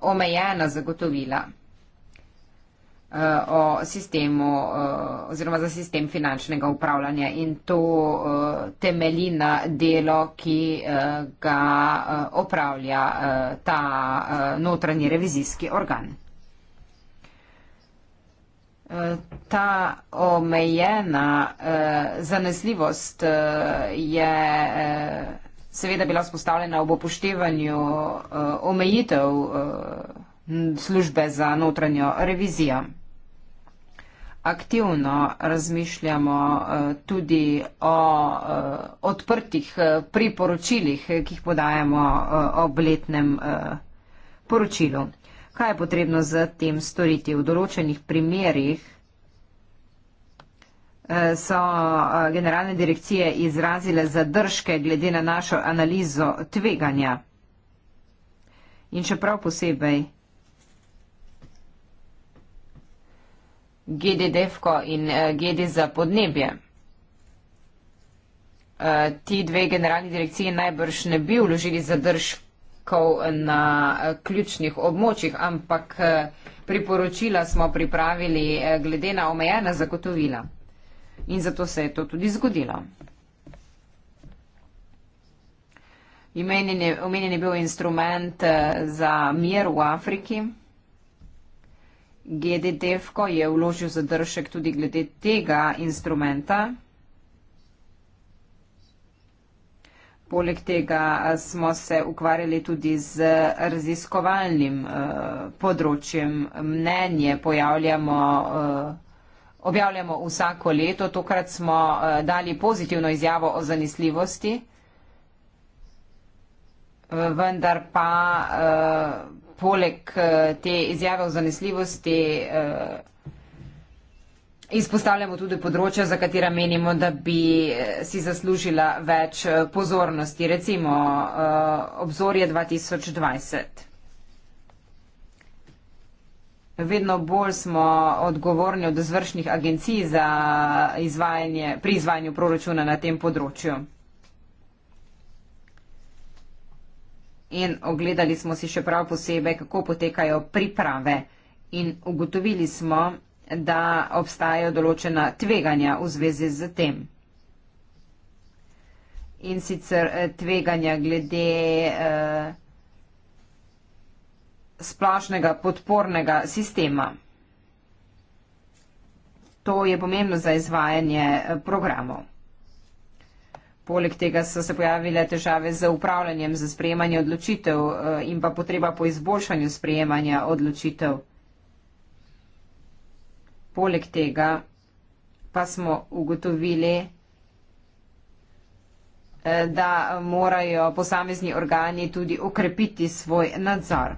omejena zagotovila uh, o sistemu uh, oziroma za sistem finančnega upravljanja in to uh, temelji na delo, ki uh, ga uh, opravlja uh, ta uh, notranji revizijski organ. Ta omejena eh, zanesljivost eh, je eh, seveda bila spostavljena ob upoštevanju eh, omejitev eh, službe za notranjo revizijo aktivno razmišljamo eh, tudi o eh, odprtih eh, priporočilih, ki jih podajamo ob letnem poročilu. Kaj je potrebno z tem storiti? V določenih primerjih so generalne direkcije izrazile zadržke glede na našo analizo tveganja. In še prav posebej GD Defko in eh, GD za podnebje. Eh, ti dve generalni direkciji najbrž ne bi vložili zadržkov na eh, ključnih območjih, ampak priporočila smo pripravili glede na omejena zagotovila. In zato se je to tudi zgodilo. Omenjen je bil instrument za mir v Afriki. GD Defko je vložil zadržek tudi glede tega instrumenta. Poleg tega smo se ukvarjali tudi z raziskovalnim e, področjem mnenje, pojavljamo. E, objavljamo vsako leto, tokrat smo e, dali pozitivno izjavo o zanesljivosti, vendar pa poleg eh, te izjave o zanesljivosti eh, izpostavljamo tudi področja, za katera menimo, da bi eh, si zaslužila več pozornosti, recimo obzorje 2020. Vedno bolj smo odgovorni od zvršnih agencij pri izvajanju proračuna na tem področju. in ogledali smo si še prav posebej, kako potekajo priprave in ugotovili smo, da obstajajo določena tveganja v zvezi z tem. In sicer eh, tveganja glede eh, splošnega podpornega sistema. To je pomembno za izvajanje eh, programov. Poleg tega so se pojavile težave z upravljanjem, z sprejemanjem odločitev eh, in pa potreba po izboljšanju sprejemanja odločitev. Poleg tega pa smo ugotovili, eh, da morajo posamezni organi tudi okrepiti svoj nadzor.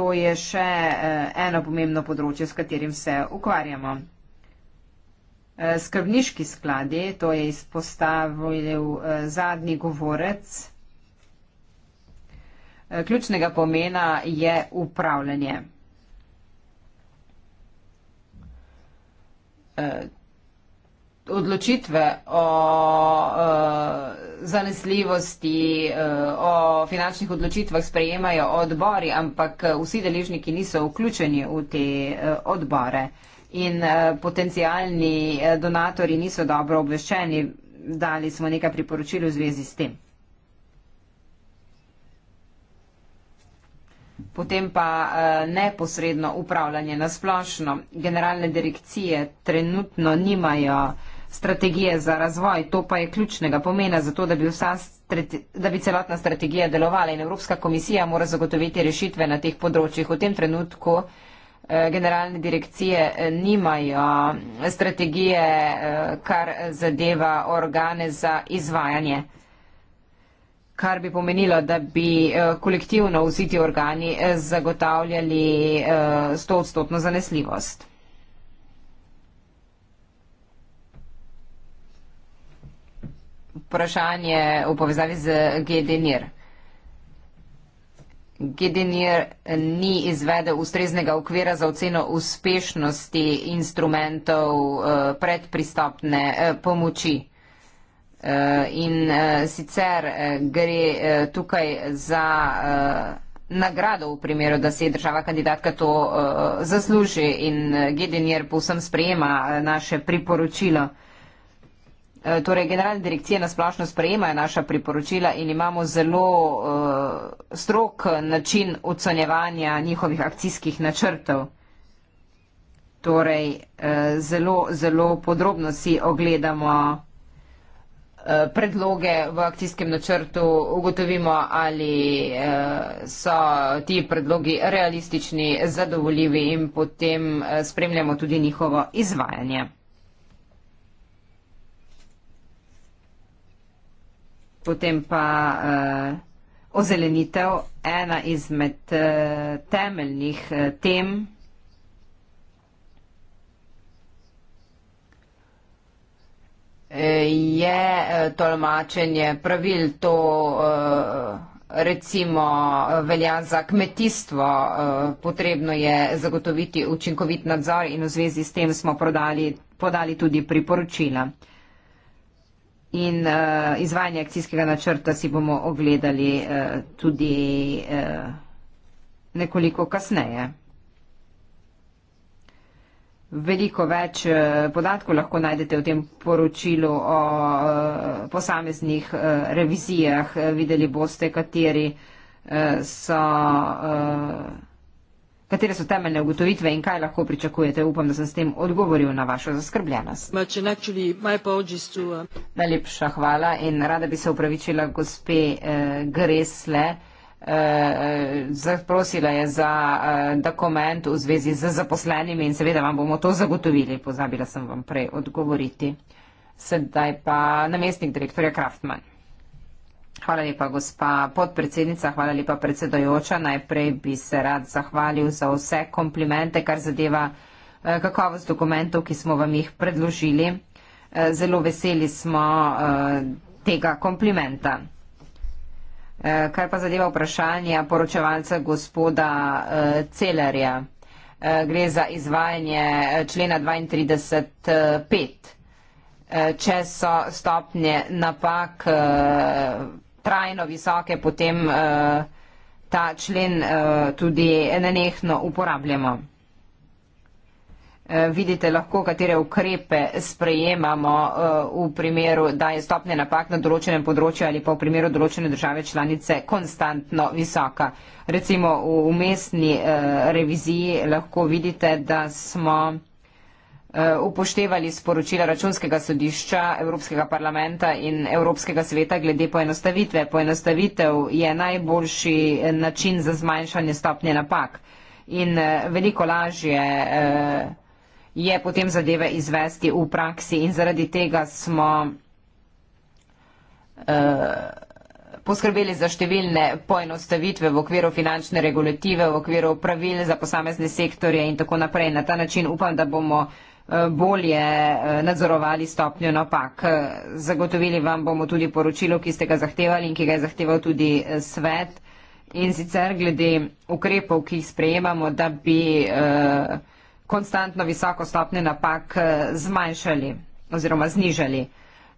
To je še eh, eno pomembno področje, s katerim se ukvarjamo. Eh, skrbniški skladi, to je izpostavil eh, zadnji govorec. Eh, ključnega pomena je upravljanje. Odločitve o zanesljivosti, o finančnih odločitvah sprejemajo odbori, ampak vsi deležniki niso vključeni v te odbore in eh, potencijalni eh, donatori niso dobro obveščeni. Dali smo nekaj priporočil v zvezi s tem. Potem pa eh, neposredno upravljanje na splošno. Generalne direkcije trenutno nimajo strategije za razvoj, to pa je ključnega pomena za to, da bi, vsa, da bi celotna strategija delovala in Evropska komisija mora zagotoviti rešitve na teh področjih. V tem trenutku uh, Eh, generalne direkcije eh, nimajo strategije, eh, kar zadeva organe za izvajanje, kar bi pomenilo, da bi kolektivno vsi ti organi zagotavljali stoodstotno zanesljivost. Vprašanje v povezavi z GDNR. Gedenir eh, ni izvedel ustreznega okvira za oceno uspešnosti instrumentov eh, predpristopne eh, pomoči. In sicer gre tukaj za nagrado v primeru, da se je država kandidatka to zasluži in Gedenir povsem sprejema naše priporočilo. Eh, torej, generalne direkcije nasplošno sprejemajo naša priporočila in imamo zelo uh, eh, strok način ocenjevanja njihovih akcijskih načrtov. Torej, uh, zelo, zelo podrobno si ogledamo predloge v akcijskem načrtu, ugotovimo, ali so ti predlogi realistični, zadovoljivi in potem spremljamo tudi njihovo izvajanje. potem pa uh, ozelenitev, ena izmed uh, temeljnih uh, tem. Je tolmačenje pravil, to recimo velja za kmetijstvo, potrebno je zagotoviti učinkovit nadzor in v zvezi s tem smo prodali, podali tudi priporočila in uh, izvajanje akcijskega načrta si bomo ogledali uh, tudi uh, nekoliko kasneje. Veliko več podatkov lahko najdete v tem poročilu o posameznih revizijah. Videli boste, kateri so Katere so temeljne ugotovitve in kaj lahko pričakujete? Upam, da sem s tem odgovoril na vašo zaskrbljenost. Uh, Najlepša hvala in rada bi se upravičila gospe eh, Gresle. Eh, eh, zaprosila je za eh, dokument v zvezi z zaposlenimi in seveda vam bomo to zagotovili. Pozabila sem vam prej odgovoriti. Sedaj pa namestnik direktorja Kraftman. Hvala lepa, gospa podpredsednica, hvala lepa, predsedojoča. Najprej bi se rad zahvalil za vse komplimente, kar zadeva eh, kakovost dokumentov, ki smo vam jih predložili. Eh, zelo veseli smo eh, tega komplimenta. Kar pa zadeva vprašanje poročevalca gospoda Celerja. Gre za izvajanje člena 32.5. Če so stopnje napak trajno visoke, potem uh, ta člen uh, tudi nenehno uporabljamo. Uh, vidite lahko, katere ukrepe sprejemamo uh, v primeru, da je stopnja napak na določenem področju ali pa v primeru določene države članice konstantno visoka. Recimo v umestni uh, reviziji lahko vidite, da smo. Eh, upoštevali sporočila računskega sodišča Evropskega parlamenta in Evropskega sveta glede poenostavitve. Poenostavitev je najboljši eh, način za zmanjšanje stopnje napak in eh, veliko lažje je potem zadeve izvesti v praksi in zaradi tega smo poskrbeli za številne poenostavitve v okviru finančne regulative, v okviru pravil za posamezne sektorje in tako naprej. Na ta način upam, da bomo bolje eh, nadzorovali stopnjo napak. Eh, zagotovili vam bomo tudi poročilo, ki ste ga zahtevali in ki ga je zahteval tudi eh, svet. In sicer glede ukrepov, ki jih sprejemamo, da bi konstantno visoko stopnjo napak zmanjšali oziroma znižali.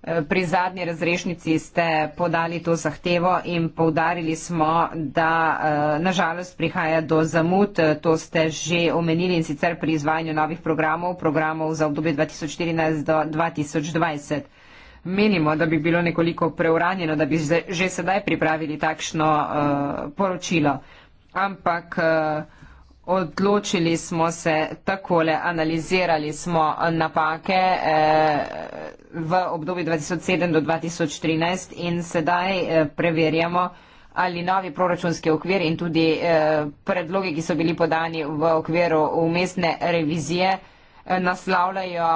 Eh, pri zadnji razrešnici ste podali to zahtevo in povdarili smo, da eh, nažalost prihaja do zamud. To ste že omenili in sicer pri izvajanju novih programov, programov za obdobje 2014 do 2020. Menimo, da bi bilo nekoliko preuranjeno, da bi že sedaj pripravili takšno uh, poročilo. Ampak. Uh, Odločili smo se takole, analizirali smo napake eh, v obdobju 2007 do 2013 in sedaj eh, preverjamo, ali novi proračunski okvir in tudi eh, predlogi, ki so bili podani v okviru umestne revizije, naslavljajo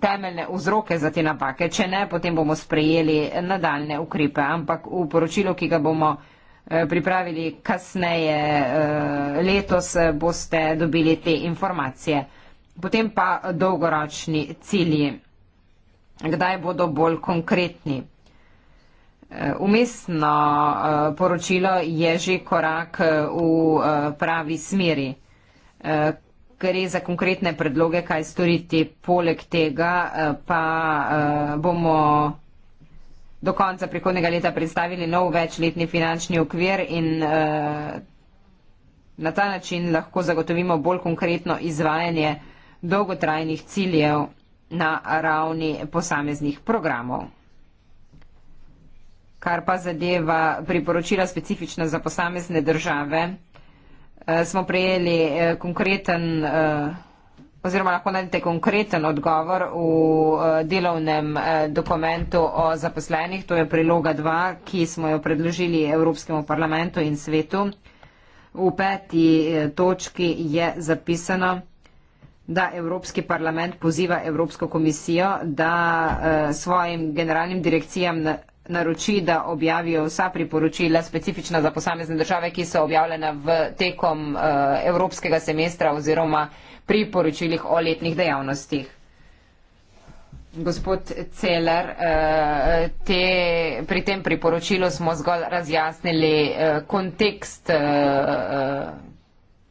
temeljne vzroke za te napake. Če ne, potem bomo sprejeli nadaljne ukrepe, ampak v poročilu, ki ga bomo pripravili kasneje letos eh, boste dobili te informacije. Potem pa dolgoročni cilji. Kdaj bodo bolj konkretni? Eh, umestno eh, poročilo je že korak v pravi smeri. Gre za konkretne predloge, kaj storiti. Poleg tega pa bomo do konca prihodnega leta predstavili nov večletni finančni okvir in Na ta način lahko zagotovimo bolj konkretno izvajanje dolgotrajnih ciljev na ravni posameznih programov. Kar pa zadeva priporočila specifična za posamezne države, eh, smo prejeli eh, konkreten eh, oziroma lahko najdete konkreten odgovor v delovnem dokumentu o zaposlenih, to je priloga 2, ki smo jo predložili Evropskemu parlamentu in svetu. V peti eh, točki je zapisano, da Evropski parlament poziva Evropsko komisijo, da eh, svojim generalnim direkcijam naroči, da objavijo vsa priporočila specifična za posamezne države, ki so objavljena v tekom eh, evropskega semestra oziroma priporočilih o letnih dejavnostih. Gospod Celer, eh, te, pri tem priporočilu smo zgolj razjasnili eh, kontekst eh,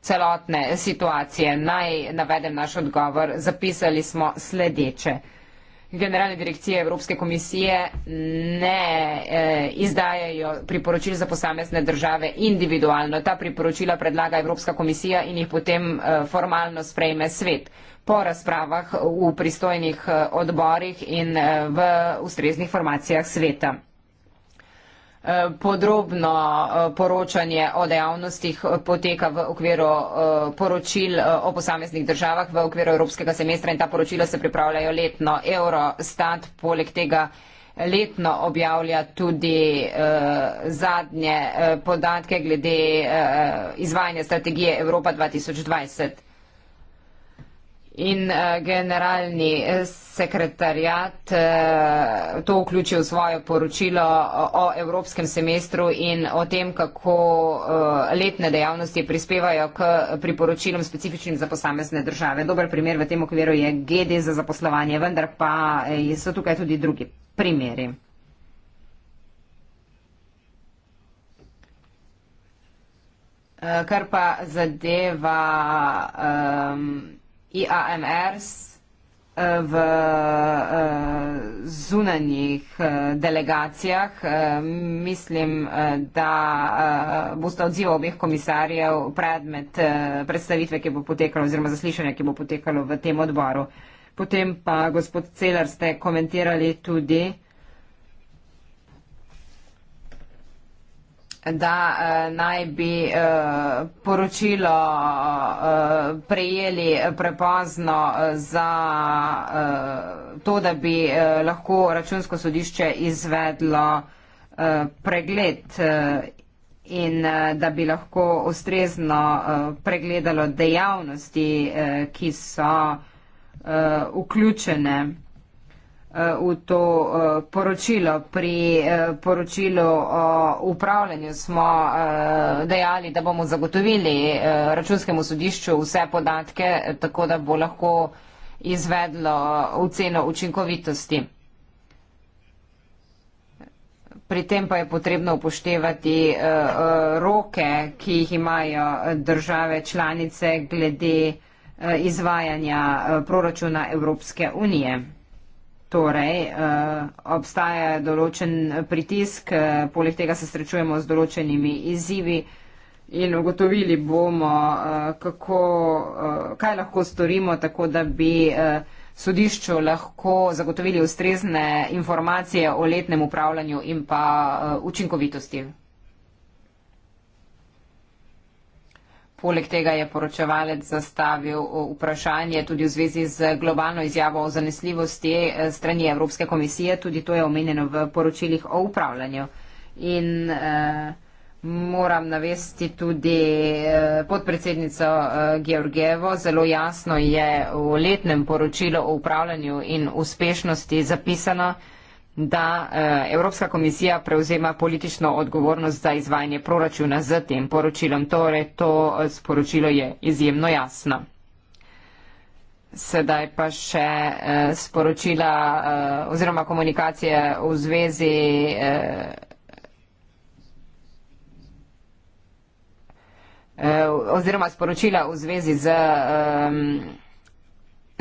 celotne situacije. Naj navedem naš odgovor. Zapisali smo sledeče. Generalne direkcije Evropske komisije ne izdajajo priporočil za posamezne države individualno. Ta priporočila predlaga Evropska komisija in jih potem formalno sprejme svet po razpravah v pristojnih eh, odborih in eh, v ustreznih formacijah sveta. Eh, podrobno poročanje o dejavnostih poteka v okviru poročil o posameznih državah v okviru Evropskega semestra in ta poročila se pripravljajo letno. Eurostat poleg tega letno objavlja tudi zadnje podatke glede izvajanja strategije Evropa 2020 in uh, generalni eh, sekretarjat uh, eh, to vključil v svoje poročilo o, o evropskem semestru in o tem, kako uh, letne dejavnosti prispevajo k priporočilom specifičnim za posamezne države. Dober primer v tem okviru je GD za zaposlovanje, vendar pa so tukaj tudi drugi primeri. Uh, kar pa zadeva um, IAMRs eh, v eh, zunanjih eh, delegacijah. Mislim, da boste odziv obeh komisarjev predmet predstavitve, ki bo potekalo oziroma zaslišanja, ki bo potekalo v tem odboru. Potem pa, gospod Celar, ste komentirali tudi da eh, naj bi eh, poročilo eh, prejeli prepozno eh, za eh, to, da bi eh, lahko računsko sodišče izvedlo eh, pregled eh, in eh, da bi lahko ustrezno eh, pregledalo dejavnosti, eh, ki so eh, vključene v to eh, poročilo. Pri eh, poročilu o upravljanju smo eh, dejali, da bomo zagotovili računskemu sodišču vse podatke, tako da bo lahko izvedlo oceno učinkovitosti. Pri tem pa je potrebno upoštevati roke, ki jih imajo države članice glede izvajanja proračuna Evropske unije. Torej, eh, obstaja določen pritisk, eh, poleg tega se srečujemo z določenimi izzivi in ugotovili bomo, eh, kako, kaj lahko storimo, tako da bi sodišču lahko zagotovili ustrezne informacije o letnem upravljanju in pa učinkovitosti. Poleg tega je poročevalec zastavil uh, vprašanje tudi v zvezi z globalno izjavo o zanesljivosti eh, strani Evropske komisije, tudi to je omenjeno v poročilih o upravljanju. In eh, moram navesti tudi eh, podpredsednico eh, Georgijevo, zelo jasno je v letnem poročilu o upravljanju in uspešnosti zapisano, da eh, Evropska komisija prevzema politično odgovornost za izvajanje proračuna z tem poročilom. Torej, to eh, sporočilo je izjemno jasno. Sedaj pa še eh, sporočila oziroma komunikacije v zvezi oziroma sporočila v zvezi z um,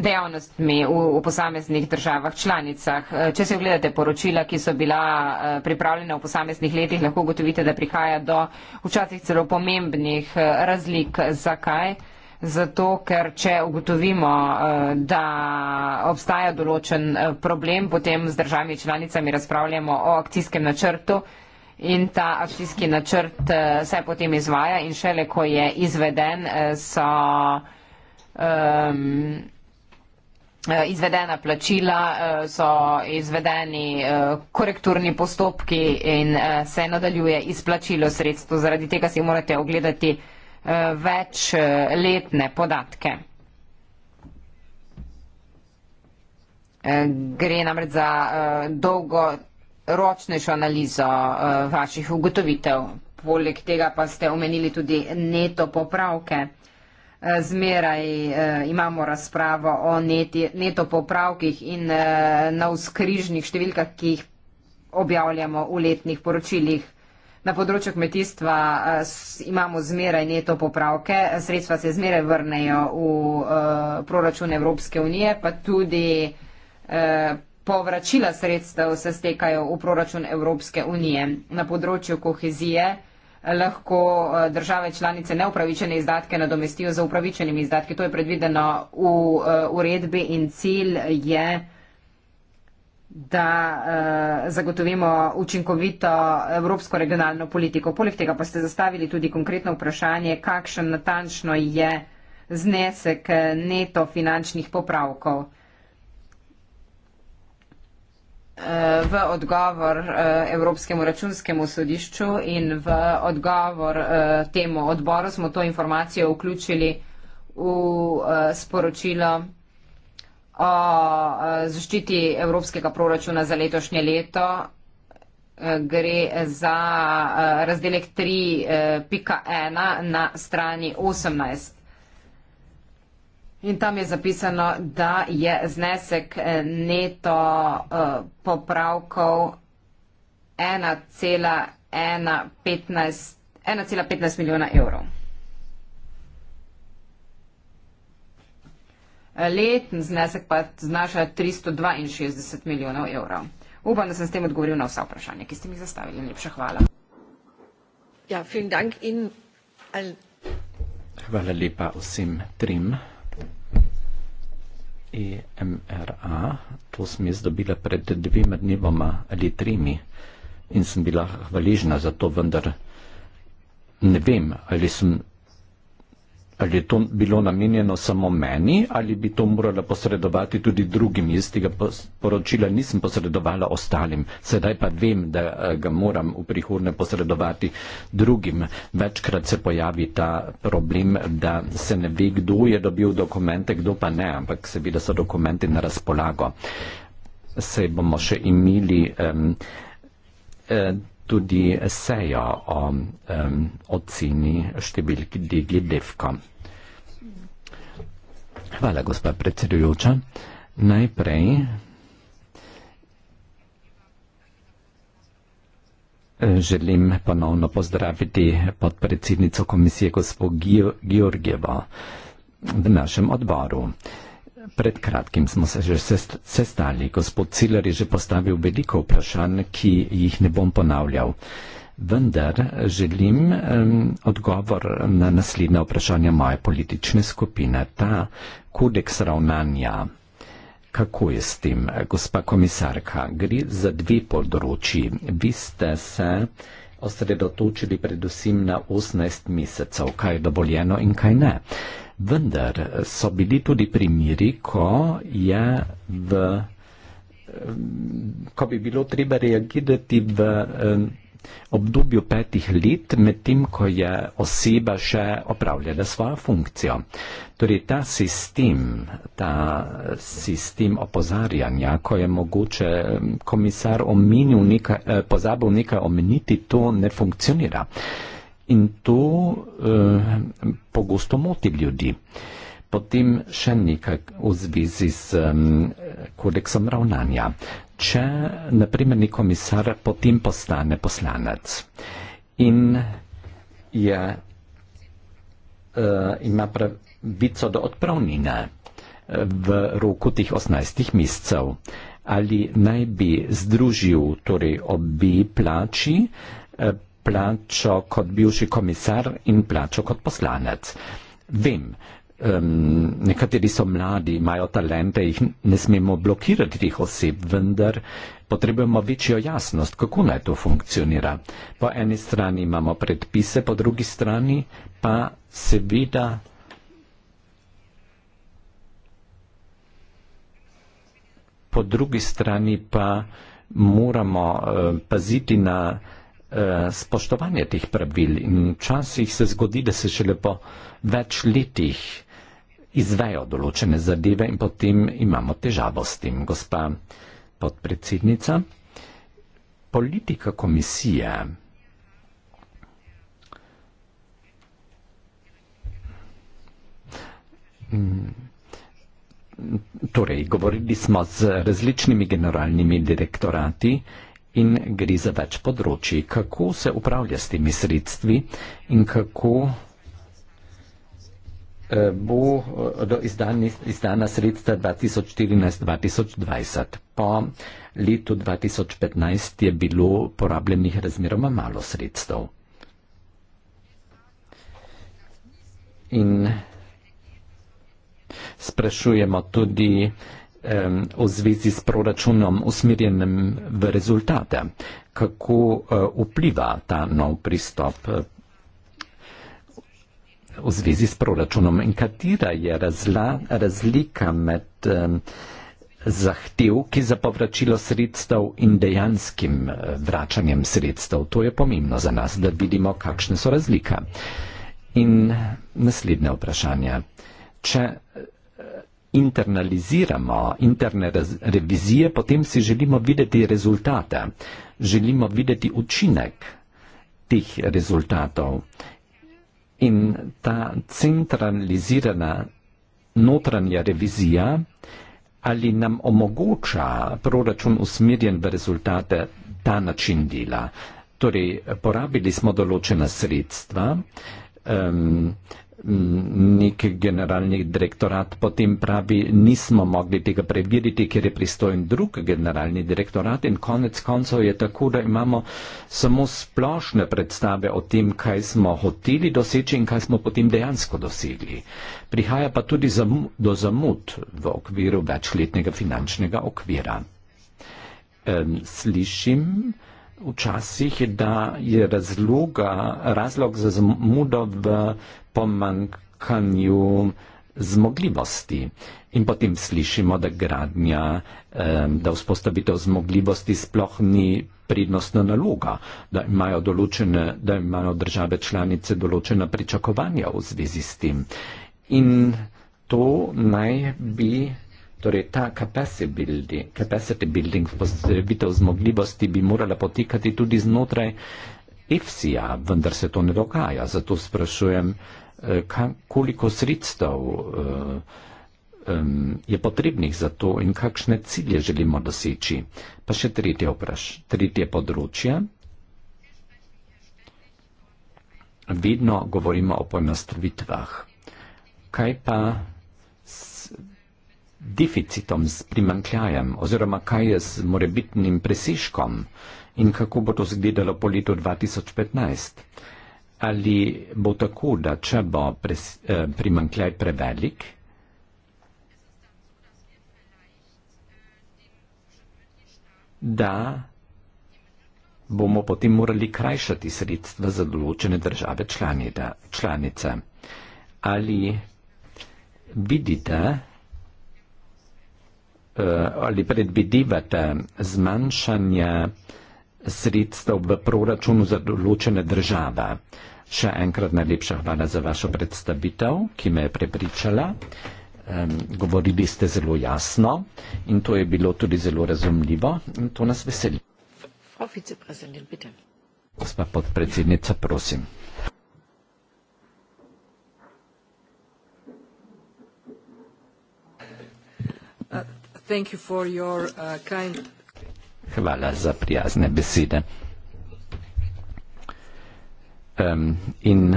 dejavnostmi v, v posameznih državah članicah. E, če se ogledate poročila, ki so bila e, pripravljena v posameznih letih, lahko ugotovite, da prihaja do včasih celo pomembnih e, razlik. Zakaj? Zato, ker če ugotovimo, da obstaja določen problem, potem z državami članicami razpravljamo o akcijskem načrtu in ta akcijski načrt se potem izvaja in šele, ko je izveden, so. Um, Eh, izvedena plačila, eh, so izvedeni eh, korekturni postopki in se nadaljuje izplačilo sredstv. Zaradi tega si morate ogledati večletne podatke. Gre namreč za dolgoročnejšo analizo vaših ugotovitev. Poleg tega pa ste omenili tudi neto popravke zmeraj eh, imamo razpravo o neti, neto popravkih in eh, na vzkrižnih številkah, ki jih objavljamo v letnih poročilih. Na področju kmetijstva eh, imamo zmeraj neto popravke, sredstva se zmeraj vrnejo v proračun Evropske unije, pa tudi povračila sredstev se stekajo v proračun Evropske unije. Na področju kohezije lahko eh, države članice neupravičene izdatke nadomestijo za upravičenimi izdatki. To je predvideno v eh, uredbi in cilj je, da eh, zagotovimo učinkovito evropsko regionalno politiko. Poleg tega pa ste zastavili tudi konkretno vprašanje, kakšen natančno je znesek neto finančnih popravkov v odgovor eh, Evropskemu računskemu sodišču in v odgovor eh, temu odboru smo to informacijo vključili v eh, sporočilo o zaščiti Evropskega proračuna za letošnje leto. Gre za razdelek 3.1 na strani 18. In tam je zapisano, da je znesek eh, neto eh, popravkov 1,15 milijona evrov. Leten znesek pa znaša 362 milijonov evrov. Upam, da sem s tem odgovoril na vsa vprašanja, ki ste mi jih zastavili. Lepša hvala. Ja, vielen Dank in... Hvala lepa vsem trim EMRA, to sem jaz dobila pred dvema dnevoma ali tremi in sem bila hvaležna za to, vendar ne vem, ali sem Ali je to bilo namenjeno samo meni ali bi to morala posredovati tudi drugim? Jaz tega poročila nisem posredovala ostalim, sedaj pa vem, da eh, ga moram v prihodnje posredovati drugim. Večkrat se pojavi ta problem, da se ne ve, kdo je dobil dokumente, kdo pa ne, ampak seveda so dokumenti na razpolago. Se bomo še imeli. Um, um, tudi sejo o um, oceni številki Digidevka. Hvala, gospa predsedujoča. Najprej želim ponovno pozdraviti podpredsednico komisije gospod Georgijevo v našem odboru. Pred kratkim smo se že sestali. Gospod Ciler je že postavil veliko vprašanj, ki jih ne bom ponavljal. Vendar želim um, odgovor na naslednja vprašanja moje politične skupine. Ta kodeks ravnanja, kako je s tem, gospa komisarka? Gre za dve področji. Vi ste se osredotočili predvsem na 18 mesecev, kaj je dovoljeno in kaj ne vendar so bili tudi primiri, ko, v, eh, ko bi bilo treba reagirati v eh, obdobju petih let, medtem ko je oseba še opravljala svojo funkcijo. Torej ta sistem, ta sistem opozarjanja, ko je mogoče eh, komisar omenil nekaj, pozabil nekaj omeniti, to ne funkcionira in to eh, pogosto moti ljudi. Potem še nekaj v zvezi s um, kodeksom ravnanja. Če, naprimer, nek komisar potem postane poslanec in je, uh, ima pravico do odpravnine eh, v roku teh 18 mesecev, ali naj bi združil torej obi plači, uh, plačo kot bivši komisar in plačo kot poslanec. Vem, um, nekateri so mladi, imajo talente, jih ne smemo blokirati teh oseb, vendar potrebujemo večjo jasnost, kako naj to funkcionira. Po eni strani imamo predpise, po drugi strani pa seveda. Po drugi strani pa moramo uh, paziti na Eh, spoštovanje teh pravil in včasih se zgodi, da se šele po več letih izvejo določene zadeve in potem imamo težavo s tem. Gospa podpredsednica, politika komisije. Mm, torej, govorili smo z različnimi generalnimi direktorati in gre za več področji. Kako se upravlja s temi sredstvi in kako eh, bo eh, do izdana sredstva 2014-2020. Po letu 2015 je bilo porabljenih razmeroma malo sredstev. In sprašujemo tudi, v zvezi s proračunom usmerjenem v rezultate. Kako eh, vpliva ta nov pristop eh, v zvezi s proračunom in katera je razla, razlika med zahtevki za povračilo sredstev in dejanskim eh, vračanjem sredstev. To je pomembno za nas, da vidimo, kakšne so razlike. In naslednje vprašanje. Če internaliziramo interne revizije, potem si želimo videti rezultate, želimo videti učinek teh rezultatov. In ta centralizirana notranja revizija ali nam omogoča proračun usmerjen v rezultate ta način dela. Torej, porabili smo določena sredstva, um, nek generalni direktorat potem pravi, nismo mogli tega preveriti, ker je pristojen drug generalni direktorat in konec koncev je tako, da imamo samo splošne predstave o tem, kaj smo hoteli doseči in kaj smo potem dejansko dosegli. Prihaja pa tudi do zamud v okviru večletnega finančnega okvira. Slišim, včasih, da je razloga, razlog za zmudo v pomankanju zmogljivosti. In potem slišimo, da gradnja, da vzpostavitev zmogljivosti sploh ni prednostna naloga, da imajo, določene, da imajo države članice določena pričakovanja v zvezi s tem. In to naj bi Torej, ta capacity building, postavitev zmogljivosti bi morala potekati tudi znotraj EFSI-ja, vendar se to ne dogaja. Zato sprašujem, eh, koliko sredstev eh, je potrebnih za to in kakšne cilje želimo doseči. Pa še tretje vprašanje, tretje področje. Vedno govorimo o poenostavitvah. Kaj pa deficitom, s primankljajem oziroma kaj je s morebitnim presežkom in kako bo to zgledalo po letu 2015. Ali bo tako, da če bo pres, eh, primankljaj prevelik, da bomo potem morali krajšati sredstva za določene države članice. Ali vidite, Eh, ali predvidevate zmanjšanje sredstev v proračunu za določene države. Še enkrat najlepša hvala za vašo predstavitev, ki me je prepričala. Um, govorili ste zelo jasno in to je bilo tudi zelo razumljivo in to nas veseli. Gospa podpredsednica, prosim. Uh. Uh, Hvala za prijazne besede. Um, in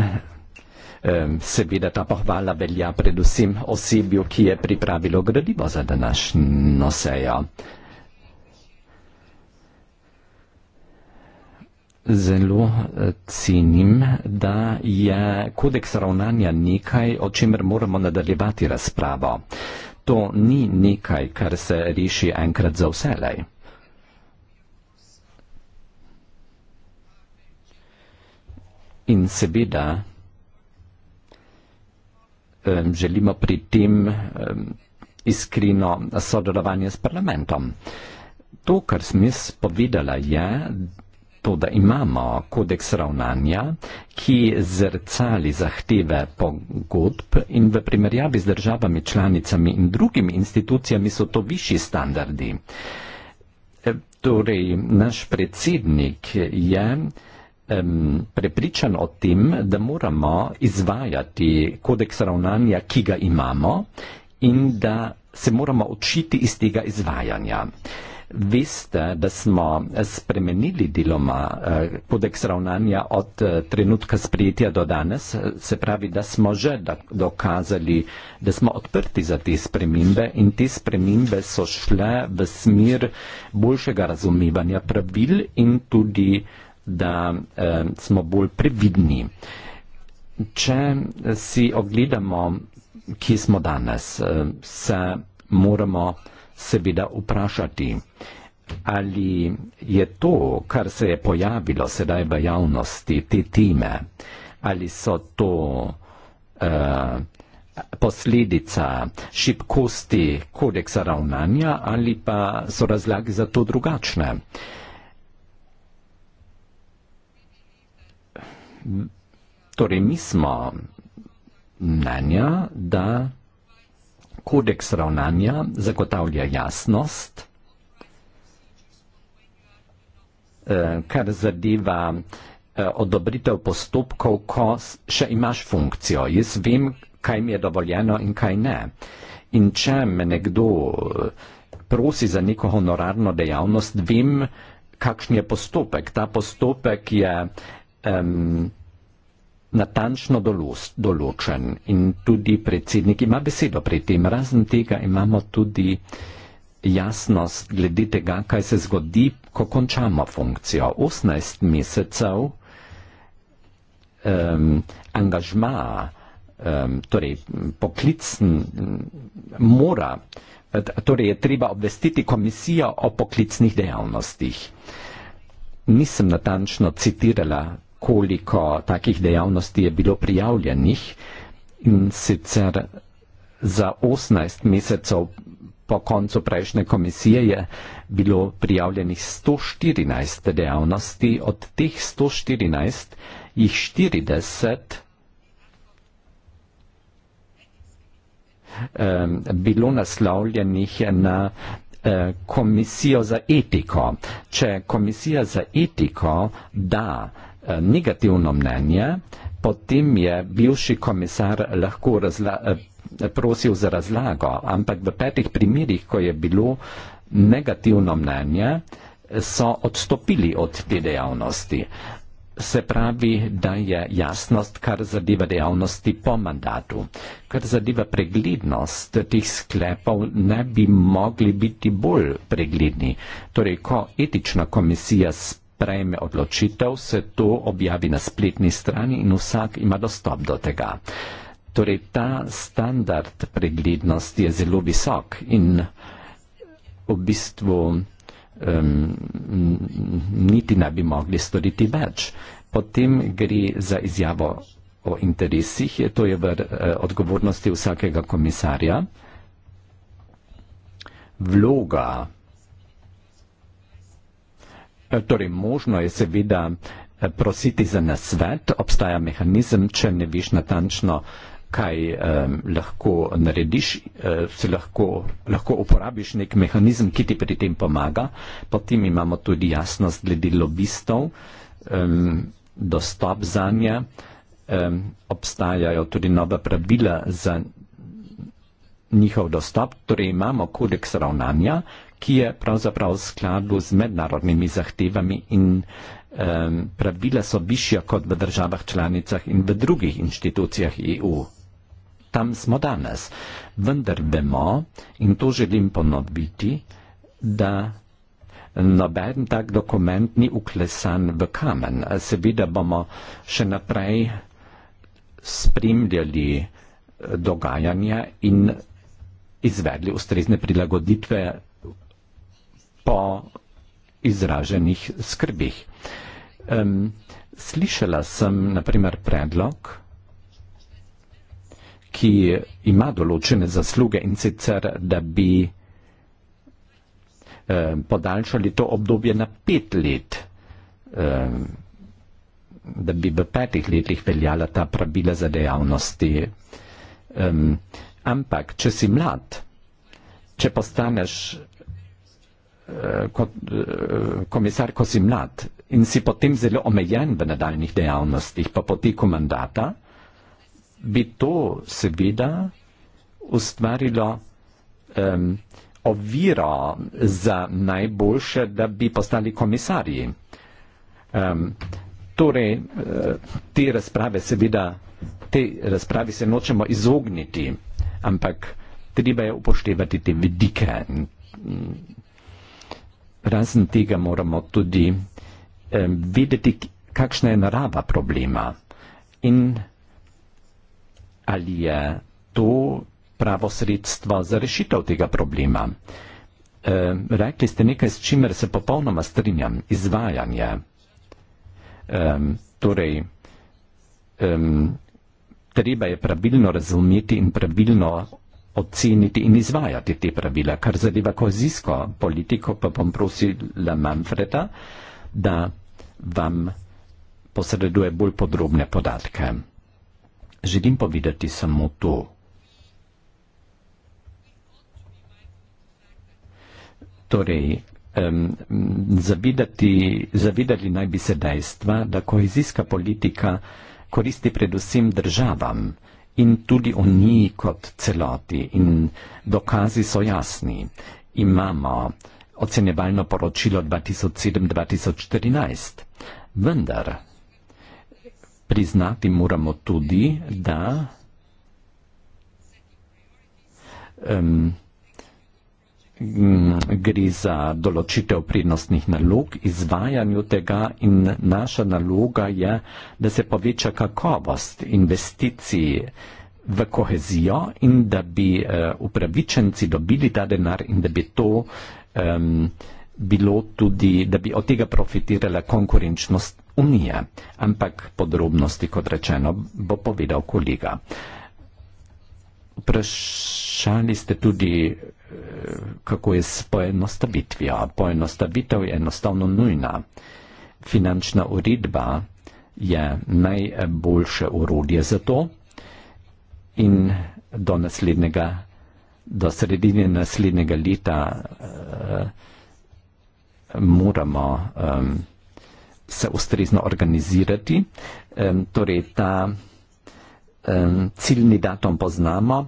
um, seveda ta pohvala velja predvsem osebju, ki je pripravilo gradivo za današnjo sejo. Zelo eh, cenim, da je kodeks ravnanja nekaj, o čemer moramo nadaljevati razpravo to ni nekaj, kar se reši enkrat za vselej. In seveda želimo pri tem iskreno sodelovanje s parlamentom. To, kar sem jaz povedala, je, to, da imamo kodeks ravnanja, ki zrcali zahteve pogodb in v primerjavi z državami, članicami in drugimi institucijami so to višji standardi. E, torej, naš predsednik je um, prepričan o tem, da moramo izvajati kodeks ravnanja, ki ga imamo in da se moramo učiti iz tega izvajanja veste, da smo spremenili deloma eh, kodeks ravnanja od eh, trenutka sprejetja do danes, se pravi, da smo že dokazali, da smo odprti za te spremembe in te spremembe so šle v smer boljšega razumevanja pravil in tudi, da eh, smo bolj previdni. Če si ogledamo, kje smo danes, se moramo seveda vprašati, ali je to, kar se je pojavilo sedaj v javnosti, te time, ali so to uh, posledica šibkosti kodeksa ravnanja ali pa so razlagi za to drugačne. Torej, mi smo mnenja, da kodeks ravnanja zagotavlja jasnost, eh, kar zadeva eh, odobritev postopkov, ko še imaš funkcijo. Jaz vem, kaj mi je dovoljeno in kaj ne. In če me nekdo eh, prosi za neko honorarno dejavnost, vem, kakšen je postopek. Ta postopek je. Um, natančno določen in tudi predsednik ima besedo pri tem. Razen tega imamo tudi jasnost glede tega, kaj se zgodi, ko končamo funkcijo. 18 mesecev um, angažma, um, torej poklicn, mora, torej je treba obvestiti komisijo o poklicnih dejavnostih. Nisem natančno citirala koliko takih dejavnosti je bilo prijavljenih in sicer za 18 mesecev po koncu prejšnje komisije je bilo prijavljenih 114 dejavnosti, od teh 114 jih 40 bilo naslovljenih na eh, komisijo za etiko. Če komisija za etiko da Eh, negativno mnenje, potem je bivši komisar lahko eh, prosil za razlago, ampak v petih primerjih, ko je bilo negativno mnenje, so odstopili od te dejavnosti. Se pravi, da je jasnost, kar zadeva dejavnosti po mandatu. Kar zadeva preglednost teh sklepov, ne bi mogli biti bolj pregledni. Torej, ko etična komisija spremlja, sprejme odločitev, se to objavi na spletni strani in vsak ima dostop do tega. Torej, ta standard preglednosti je zelo visok in v bistvu um, niti ne bi mogli storiti več. Potem gre za izjavo o interesih, je, to je v uh, odgovornosti vsakega komisarja. Vloga Eh, torej, možno je seveda eh, prositi za nasvet, obstaja mehanizem, če ne veš natančno, kaj eh, lahko narediš, eh, se lahko, lahko uporabiš nek mehanizem, ki ti pri tem pomaga. Potem imamo tudi jasnost glede lobistov, eh, dostop za nje, eh, obstajajo tudi nova pravila za njihov dostop, torej imamo kodeks ravnanja, ki je pravzaprav v skladu z mednarodnimi zahtevami in um, pravila so višja kot v državah članicah in v drugih inštitucijah EU. Tam smo danes, vendar vemo in to želim ponoviti, da noben tak dokument ni uklesan v kamen. Seveda bomo še naprej spremljali eh, dogajanja in izvedli ustrezne prilagoditve po izraženih skrbih. Um, slišala sem naprimer predlog, ki ima določene zasluge in sicer, da bi um, podaljšali to obdobje na pet let, um, da bi v petih letih veljala ta pravila za dejavnosti. Um, ampak, če si mlad, če postaneš Eh, kot eh, komisar Kosimnat in si potem zelo omejen v nadaljnih dejavnostih, pa potiku mandata, bi to seveda ustvarilo um, oviro za najboljše, da bi postali komisarji. Um, torej, eh, te razprave seveda, te razprave se nočemo izogniti, ampak treba je upoštevati te vidike razen tega moramo tudi eh, vedeti, kakšna je narava problema in ali je to pravo sredstvo za rešitev tega problema. Eh, rekli ste nekaj, s čimer se popolnoma strinjam, izvajanje. Eh, torej, eh, treba je pravilno razumeti in pravilno oceniti in izvajati te pravila. Kar zadeva kozijsko politiko, pa bom prosila Manfreda, da vam posreduje bolj podrobne podatke. Želim povedati samo to. Torej, um, zavidati, zavidali naj bi se dejstva, da kohezijska politika koristi predvsem državam in tudi o njih kot celoti. In dokazi so jasni. Imamo ocenjevalno poročilo 2007-2014. Vendar priznati moramo tudi, da um, Mm, gre za določitev prednostnih nalog, izvajanju tega in naša naloga je, da se poveča kakovost investicij v kohezijo in da bi eh, upravičenci dobili ta denar in da bi to um, bilo tudi, da bi od tega profitirala konkurenčnost Unije. Ampak podrobnosti, kot rečeno, bo povedal kolega. Vprašali ste tudi, kako je s poenostavitvijo. Poenostavitev je enostavno nujna. Finančna uredba je najboljše urodje za to in do naslednjega, do sredine naslednjega leta uh, moramo um, se ustrezno organizirati. Um, torej, ta um, ciljni datum poznamo.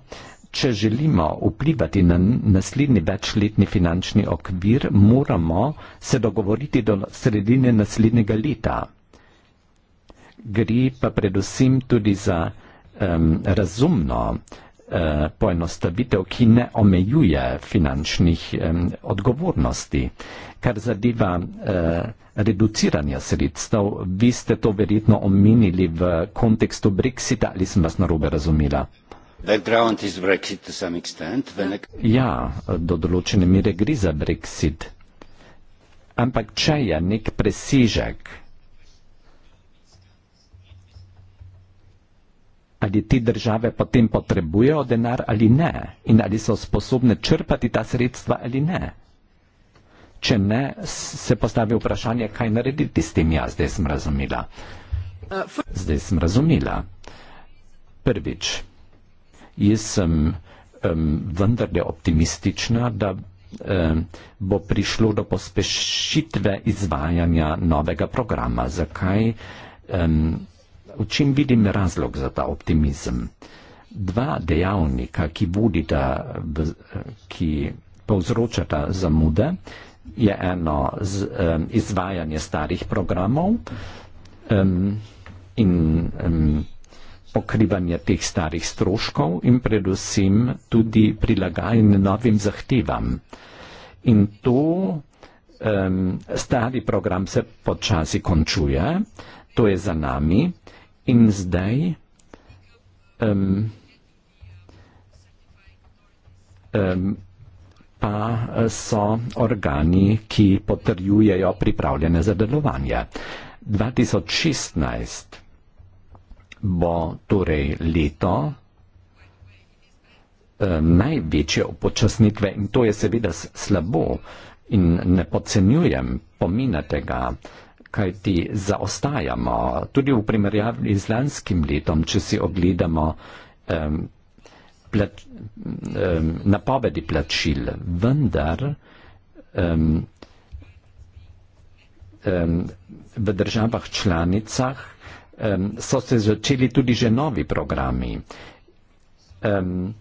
Če želimo vplivati na naslednji večletni finančni okvir, moramo se dogovoriti do sredine naslednjega leta. Gre pa predvsem tudi za um, razumno uh, poenostavitev, ki ne omejuje finančnih um, odgovornosti. Kar zadeva uh, e, reduciranja sredstev, vi ste to verjetno omenili v kontekstu Brexita ali sem vas narobe razumela. Ja, do določene mere gre za Brexit, ampak če je nek presežek, ali te države potem potrebujejo denar ali ne in ali so sposobne črpati ta sredstva ali ne. Če ne, se postavi vprašanje, kaj narediti s tem. Ja, zdaj sem razumela. Uh, zdaj sem razumela. Prvič jaz sem um, vendarle optimistična, da um, bo prišlo do pospešitve izvajanja novega programa. Zakaj? Um, v čem vidim razlog za ta optimizem? Dva dejavnika, ki budita, ki povzročata zamude, je eno z, um, izvajanje starih programov um, in um, pokrivanje teh starih stroškov in predvsem tudi prilagajanje novim zahtevam. In to um, stari program se počasi končuje, to je za nami in zdaj um, um, pa so organi, ki potrjujejo pripravljene za delovanje. 2016 bo torej leto eh, največje upočasnitve in to je seveda slabo in ne podcenjujem pomina tega, kaj ti zaostajamo. Tudi v primerjavi z lanskim letom, če si ogledamo um, plač, um, napovedi plačil, vendar um, um, v državah članicah um, so se začeli tudi že novi programi. Um,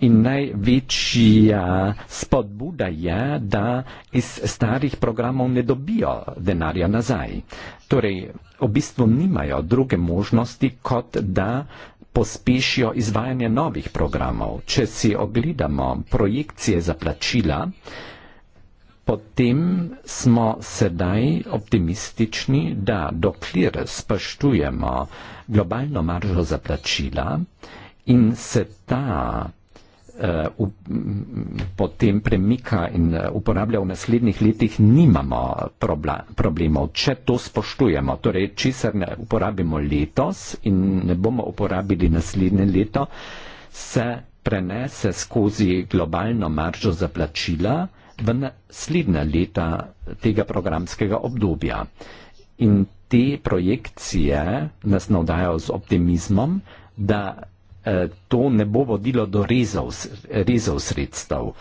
in največja spodbuda je, da iz starih programov ne dobijo denarja nazaj. Torej, v bistvu nimajo druge možnosti, kot da pospešijo izvajanje novih programov. Če si ogledamo projekcije za plačila, uh, potem smo sedaj optimistični, da dokler spoštujemo globalno maržo za plačila in se ta uh, potem premika in eh, uporablja v naslednjih letih, nimamo problemov, če to spoštujemo. Torej, če se ne uporabimo letos in ne bomo uporabili naslednje leto, se prenese skozi globalno maržo za plačila v naslednja leta tega programskega obdobja. In te projekcije nas navdajo z optimizmom, da eh, to ne bo vodilo do rezov, rezov sredstev.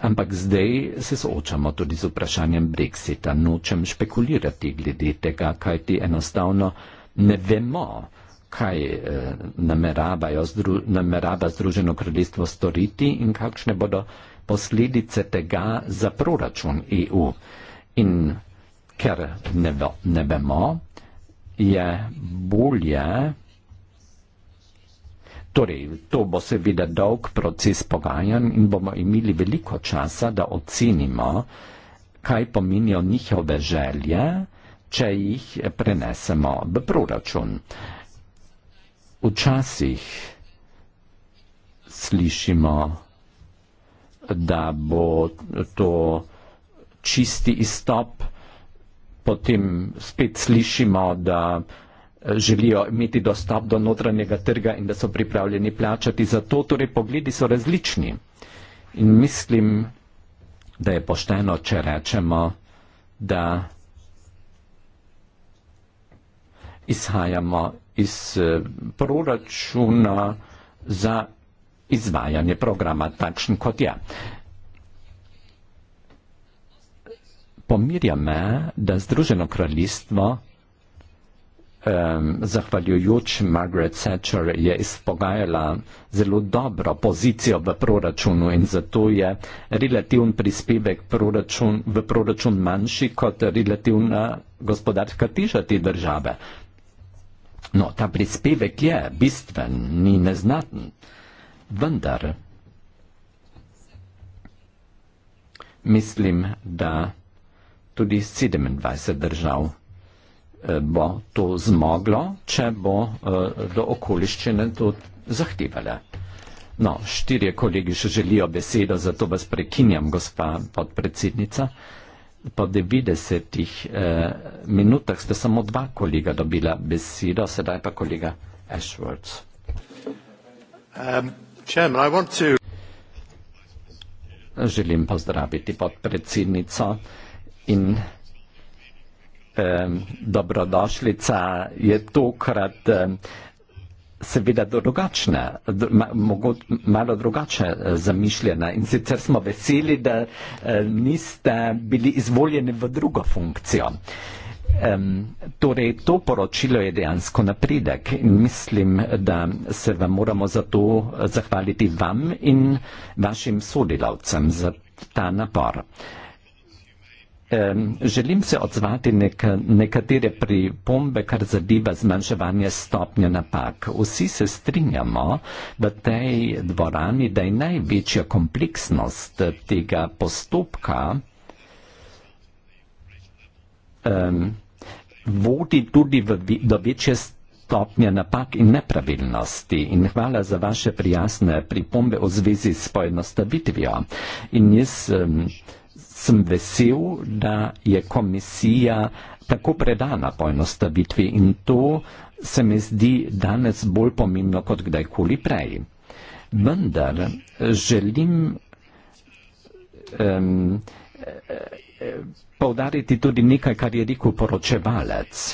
Ampak zdaj se soočamo tudi z vprašanjem Brexita. Nočem špekulirati glede tega, kaj ti enostavno ne vemo, kaj eh, zdru, namerava Združeno kraljestvo storiti in kakšne bodo eh, posledice tega za proračun EU. In ker ne, ne vemo, je bolje, torej to bo seveda dolg proces pogajanj in bomo imeli veliko časa, da ocenimo, kaj pomenijo njihove želje, če jih prenesemo v proračun. Včasih slišimo, da bo to čisti izstop, potem spet slišimo, da želijo imeti dostop do notranjega trga in da so pripravljeni plačati za to, torej pogledi so različni. In mislim, da je pošteno, če rečemo, da izhajamo iz eh, proračuna za izvajanje programa, takšen kot je. Pomirja me, da Združeno kraljestvo, eh, zahvaljujoč Margaret Thatcher, je izpogajala zelo dobro pozicijo v proračunu in zato je relativen prispevek proračun, v proračun manjši kot relativna gospodarska teža te države. No, ta prispevek je bistven, ni neznaten. Eh, vendar mislim, da tudi 27 držav eh, bo to zmoglo, če bo eh, do okoliščine to zahtevala. No, štirje kolegi še želijo besedo, zato vas prekinjam, gospa podpredsednica. Po 90 eh, minutah ste samo dva kolega dobila besedo, sedaj pa kolega Ashworth. Um. Želim pozdraviti podpredsednico in eh, dobrodošlica je tokrat eh, seveda drugačna, ma, malo drugače eh, zamišljena in sicer smo veseli, da eh, niste bili izvoljeni v drugo funkcijo. Eh, Um, torej, to poročilo je dejansko napredek. Mislim, da se vam moramo za to eh, zahvaliti vam in vašim sodelavcem za ta napor. Um, želim se odzvati nek nekatere pripombe, kar zadeva zmanjševanje stopnje napak. Vsi se strinjamo v tej dvorani, da je največja kompleksnost tega postopka um, vodi tudi v, do večje stopnje napak in nepravilnosti. In hvala za vaše prijasne pripombe v zvezi s poenostavitvijo. In jaz um, sem vesel, da je komisija tako predana poenostavitvi in to se mi zdi danes bolj pomembno kot kdajkoli prej. Vendar želim um, poudariti tudi nekaj, kar je rekel poročevalec.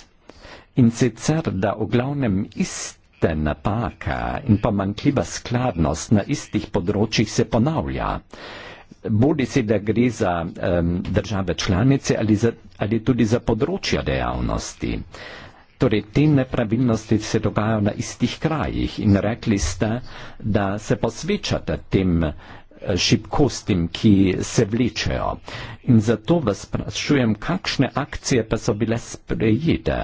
In sicer, da v glavnem iste napaka in pomankljiva skladnost na istih področjih se ponavlja. Bodi si, da gre za um, države članice ali, za, ali tudi za področja dejavnosti. Torej, te nepravilnosti se dogajajo na istih krajih in rekli ste, da se posvečate tem šibkostim, ki se vlečejo. In zato vas sprašujem, kakšne akcije pa so bile sprejete,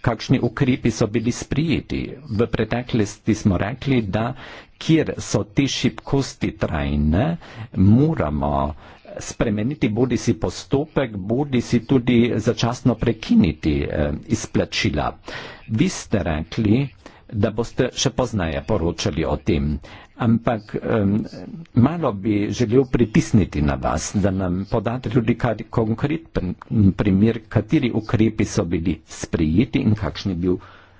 kakšni ukrepi so bili sprejeti. V preteklosti smo rekli, da kjer so te šibkosti trajne, moramo spremeniti bodi si postopek, bodi si tudi začasno prekiniti eh, izplačila. Vi ste rekli, da boste še poznaje poročali o tem ampak um, malo bi želel pritisniti na vas, da nam podate tudi kar konkreten primer, kateri ukrepi so bili sprejeti in kakšen je bil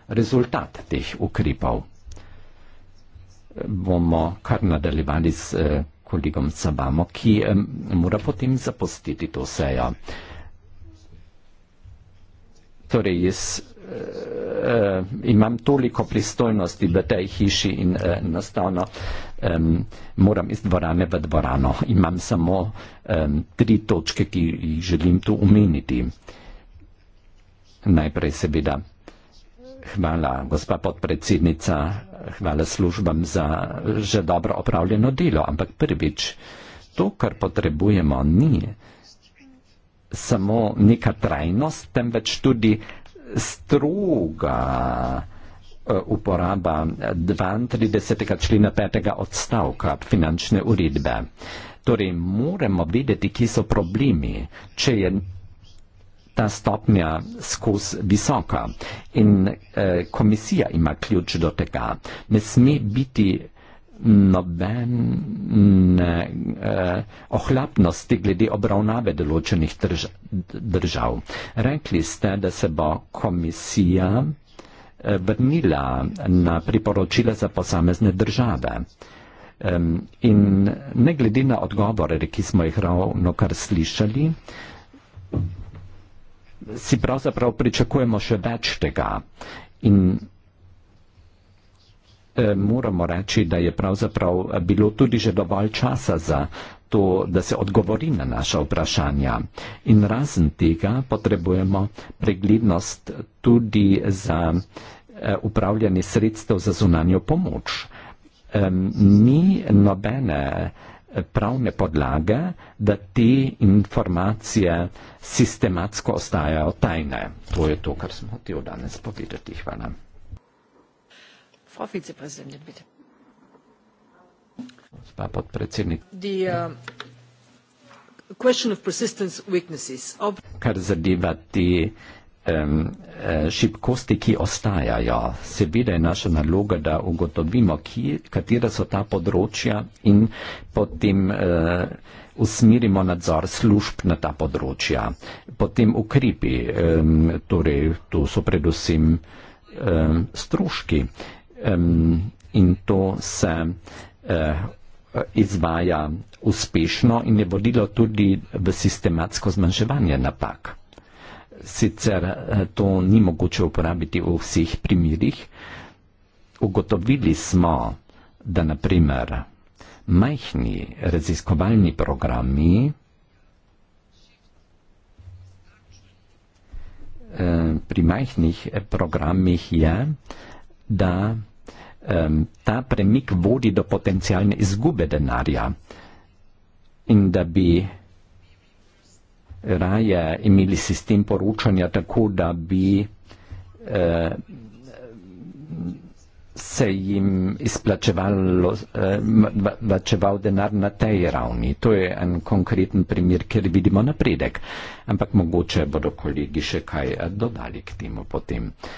rezultat teh ukrepov. Bomo kar nadaljevali s uh, kolegom Sabamo, ki um, mora potem zapustiti to sejo. Torej, jaz uh, imam toliko pristojnosti v tej hiši in uh, enostavno um, moram iz dvorane v dvorano. Imam samo um, tri točke, ki jih želim tu umeniti. Najprej seveda hvala gospa podpredsednica, hvala službam za že dobro opravljeno delo, ampak prvič to, kar potrebujemo, ni samo neka trajnost, temveč tudi stroga eh, uporaba 32. člena 5. odstavka finančne uredbe. Torej moramo videti, ki so problemi, če je ta stopnja skozi visoka. In eh, komisija ima ključ do tega. Ne sme biti nobene eh, ohlapnosti glede obravnave določenih drž držav. Rekli ste, da se bo komisija eh, vrnila na priporočila za posamezne države. In ne glede na odgovore, ki smo jih ravno kar slišali, si pravzaprav pričakujemo še več tega. In Eh, moramo reči, da je pravzaprav eh, bilo tudi že dovolj časa za to, da se odgovori na naša vprašanja. In razen tega potrebujemo preglednost tudi za eh, upravljanje sredstev za zunanjo pomoč. Ni nobene pravne podlage, da te informacije sistematsko ostajajo tajne. To je to, kar smo hoteli danes povedati. Hvala. Frau Vizepräsidentin, bitte. Uh, Kar zadeva te um, šibkosti, ki ostajajo, seveda je naša naloga, da ugotovimo, ki, katera so ta področja in potem uh, e, usmirimo nadzor služb na ta področja. Potem ukrepi, um, torej to so predvsem um, stroški. Uh, um, in to se uh, izvaja uspešno in je vodilo tudi v sistematsko zmanjševanje napak. Sicer eh, to ni mogoče uporabiti v vseh primerjih. Ugotovili smo, da naprimer majhni raziskovalni programi eh, pri majhnih programih je da um, ta premik vodi do potencijalne izgube denarja in da bi raje imeli sistem poročanja tako, da bi uh, se jim izplačevalo, uh, eh, vačeval denar na tej ravni. To je en konkreten primer, kjer vidimo napredek. Ampak mogoče bodo kolegi še kaj eh, dodali k temu potem. Uh,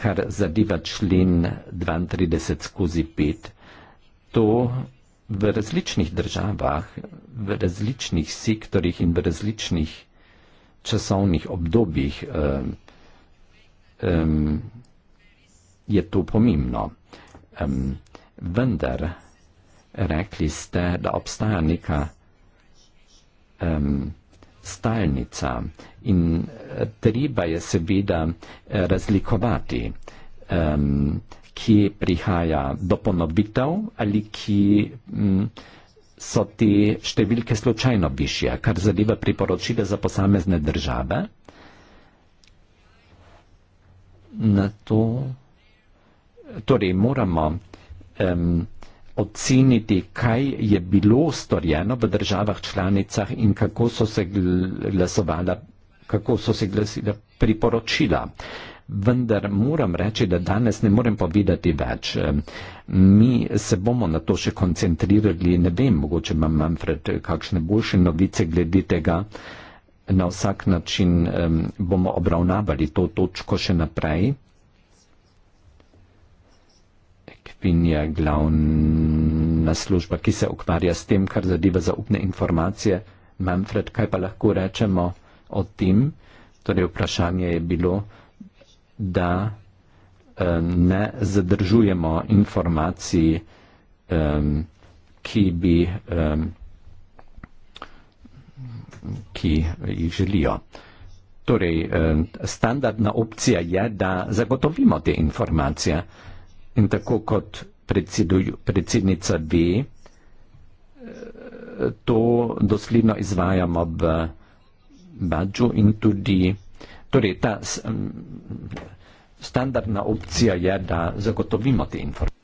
kar zadeva člen 32 skozi 5, to v različnih državah, v različnih sektorjih in v različnih časovnih obdobjih um, um, je to pomembno. Um, vendar rekli ste, da obstaja neka um, stalnica in eh, treba je seveda eh, razlikovati, um, ki prihaja do ponovitev ali ki um, so te številke slučajno višje, kar zadeva priporočile za posamezne države. Na to torej moramo um, oceniti, kaj je bilo storjeno v državah članicah in kako so se glasovala, kako so se glasila priporočila. Vendar moram reči, da danes ne morem povedati več. Mi se bomo na to še koncentrirali, ne vem, mogoče ima Manfred kakšne boljše novice glede tega. Na vsak način um, bomo obravnavali to točko še naprej. Spin je glavna služba, ki se ukvarja s tem, kar zadeva zaupne informacije. Manfred, kaj pa lahko rečemo o tem? Torej, vprašanje je bilo, da eh, ne zadržujemo informacij, ki bi, ki jih želijo. Torej, standardna opcija je, da zagotovimo te informacije. In tako kot predsednica ve, eh, to dosledno izvajamo v Bađu in tudi torej, ta standardna opcija je, da zagotovimo te informacije.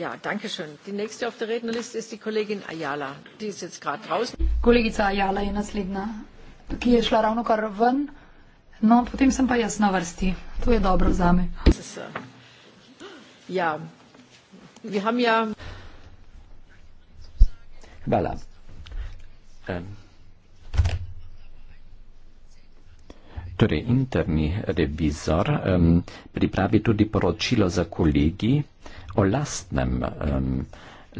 Ja, danke schön. Die nächste auf der Rednerliste ist die Kollegin Ayala. Die ist jetzt gerade draußen. Kollegin Ayala je naslednja, ki je šla ravno kar ven. No, potem sem pa jaz na vrsti. To je dobro za me. Ja, wir haben ja. Hvala. Um. Torej, interni revizor um, pripravi tudi poročilo za kolegi o lastnem um,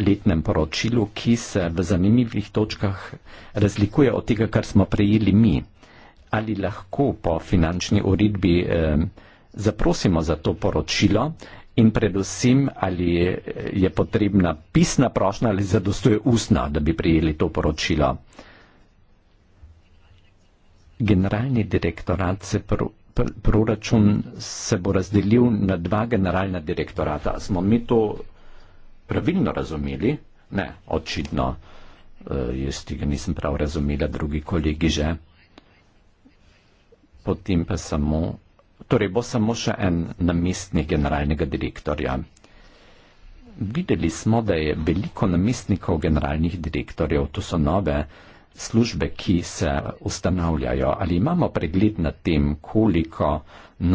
letnem poročilu, ki se v zanimivih točkah razlikuje od tega, kar smo prejeli mi ali lahko po finančni uredbi eh, zaprosimo za to poročilo in predvsem, ali eh, je potrebna pisna prošnja ali zadostuje ustna, da bi prijeli to poročilo. Generalni direktorat se pr pr proračun se bo razdelil na dva generalna direktorata. Smo mi to pravilno razumeli? Ne, očitno. E, jaz tega nisem prav razumela, drugi kolegi že potem pa samo, torej bo samo še en namestnik generalnega direktorja. Videli smo, da je veliko namestnikov generalnih direktorjev, to so nove službe, ki se ustanavljajo. Ali imamo pregled nad tem, koliko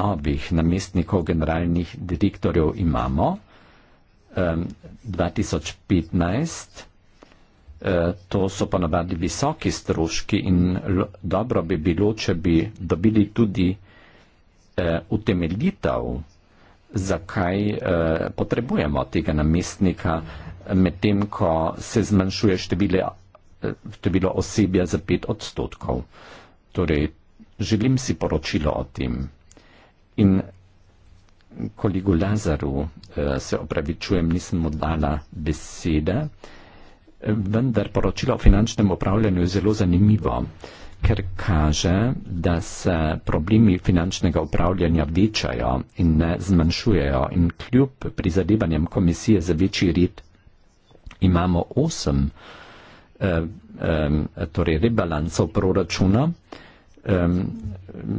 novih namestnikov generalnih direktorjev imamo? 2015 Eh, to so ponavadi visoki stroški in dobro bi bilo, če bi dobili tudi eh, utemeljitev, zakaj eh, potrebujemo tega namestnika, medtem ko se zmanjšuje število, število osebja za pet odstotkov. Torej, želim si poročilo o tem. In kolegu Lazaru se opravičujem, nisem mu dala besede vendar poročilo o finančnem upravljanju je zelo zanimivo, ker kaže, da se problemi finančnega upravljanja večajo in ne zmanjšujejo in kljub prizadevanjem komisije za večji red imamo osem eh, eh, torej rebalancov proračuna. Eh,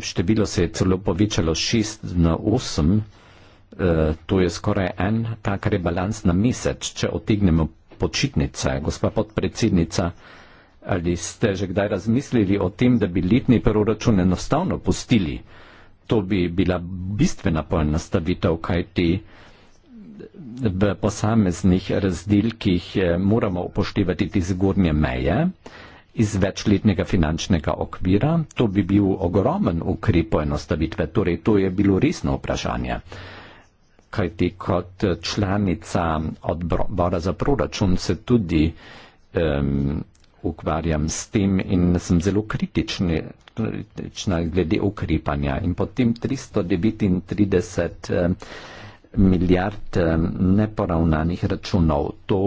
število se je celo povečalo šest na osem. Uh, to je skoraj en tak rebalans na mesec, če otegnemo počitnice, gospa podpredsednica. Ali ste že kdaj razmislili o tem, da bi letni proračun enostavno pustili? To bi bila bistvena poenostavitev, kaj ti v posameznih razdelkih eh, moramo upoštevati te zgornje meje iz večletnega finančnega okvira. To bi bil ogromen ukrep poenostavitve, torej to je bilo resno vprašanje kajti kot članica odbora za proračun se tudi um, ukvarjam s tem in sem zelo kritična glede ukrepanja. In potem 339 milijard neporavnanih računov, to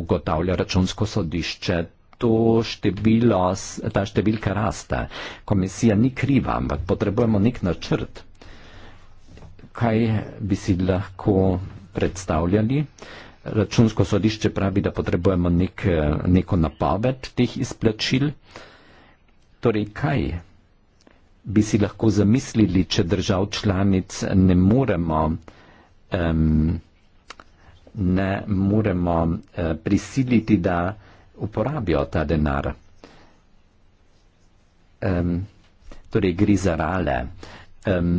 ugotavlja računsko sodišče. To število, ta številka raste. Komisija ni kriva, ampak potrebujemo nek načrt, kaj bi si lahko predstavljali. Računsko sodišče pravi, da potrebujemo nek, neko napoved teh izplačil. Torej, kaj bi si lahko zamislili, če držav članic ne moremo, um, ne moremo uh, prisiliti, da uporabijo ta denar? Um, torej, gre za rale. Um,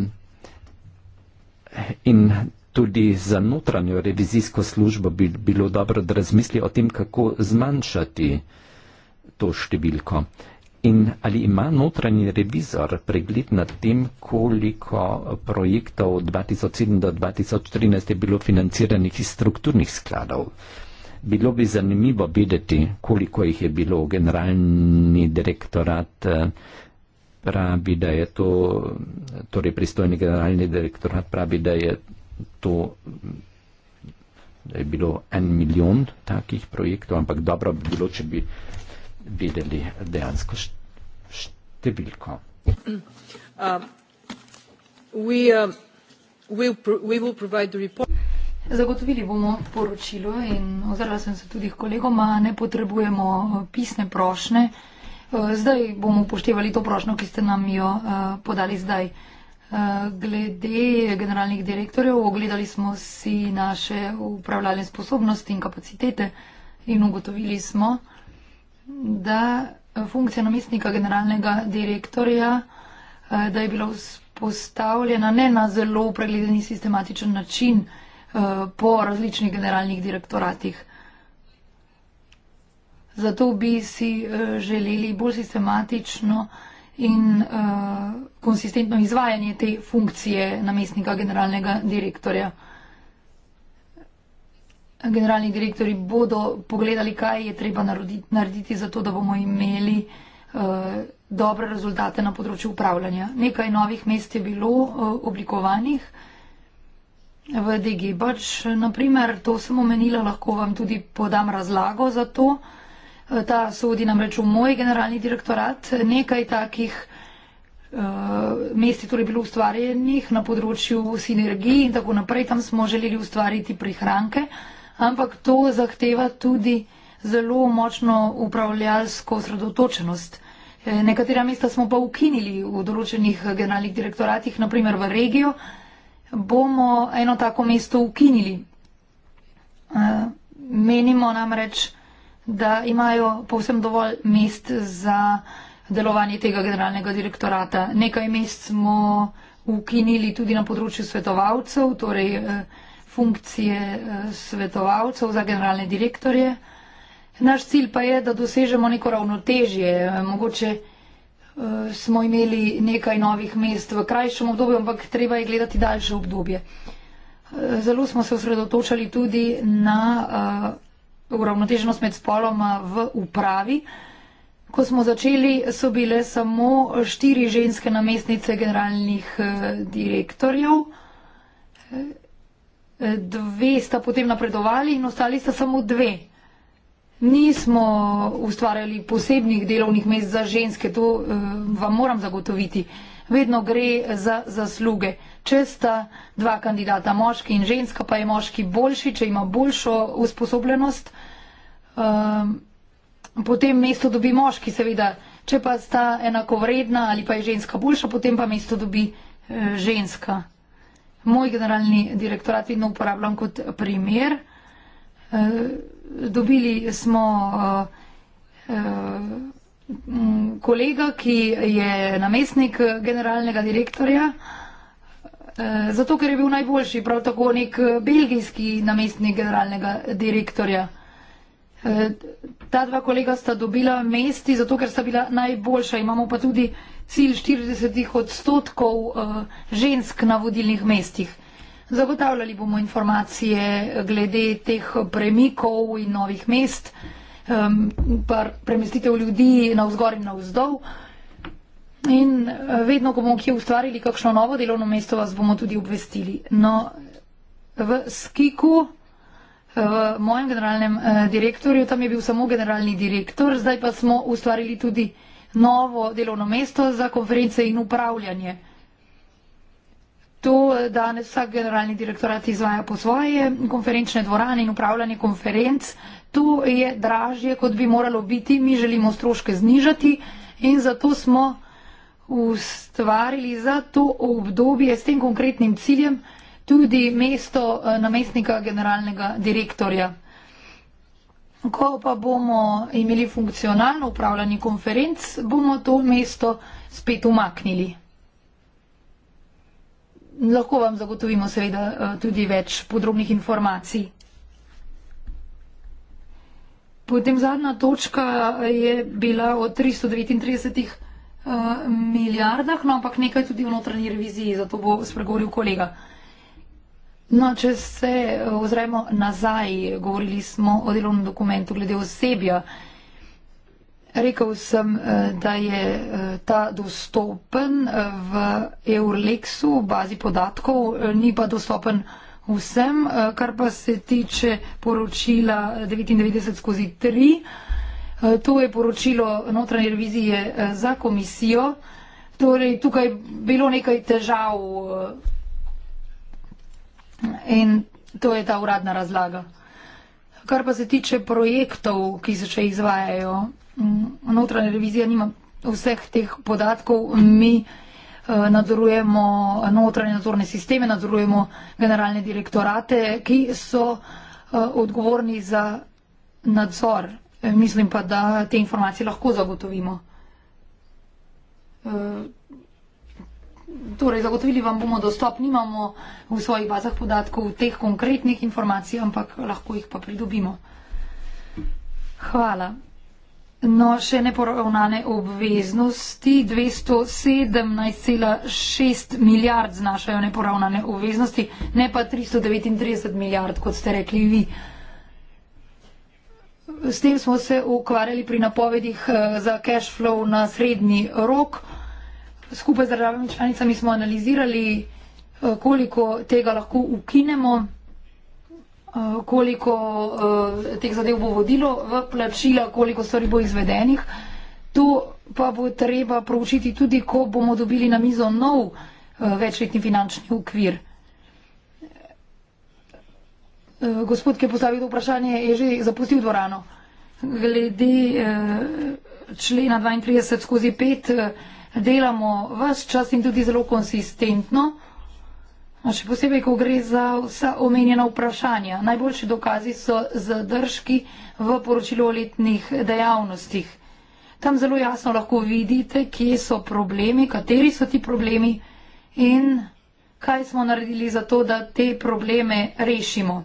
In tudi za notranjo revizijsko službo bi bilo dobro, da razmisli o tem, kako zmanjšati to številko. In ali ima notranji revizor pregled nad tem, koliko projektov od 2007 do 2013 je bilo financiranih iz strukturnih skladov? Bilo bi zanimivo vedeti, koliko jih je bilo generalni direktorat eh, pravi, da je to, torej pristojni generalni direktorat pravi, da je to, da je bilo en milijon takih projektov, ampak dobro bi bilo, če bi vedeli dejansko številko. Um, um, Zagotovili bomo poročilo in ozirala sem se tudi kolegoma, ne potrebujemo pisne prošne. Eh, zdaj bomo upoštevali to prošnjo, ki ste nam jo eh, podali zdaj. Eh, glede generalnih direktorjev, ogledali smo si naše upravljalne sposobnosti in kapacitete in ugotovili smo, da funkcija namestnika generalnega direktorja, da je bila vzpostavljena ne na zelo pregledeni sistematičen način po različnih generalnih direktoratih. Zato bi si eh, želeli bolj sistematično in eh, konsistentno izvajanje te funkcije namestnika generalnega direktorja. Generalni direktori bodo pogledali, kaj je treba narediti za to, da bomo imeli eh, dobre rezultate na področju upravljanja. Nekaj novih mest je bilo oblikovanih v DG Bač. Naprimer, to sem omenila, lahko vam tudi podam razlago za to ta sodi namreč v moj generalni direktorat. Nekaj takih eh, mest je torej bilo ustvarjenih na področju sinergij in tako naprej, tam smo želeli ustvariti prihranke, ampak to zahteva tudi zelo močno upravljalsko sredotočenost. Eh, nekatera mesta smo pa ukinili v določenih generalnih direktoratih, naprimer v regijo, bomo eno tako mesto ukinili. Eh, menimo namreč, da imajo povsem dovolj mest za delovanje tega generalnega direktorata. Nekaj mest smo ukinili tudi na področju svetovalcev, torej eh, funkcije eh, svetovalcev za generalne direktorje. Naš cilj pa je, da dosežemo neko ravnotežje. Mogoče eh, smo imeli nekaj novih mest v krajšem obdobju, ampak treba je gledati daljše obdobje. Zelo smo se osredotočali tudi na uravnoteženost med spoloma v upravi. Ko smo začeli, so bile samo štiri ženske namestnice generalnih eh, direktorjev, eh, dve sta potem napredovali in ostali sta samo dve. Nismo ustvarjali posebnih delovnih mest za ženske, to eh, vam moram zagotoviti. Vedno gre za zasluge če sta dva kandidata, moški in ženska, pa je moški boljši, če ima boljšo usposobljenost, ehm, potem mesto dobi moški, seveda. Če pa sta enakovredna ali pa je ženska boljša, potem pa mesto dobi eh, ženska. Moj generalni direktorat vedno uporabljam kot primer. Eh, dobili smo eh, kolega, ki je namestnik generalnega direktorja. Eh, zato ker je bil najboljši, prav tako nek eh, belgijski namestnik generalnega direktorja. Eh, ta dva kolega sta dobila mesti, zato ker sta bila najboljša. Imamo pa tudi cilj 40 odstotkov žensk na vodilnih mestih. Zagotavljali bomo informacije glede teh premikov in novih mest, premestitev ljudi na vzgor in na vzdolj. In eh, vedno, ko bomo kje ustvarili kakšno novo delovno mesto, vas bomo tudi obvestili. No, v Skiku, eh, v mojem generalnem eh, direktorju, tam je bil samo generalni direktor, zdaj pa smo ustvarili tudi novo delovno mesto za konference in upravljanje. To danes vsak generalni direktorat izvaja po svoje konferenčne dvorane in upravljanje konferenc. To je dražje, kot bi moralo biti. Mi želimo stroške znižati in zato smo ustvarili za to obdobje s tem konkretnim ciljem tudi mesto eh, namestnika generalnega direktorja. Ko pa bomo imeli funkcionalno upravljanje konferenc, bomo to mesto spet umaknili. Lahko vam zagotovimo seveda eh, tudi več podrobnih informacij. Potem zadnja točka je bila o 339. Eh, milijardah, no, ampak nekaj tudi v notranji reviziji, zato bo spregovoril kolega. No, če se eh, ozremo nazaj, govorili smo o delovnem dokumentu glede osebja. Rekel sem, eh, da je ta dostopen v Eurlexu, v bazi podatkov, ni pa dostopen vsem, kar pa se tiče poročila 99 skozi 3. Eh, to je poročilo notranje revizije eh, za komisijo. Torej, tukaj je bilo nekaj težav eh, in to je ta uradna razlaga. Kar pa se tiče projektov, ki se še izvajajo, mm, notranja revizija nima vseh teh podatkov. Mi nadzorujemo notranje nadzorne sisteme, nadzorujemo generalne direktorate, ki so odgovorni za nadzor Mislim pa, da te informacije lahko zagotovimo. Eh, torej, zagotovili vam bomo dostop, nimamo v svojih bazah podatkov teh konkretnih informacij, ampak lahko jih pa pridobimo. Hvala. No, še neporavnane obveznosti. 217,6 milijard znašajo neporavnane obveznosti, ne pa 339 milijard, kot ste rekli vi. Uh, S tem smo se ukvarjali pri napovedih eh, za cash flow na srednji rok. Skupaj z državami članicami smo analizirali, eh, koliko tega lahko ukinemo, eh, koliko teh zadev bo vodilo v plačila, koliko stvari bo izvedenih. To pa bo treba proučiti tudi, ko bomo dobili na mizo nov večletni finančni ukvir. Eh, gospod, ki je postavil vprašanje, je že zapustil dvorano. Glede eh, člena 32 skozi 5 eh, delamo vas čas in tudi zelo konsistentno, še posebej, ko gre za vsa omenjena vprašanja. Najboljši dokazi so zadržki v poročilu o letnih dejavnostih. Tam zelo jasno lahko vidite, kje so problemi, kateri so ti problemi in kaj smo naredili za to, da te probleme rešimo.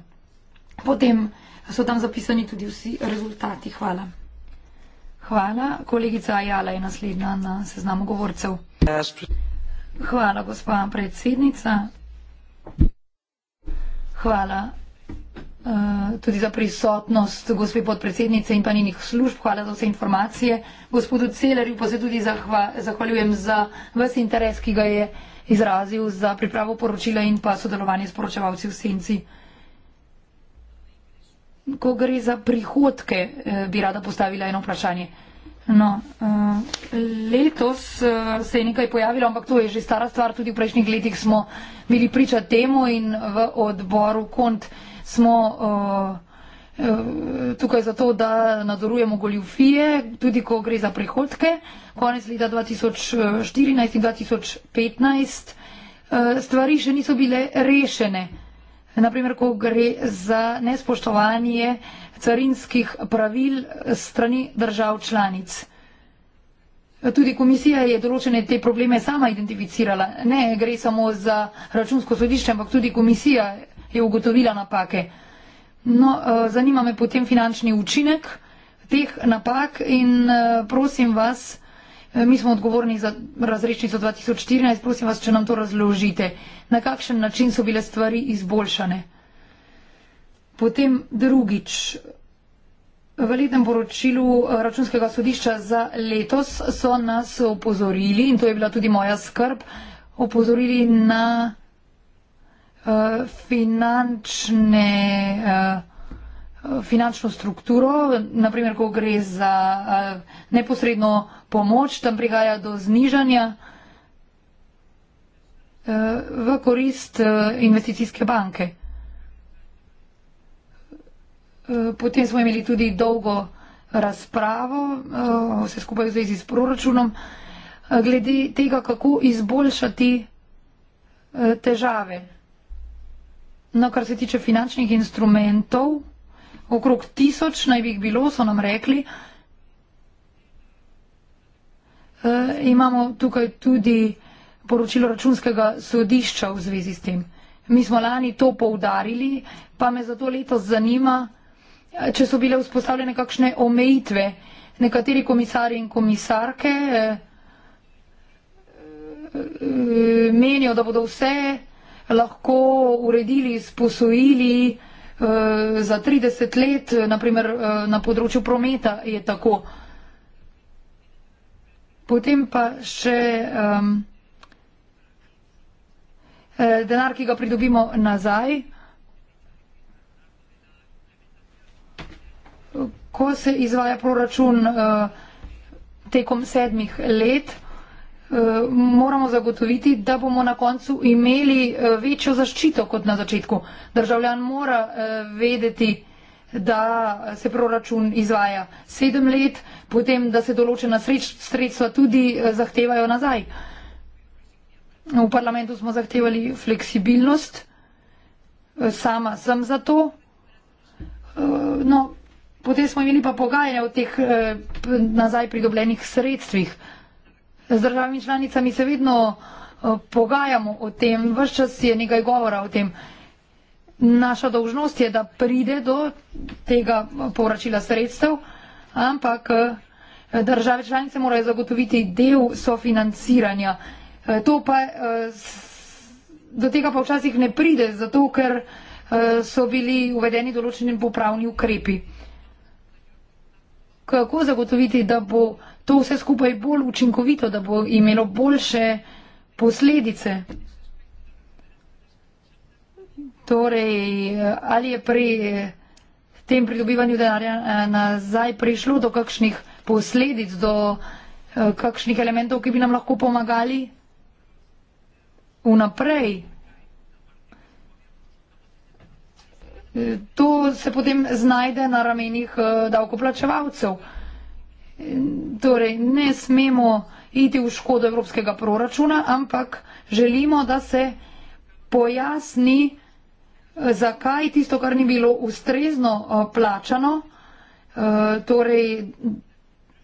Potem so tam zapisani tudi vsi rezultati. Hvala. Hvala. Kolegica Ajala je naslednja na seznamu govorcev. Hvala, gospa predsednica. Hvala uh, tudi za prisotnost gospe podpredsednice in pa njenih služb. Hvala za vse informacije. Gospodu Celerju pa se tudi zahva, zahvaljujem za vse interes, ki ga je izrazil za pripravo poročila in pa sodelovanje s poročevalci v senci ko gre za prihodke, eh, bi rada postavila eno vprašanje. No, eh, letos eh, se je nekaj pojavilo, ampak to je že stara stvar, tudi v prejšnjih letih smo bili priča temu in v odboru kont smo tukaj zato, da nadzorujemo goljufije, tudi ko gre za prihodke. Konec leta 2014 in 2015 stvari še niso bile rešene. Naprimer, ko gre za nespoštovanje carinskih pravil strani držav članic. Tudi komisija je določene te probleme sama identificirala. Ne gre samo za računsko sodišče, ampak tudi komisija je ugotovila napake. No, eh, zanima me potem finančni učinek teh napak in eh, prosim vas, Eh, mi smo odgovorni za razrešnico 2014, prosim vas, če nam to razložite. Na kakšen način so bile stvari izboljšane? Potem drugič. V letnem poročilu eh, računskega sodišča za letos so nas opozorili, in to je bila tudi moja skrb, opozorili na uh, finančne. Uh, finančno strukturo, naprimer, ko gre za eh, neposredno pomoč, tam prihaja do znižanja eh, v korist eh, investicijske banke. Potem smo imeli tudi dolgo razpravo, vse skupaj v zvezi s proračunom, glede tega, kako izboljšati težave. No, kar se tiče finančnih instrumentov, Okrog tisoč naj bi jih bilo, so nam rekli. E, imamo tukaj tudi poročilo računskega sodišča v zvezi s tem. Mi smo lani to poudarili, pa me zato letos zanima, če so bile vzpostavljene kakšne omejitve. Nekateri komisari in komisarke e, e, e, menijo, da bodo vse lahko uredili, sposojili. Eh, za 30 let, eh, naprimer eh, na področju prometa je tako. Potem pa še um, denar, ki ga pridobimo nazaj. Ko se izvaja proračun uh, tekom sedmih let, uh, Eh, moramo zagotoviti, da bomo na koncu imeli eh, večjo zaščito kot na začetku. Državljan mora eh, vedeti, da se proračun izvaja sedem let, potem, da se določena sredstva tudi zahtevajo nazaj. V parlamentu smo zahtevali fleksibilnost, sama sem za to. No, potem smo imeli pa pogajanja o teh nazaj pridobljenih sredstvih. Z državami članicami se vedno eh, pogajamo o tem, vse čas je nekaj govora o tem. Naša dolžnost je, da pride do tega eh, povračila sredstev, ampak eh, države članice morajo zagotoviti del sofinanciranja. To pa, do tega pa včasih ne pride, zato ker so bili uvedeni določeni popravni ukrepi. Kako zagotoviti, da bo to vse skupaj bolj učinkovito, da bo imelo boljše posledice. Torej, ali je pri eh, tem pridobivanju denarja eh, nazaj prišlo do kakšnih posledic, do eh, kakšnih elementov, ki bi nam lahko pomagali vnaprej. To se potem znajde na ramenih davkoplačevalcev. Torej, ne smemo iti v škodo evropskega proračuna, ampak želimo, da se pojasni, zakaj tisto, kar ni bilo ustrezno eh, plačano, eh, torej,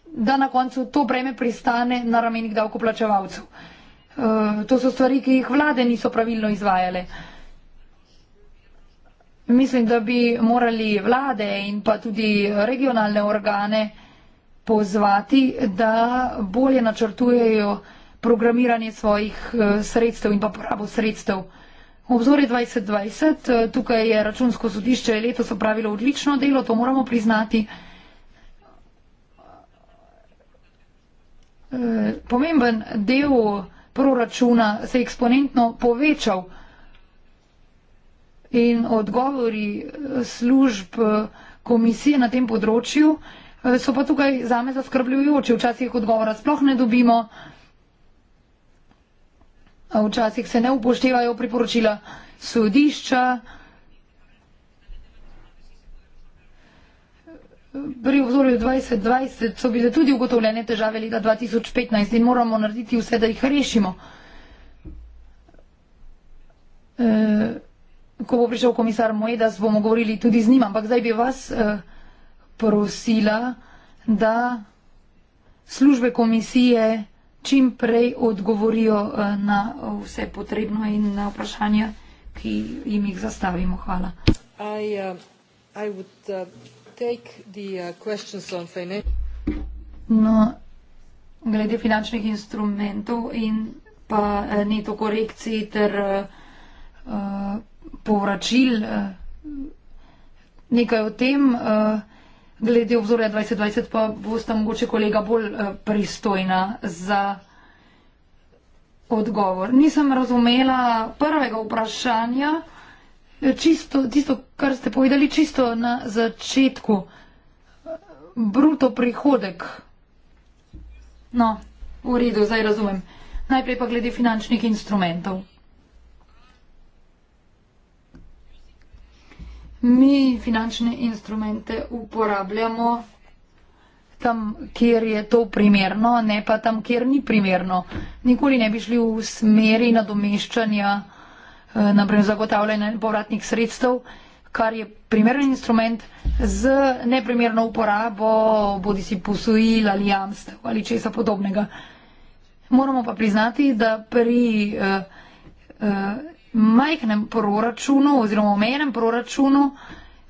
da na koncu to breme pristane na ramenih davkoplačevalcev. Eh, to so stvari, ki jih vlade niso pravilno izvajale. Mislim, da bi morali vlade in pa tudi regionalne organe pozvati, da bolje načrtujejo programiranje svojih eh, sredstev in pa porabo sredstev. Obzorje 2020, eh, tukaj je računsko sodišče letos opravilo odlično delo, to moramo priznati. Eh, pomemben del proračuna se je eksponentno povečal in odgovori služb komisije na tem področju Eh, so pa tukaj zame zaskrbljujoči. Včasih odgovora sploh ne dobimo, včasih se ne upoštevajo priporočila sodišča. Pri obzorju 2020 so bile tudi ugotovljene težave leta 2015 in moramo narediti vse, da jih rešimo. E, ko bo prišel komisar Moedas, bomo govorili tudi z njim, ampak zdaj bi vas. E, prosila, da službe komisije čim prej odgovorijo eh, na vse potrebno in na vprašanja, ki jim jih zastavimo. Hvala. I, uh, I would, uh, the, uh, no, glede finančnih instrumentov in pa eh, neto korekcij ter uh, povračil, uh, nekaj o tem. Uh, glede obzorja 2020 pa boste mogoče kolega bolj eh, pristojna za odgovor. Nisem razumela prvega vprašanja, čisto, tisto, kar ste povedali čisto na začetku. Bruto prihodek. No, v redu, zdaj razumem. Najprej pa glede finančnih instrumentov. Mi finančne instrumente uporabljamo tam, kjer je to primerno, ne pa tam, kjer ni primerno. Nikoli ne bi šli v smeri nadomeščanja, eh, naprimer zagotavljanja povratnih sredstev, kar je primeren instrument z neprimerno uporabo, bodi si posojil ali jamstev ali česa podobnega. Moramo pa priznati, da pri eh, eh, majhnem proračunu oziroma omejenem proračunu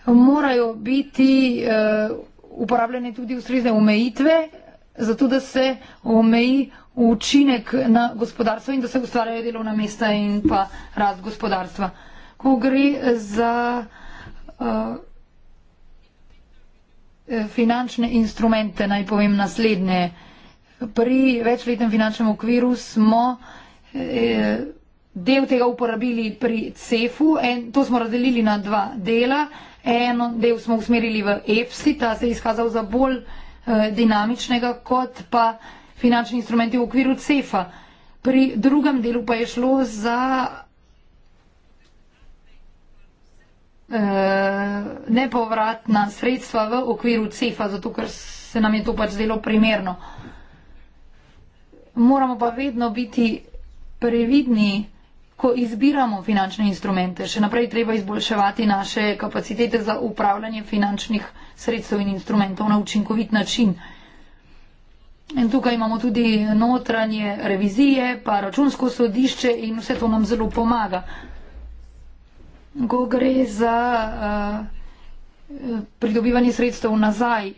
morajo biti uh, uporabljene tudi ustrezne omejitve, zato da se omeji učinek na gospodarstvo in da se ustvarjajo delovna mesta in pa rast gospodarstva. Ko gre za uh, finančne instrumente, naj povem naslednje. Pri večletnem finančnem okviru smo uh, del tega uporabili pri CEF-u, to smo razdelili na dva dela. En del smo usmerili v EPSI, ta se je izkazal za bolj eh, dinamičnega kot pa finančni instrumenti v okviru CEF-a. Pri drugem delu pa je šlo za eh, nepovratna sredstva v okviru CEF-a, zato ker se nam je to pač zdelo primerno. Moramo pa vedno biti previdni, da je to, ko izbiramo finančne instrumente. Še naprej treba izboljševati naše kapacitete za upravljanje finančnih sredstev in instrumentov na učinkovit način. In tukaj imamo tudi notranje revizije, pa računsko sodišče in vse to nam zelo pomaga. Ko gre za uh, pridobivanje sredstev nazaj,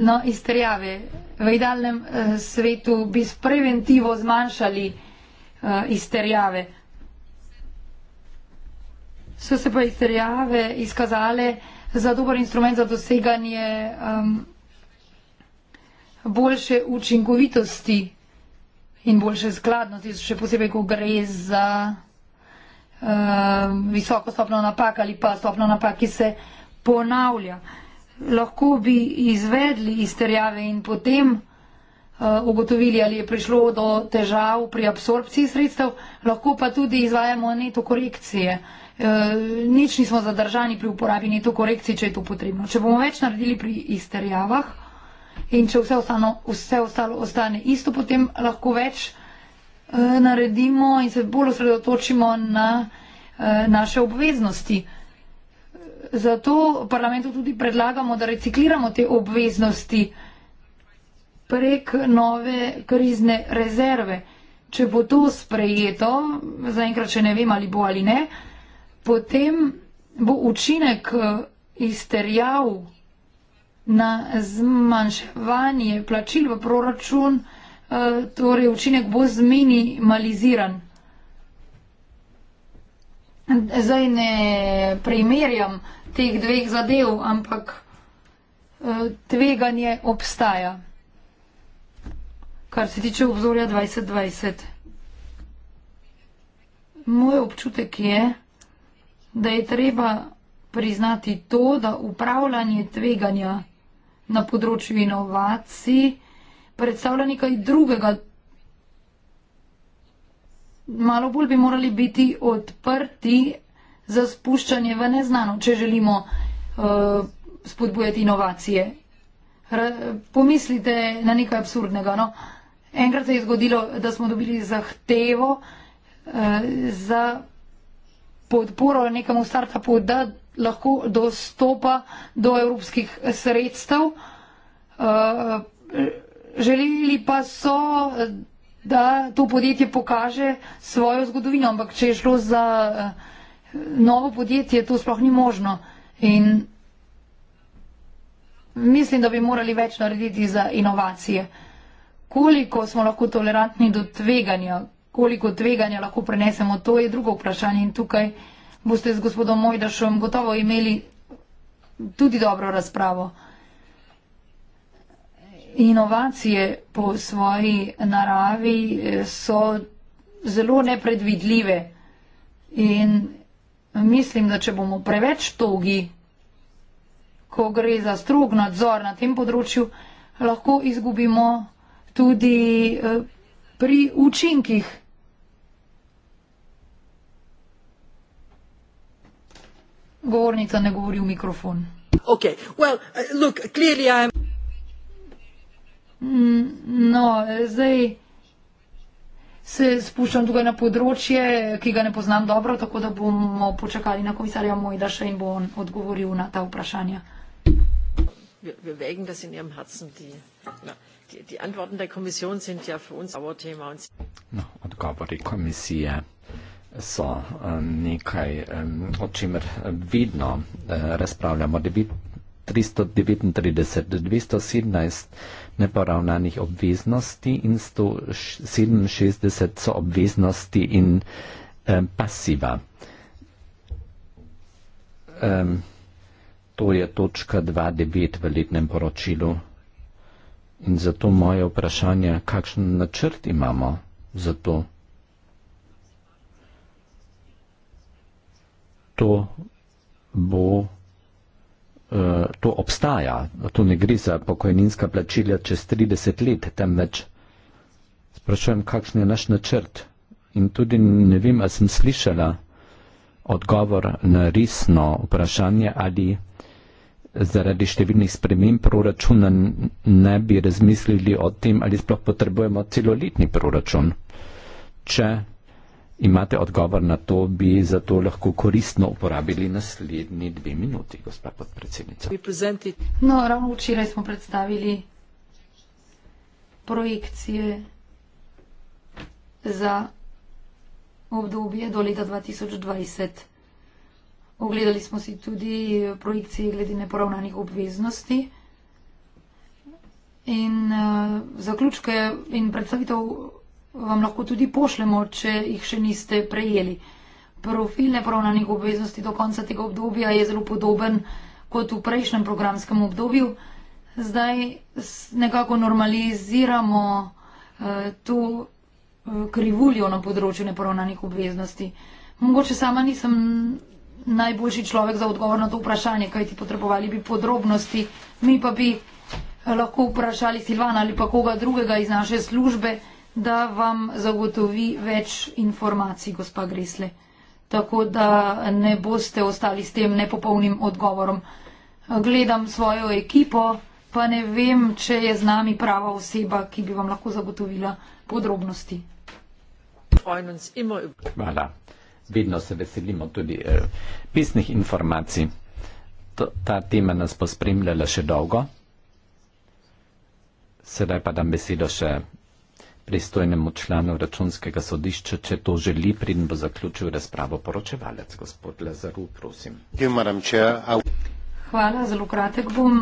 na izterjave v idealnem uh, svetu bi s preventivo zmanjšali uh, izterjave. So se pa izterjave izkazale za dober instrument za doseganje um, boljše učinkovitosti in boljše skladnosti, še posebej, ko gre za uh, visoko stopno napak ali pa stopno napak, ki se ponavlja. Uh, lahko bi izvedli izterjave in potem eh, ugotovili, ali je prišlo do težav pri absorpciji sredstev, lahko pa tudi izvajamo neto korekcije. Eh, nič nismo zadržani pri uporabi neto korekcij, če je to potrebno. Če bomo več naredili pri izterjavah in če vse, ostano, vse ostalo ostane isto, potem lahko več eh, naredimo in se bolj osredotočimo na naše obveznosti. Zato parlamentu tudi predlagamo, da recikliramo te obveznosti prek nove krizne rezerve. Če bo to sprejeto, zaenkrat še ne vem ali bo ali ne, potem bo učinek eh, izterjav na zmanjševanje plačil v proračun, eh, torej učinek bo zminimaliziran. Zdaj ne primerjam teh dveh zadev, ampak eh, tveganje obstaja, kar se tiče obzorja 2020. Moj občutek je, da je treba priznati to, da upravljanje tveganja na področju inovacij predstavlja nekaj drugega. Malo bolj bi morali biti odprti za spuščanje v neznano, če želimo uh, spodbujati inovacije. Ra pomislite na nekaj absurdnega. No? Enkrat se je zgodilo, da smo dobili zahtevo uh, za podporo nekemu startupu, da lahko dostopa do evropskih sredstev. Uh, želeli pa so, da to podjetje pokaže svojo zgodovino, ampak če je šlo za. Uh, novo podjetje to sploh ni možno in mislim, da bi morali več narediti za inovacije. Koliko smo lahko tolerantni do tveganja, koliko tveganja lahko prenesemo, to je drugo vprašanje in tukaj boste z gospodom Mojdašom gotovo imeli tudi dobro razpravo. Inovacije po svoji naravi eh, so zelo nepredvidljive in Mislim, da če bomo preveč togi, ko gre za strog nadzor na tem področju, lahko izgubimo tudi eh, pri učinkih. Govornica ne govori v mikrofon. Okay. Well, look, mm, no, eh, zdaj se spuščam tukaj na področje, ki ga ne poznam dobro, tako da bomo počakali na komisarja Mojdaša in bo on odgovoril na ta vprašanja. Ja no, odgovori komisije so um, nekaj, um, o čemer vidno uh, razpravljamo. 339, 217 neporavnanih obveznosti in 167 so obveznosti in um, pasiva. Um, to je točka 2.9 v letnem poročilu. In zato moje vprašanje, kakšen načrt imamo za to? To bo Eh, to obstaja. To ne gre za pokojninska plačilja čez 30 let, temveč sprašujem, kakšen je naš načrt. In tudi ne vem, ali sem slišala odgovor na resno vprašanje, ali zaradi številnih sprememb proračuna ne bi razmislili o tem, ali sploh potrebujemo celoletni proračun. Če imate odgovor na to, bi zato lahko koristno uporabili naslednji dve minuti, gospod podpredsednica. No, ravno včeraj smo predstavili projekcije za obdobje do leta 2020. Ogledali smo si tudi projekcije glede neporavnanih obveznosti in uh, zaključke in predstavitev vam lahko tudi pošljemo, če jih še niste prejeli. Profil neporavnanih obveznosti do konca tega obdobja je zelo podoben kot v prejšnjem programskem obdobju. Zdaj nekako normaliziramo eh, to eh, krivuljo na področju neporavnanih obveznosti. Mogoče sama nisem najboljši človek za odgovor na to vprašanje, kaj ti potrebovali bi podrobnosti, mi pa bi eh, lahko vprašali Silvana ali pa koga drugega iz naše službe, da vam zagotovi več informacij, gospa Gresle. Tako da ne boste ostali s tem nepopolnim odgovorom. Gledam svojo ekipo, pa ne vem, če je z nami prava oseba, ki bi vam lahko zagotovila podrobnosti. Hvala. Vedno se veselimo tudi eh, pisnih informacij. To, ta tema nas bo spremljala še dolgo. Sedaj pa dam besedo še pristojnemu članu računskega sodišča, če to želi, pridem bo zaključil razpravo poročevalec, gospod Lazaru, prosim. Hvala, zelo kratek bom.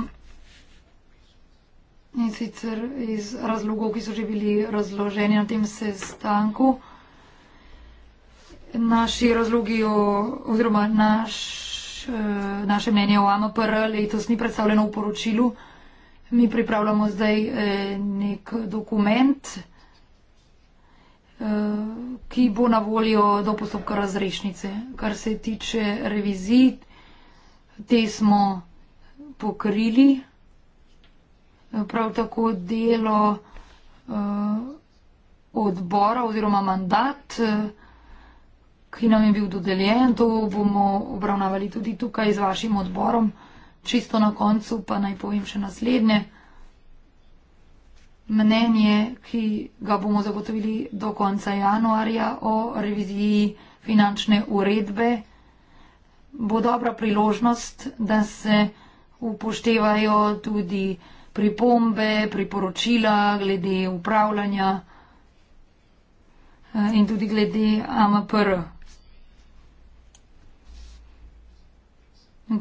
In sicer iz razlogov, ki so že bili razloženi na tem sestanku, naši razlogi o, oziroma naš, eh, naše mnenje o AMPR letos ni predstavljeno v poročilu. Mi pripravljamo zdaj eh, nek dokument, Eh, ki bo na voljo do postopka razrešnice. Kar se tiče revizij, te smo pokrili. Prav tako delo eh, odbora oziroma mandat, eh, ki nam je bil dodeljen, to bomo obravnavali tudi tukaj z vašim odborom. Čisto na koncu pa naj povem še naslednje mnenje, ki ga bomo zagotovili do konca januarja o reviziji finančne uredbe, bo dobra priložnost, da se upoštevajo tudi pripombe, priporočila glede upravljanja eh, in tudi glede AMPR.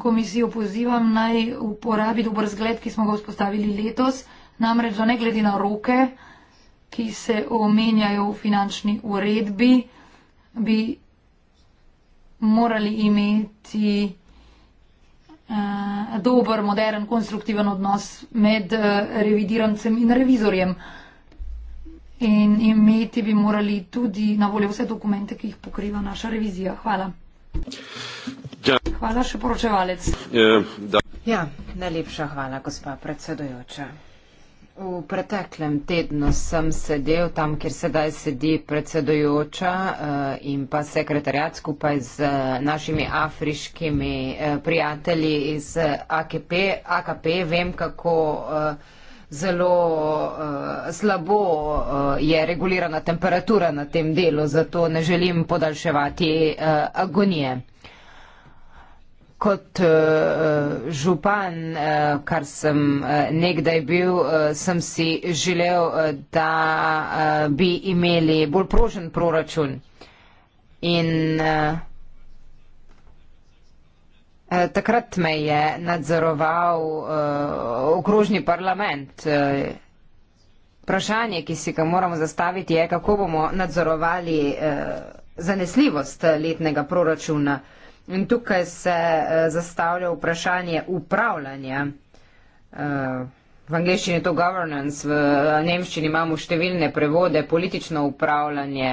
Komisijo pozivam naj uporabi dober zgled, ki smo ga vzpostavili letos. Namreč, da ne glede na roke, ki se omenjajo v finančni uredbi, bi morali imeti uh, dober, modern, konstruktiven odnos med uh, eh, revidirancem in revizorjem. In imeti bi morali tudi na voljo vse dokumente, ki jih pokriva naša revizija. Hvala. Ja. Hvala še poročevalec. Ja, ja, najlepša hvala, gospa predsedujoča. V preteklem tednu sem sedel tam, kjer sedaj sedi predsedujoča eh, in pa sekretarjat skupaj z eh, našimi afriškimi eh, prijatelji iz AKP. AKP vem, kako zelo slabo je regulirana temperatura na tem delu, zato ne želim podaljševati agonije kot eh, župan, eh, kar sem eh, nekdaj bil, sem si želel, da bi imeli bolj prožen proračun. In takrat me je nadzoroval okrožni parlament. Vprašanje, ki si ga moramo zastaviti, je, kako bomo nadzorovali zanesljivost letnega proračuna. In tukaj se uh, zastavlja vprašanje upravljanja. Uh, v angleščini je to governance, v eh, nemščini imamo številne prevode, politično upravljanje,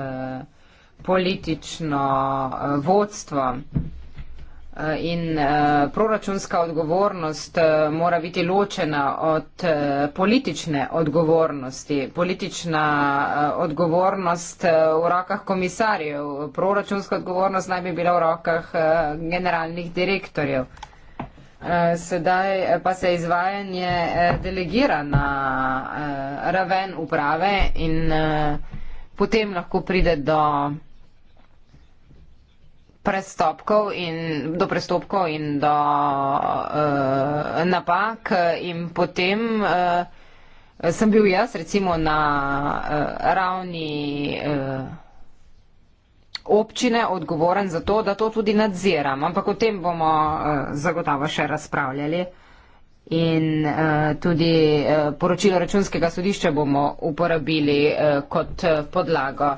uh, politično uh, vodstvo. Uh, Eh, in eh, proračunska odgovornost eh, mora biti ločena od politične odgovornosti. Politična odgovornost v rokah komisarjev, proračunska odgovornost naj bi bila v rokah generalnih direktorjev. Sedaj pa se izvajanje delegira na raven uprave in potem lahko pride do prestopkov in, do prestopkov in do uh, napak. In potem uh, sem bil jaz recimo na uh, ravni uh, občine odgovoren za to, da to tudi nadziram. Ampak o tem bomo uh, zagotovo še razpravljali. In uh, tudi uh, poročilo računskega sodišča bomo uporabili uh, kot uh, podlago.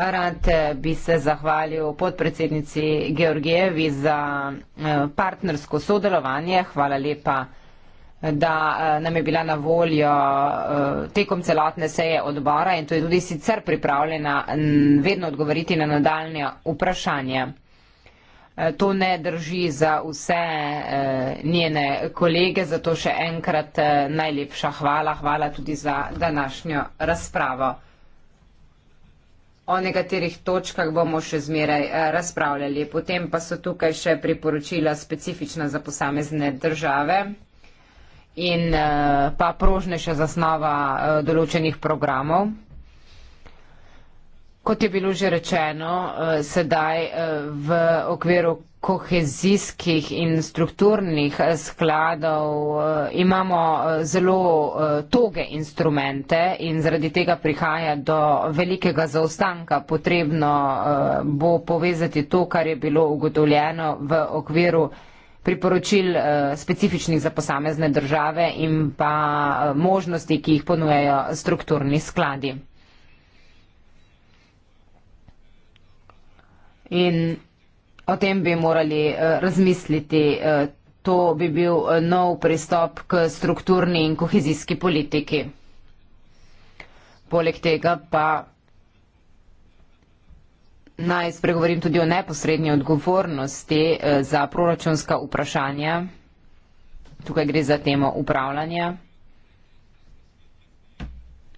Rad eh, bi se zahvalil podpredsednici Georgijevi za eh, partnersko sodelovanje. Hvala lepa, eh, da nam je bila na voljo tekom celotne seje odbora in to je tudi sicer pripravljena vedno odgovoriti na nadaljne vprašanje. To ne drži za vse njene kolege, zato še enkrat najlepša hvala. Hvala tudi za današnjo razpravo o nekaterih točkah bomo še zmeraj eh, razpravljali. Potem pa so tukaj še priporočila specifična za posamezne države in eh, pa prožnejša zasnova eh, določenih programov. Kot je bilo že rečeno, sedaj v okviru kohezijskih in strukturnih eh, skladov eh, imamo eh, zelo toge instrumente in zaradi tega prihaja do velikega zaostanka. Potrebno bo povezati to, kar je bilo ugotovljeno v okviru priporočil specifičnih za posamezne države in pa možnosti, ki jih ponujejo strukturni skladi. In O tem bi morali eh, razmisliti. Eh, to bi bil eh, nov pristop k strukturni in kohezijski politiki. Poleg tega pa naj spregovorim tudi o neposrednji odgovornosti za proračunska vprašanja. Tukaj gre za temo upravljanja.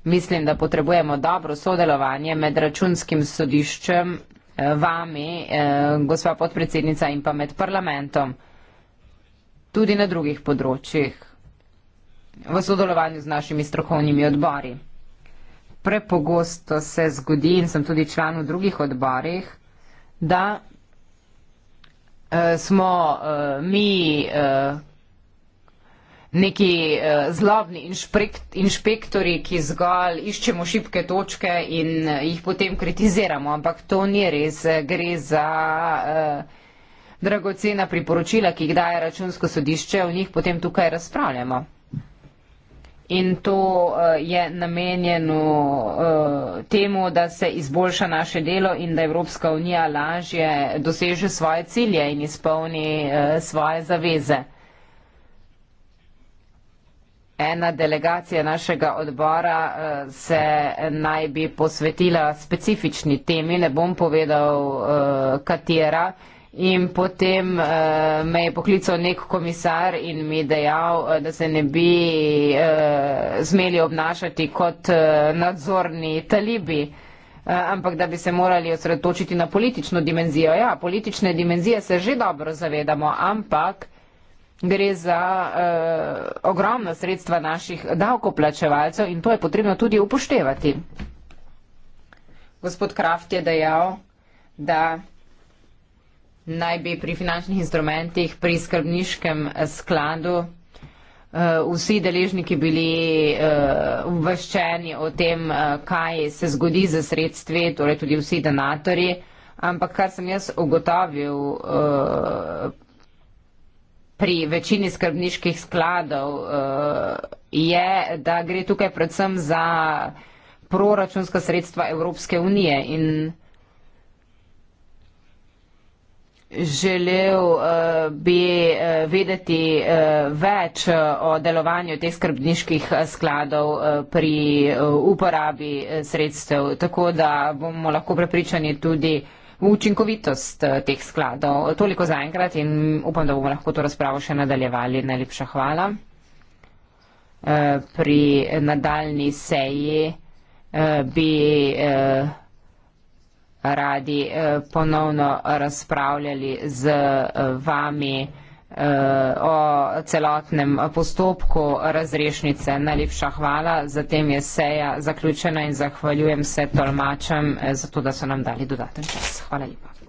Mislim, da potrebujemo dobro sodelovanje med računskim sodiščem vami, eh, gospa podpredsednica in pa med parlamentom, tudi na drugih področjih, v sodelovanju z našimi strokovnimi odbori. Prepogosto se zgodi in sem tudi član v drugih odborih, da eh, smo eh, mi neki uh, zlobni inšpekt, inšpektori, ki zgolj iščemo šibke točke in uh, jih potem kritiziramo. Ampak to ni res. Gre za uh, dragocena priporočila, ki jih daje računsko sodišče, o njih potem tukaj razpravljamo. In to uh, je namenjeno uh, temu, da se izboljša naše delo in da Evropska unija lažje doseže svoje cilje in izpolni uh, svoje zaveze. Ena delegacija našega odbora eh, se naj bi posvetila specifični temi, ne bom povedal eh, katera. In potem eh, me je poklical nek komisar in mi dejal, da se ne bi smeli obnašati kot nadzorni talibi ampak da bi se morali osredotočiti na politično dimenzijo. Ja, politične dimenzije se že dobro zavedamo, ampak eh, gre za uh, ogromna sredstva naših davkoplačevalcev in to je potrebno tudi upoštevati. Gospod Kraft je dejal, da naj bi pri finančnih instrumentih, pri skrbniškem eh, skladu uh, vsi deležniki bili uh, vveščeni o tem, uh, kaj se zgodi z sredstvi, torej tudi vsi donatori, ampak kar sem jaz ugotovil, uh, pri večini skrbniških skladov uh, je, da gre tukaj predvsem za proračunska sredstva Evropske unije in želel uh, bi uh, vedeti uh, več uh, o delovanju teh skrbniških skladov uh, pri uh, uporabi uh, sredstev, tako da bomo lahko prepričani tudi uh, učinkovitost eh, teh skladov. Toliko za enkrat in upam, da bomo lahko to razpravo še nadaljevali. Najlepša hvala. Eh, pri nadaljni seji eh, bi radi ponovno razpravljali z vami. Eh, o celotnem postopku razrešnice. Najlepša hvala, zatem je seja zaključena in zahvaljujem se tolmačem eh, za to, da so nam dali dodaten čas. Hvala lepa.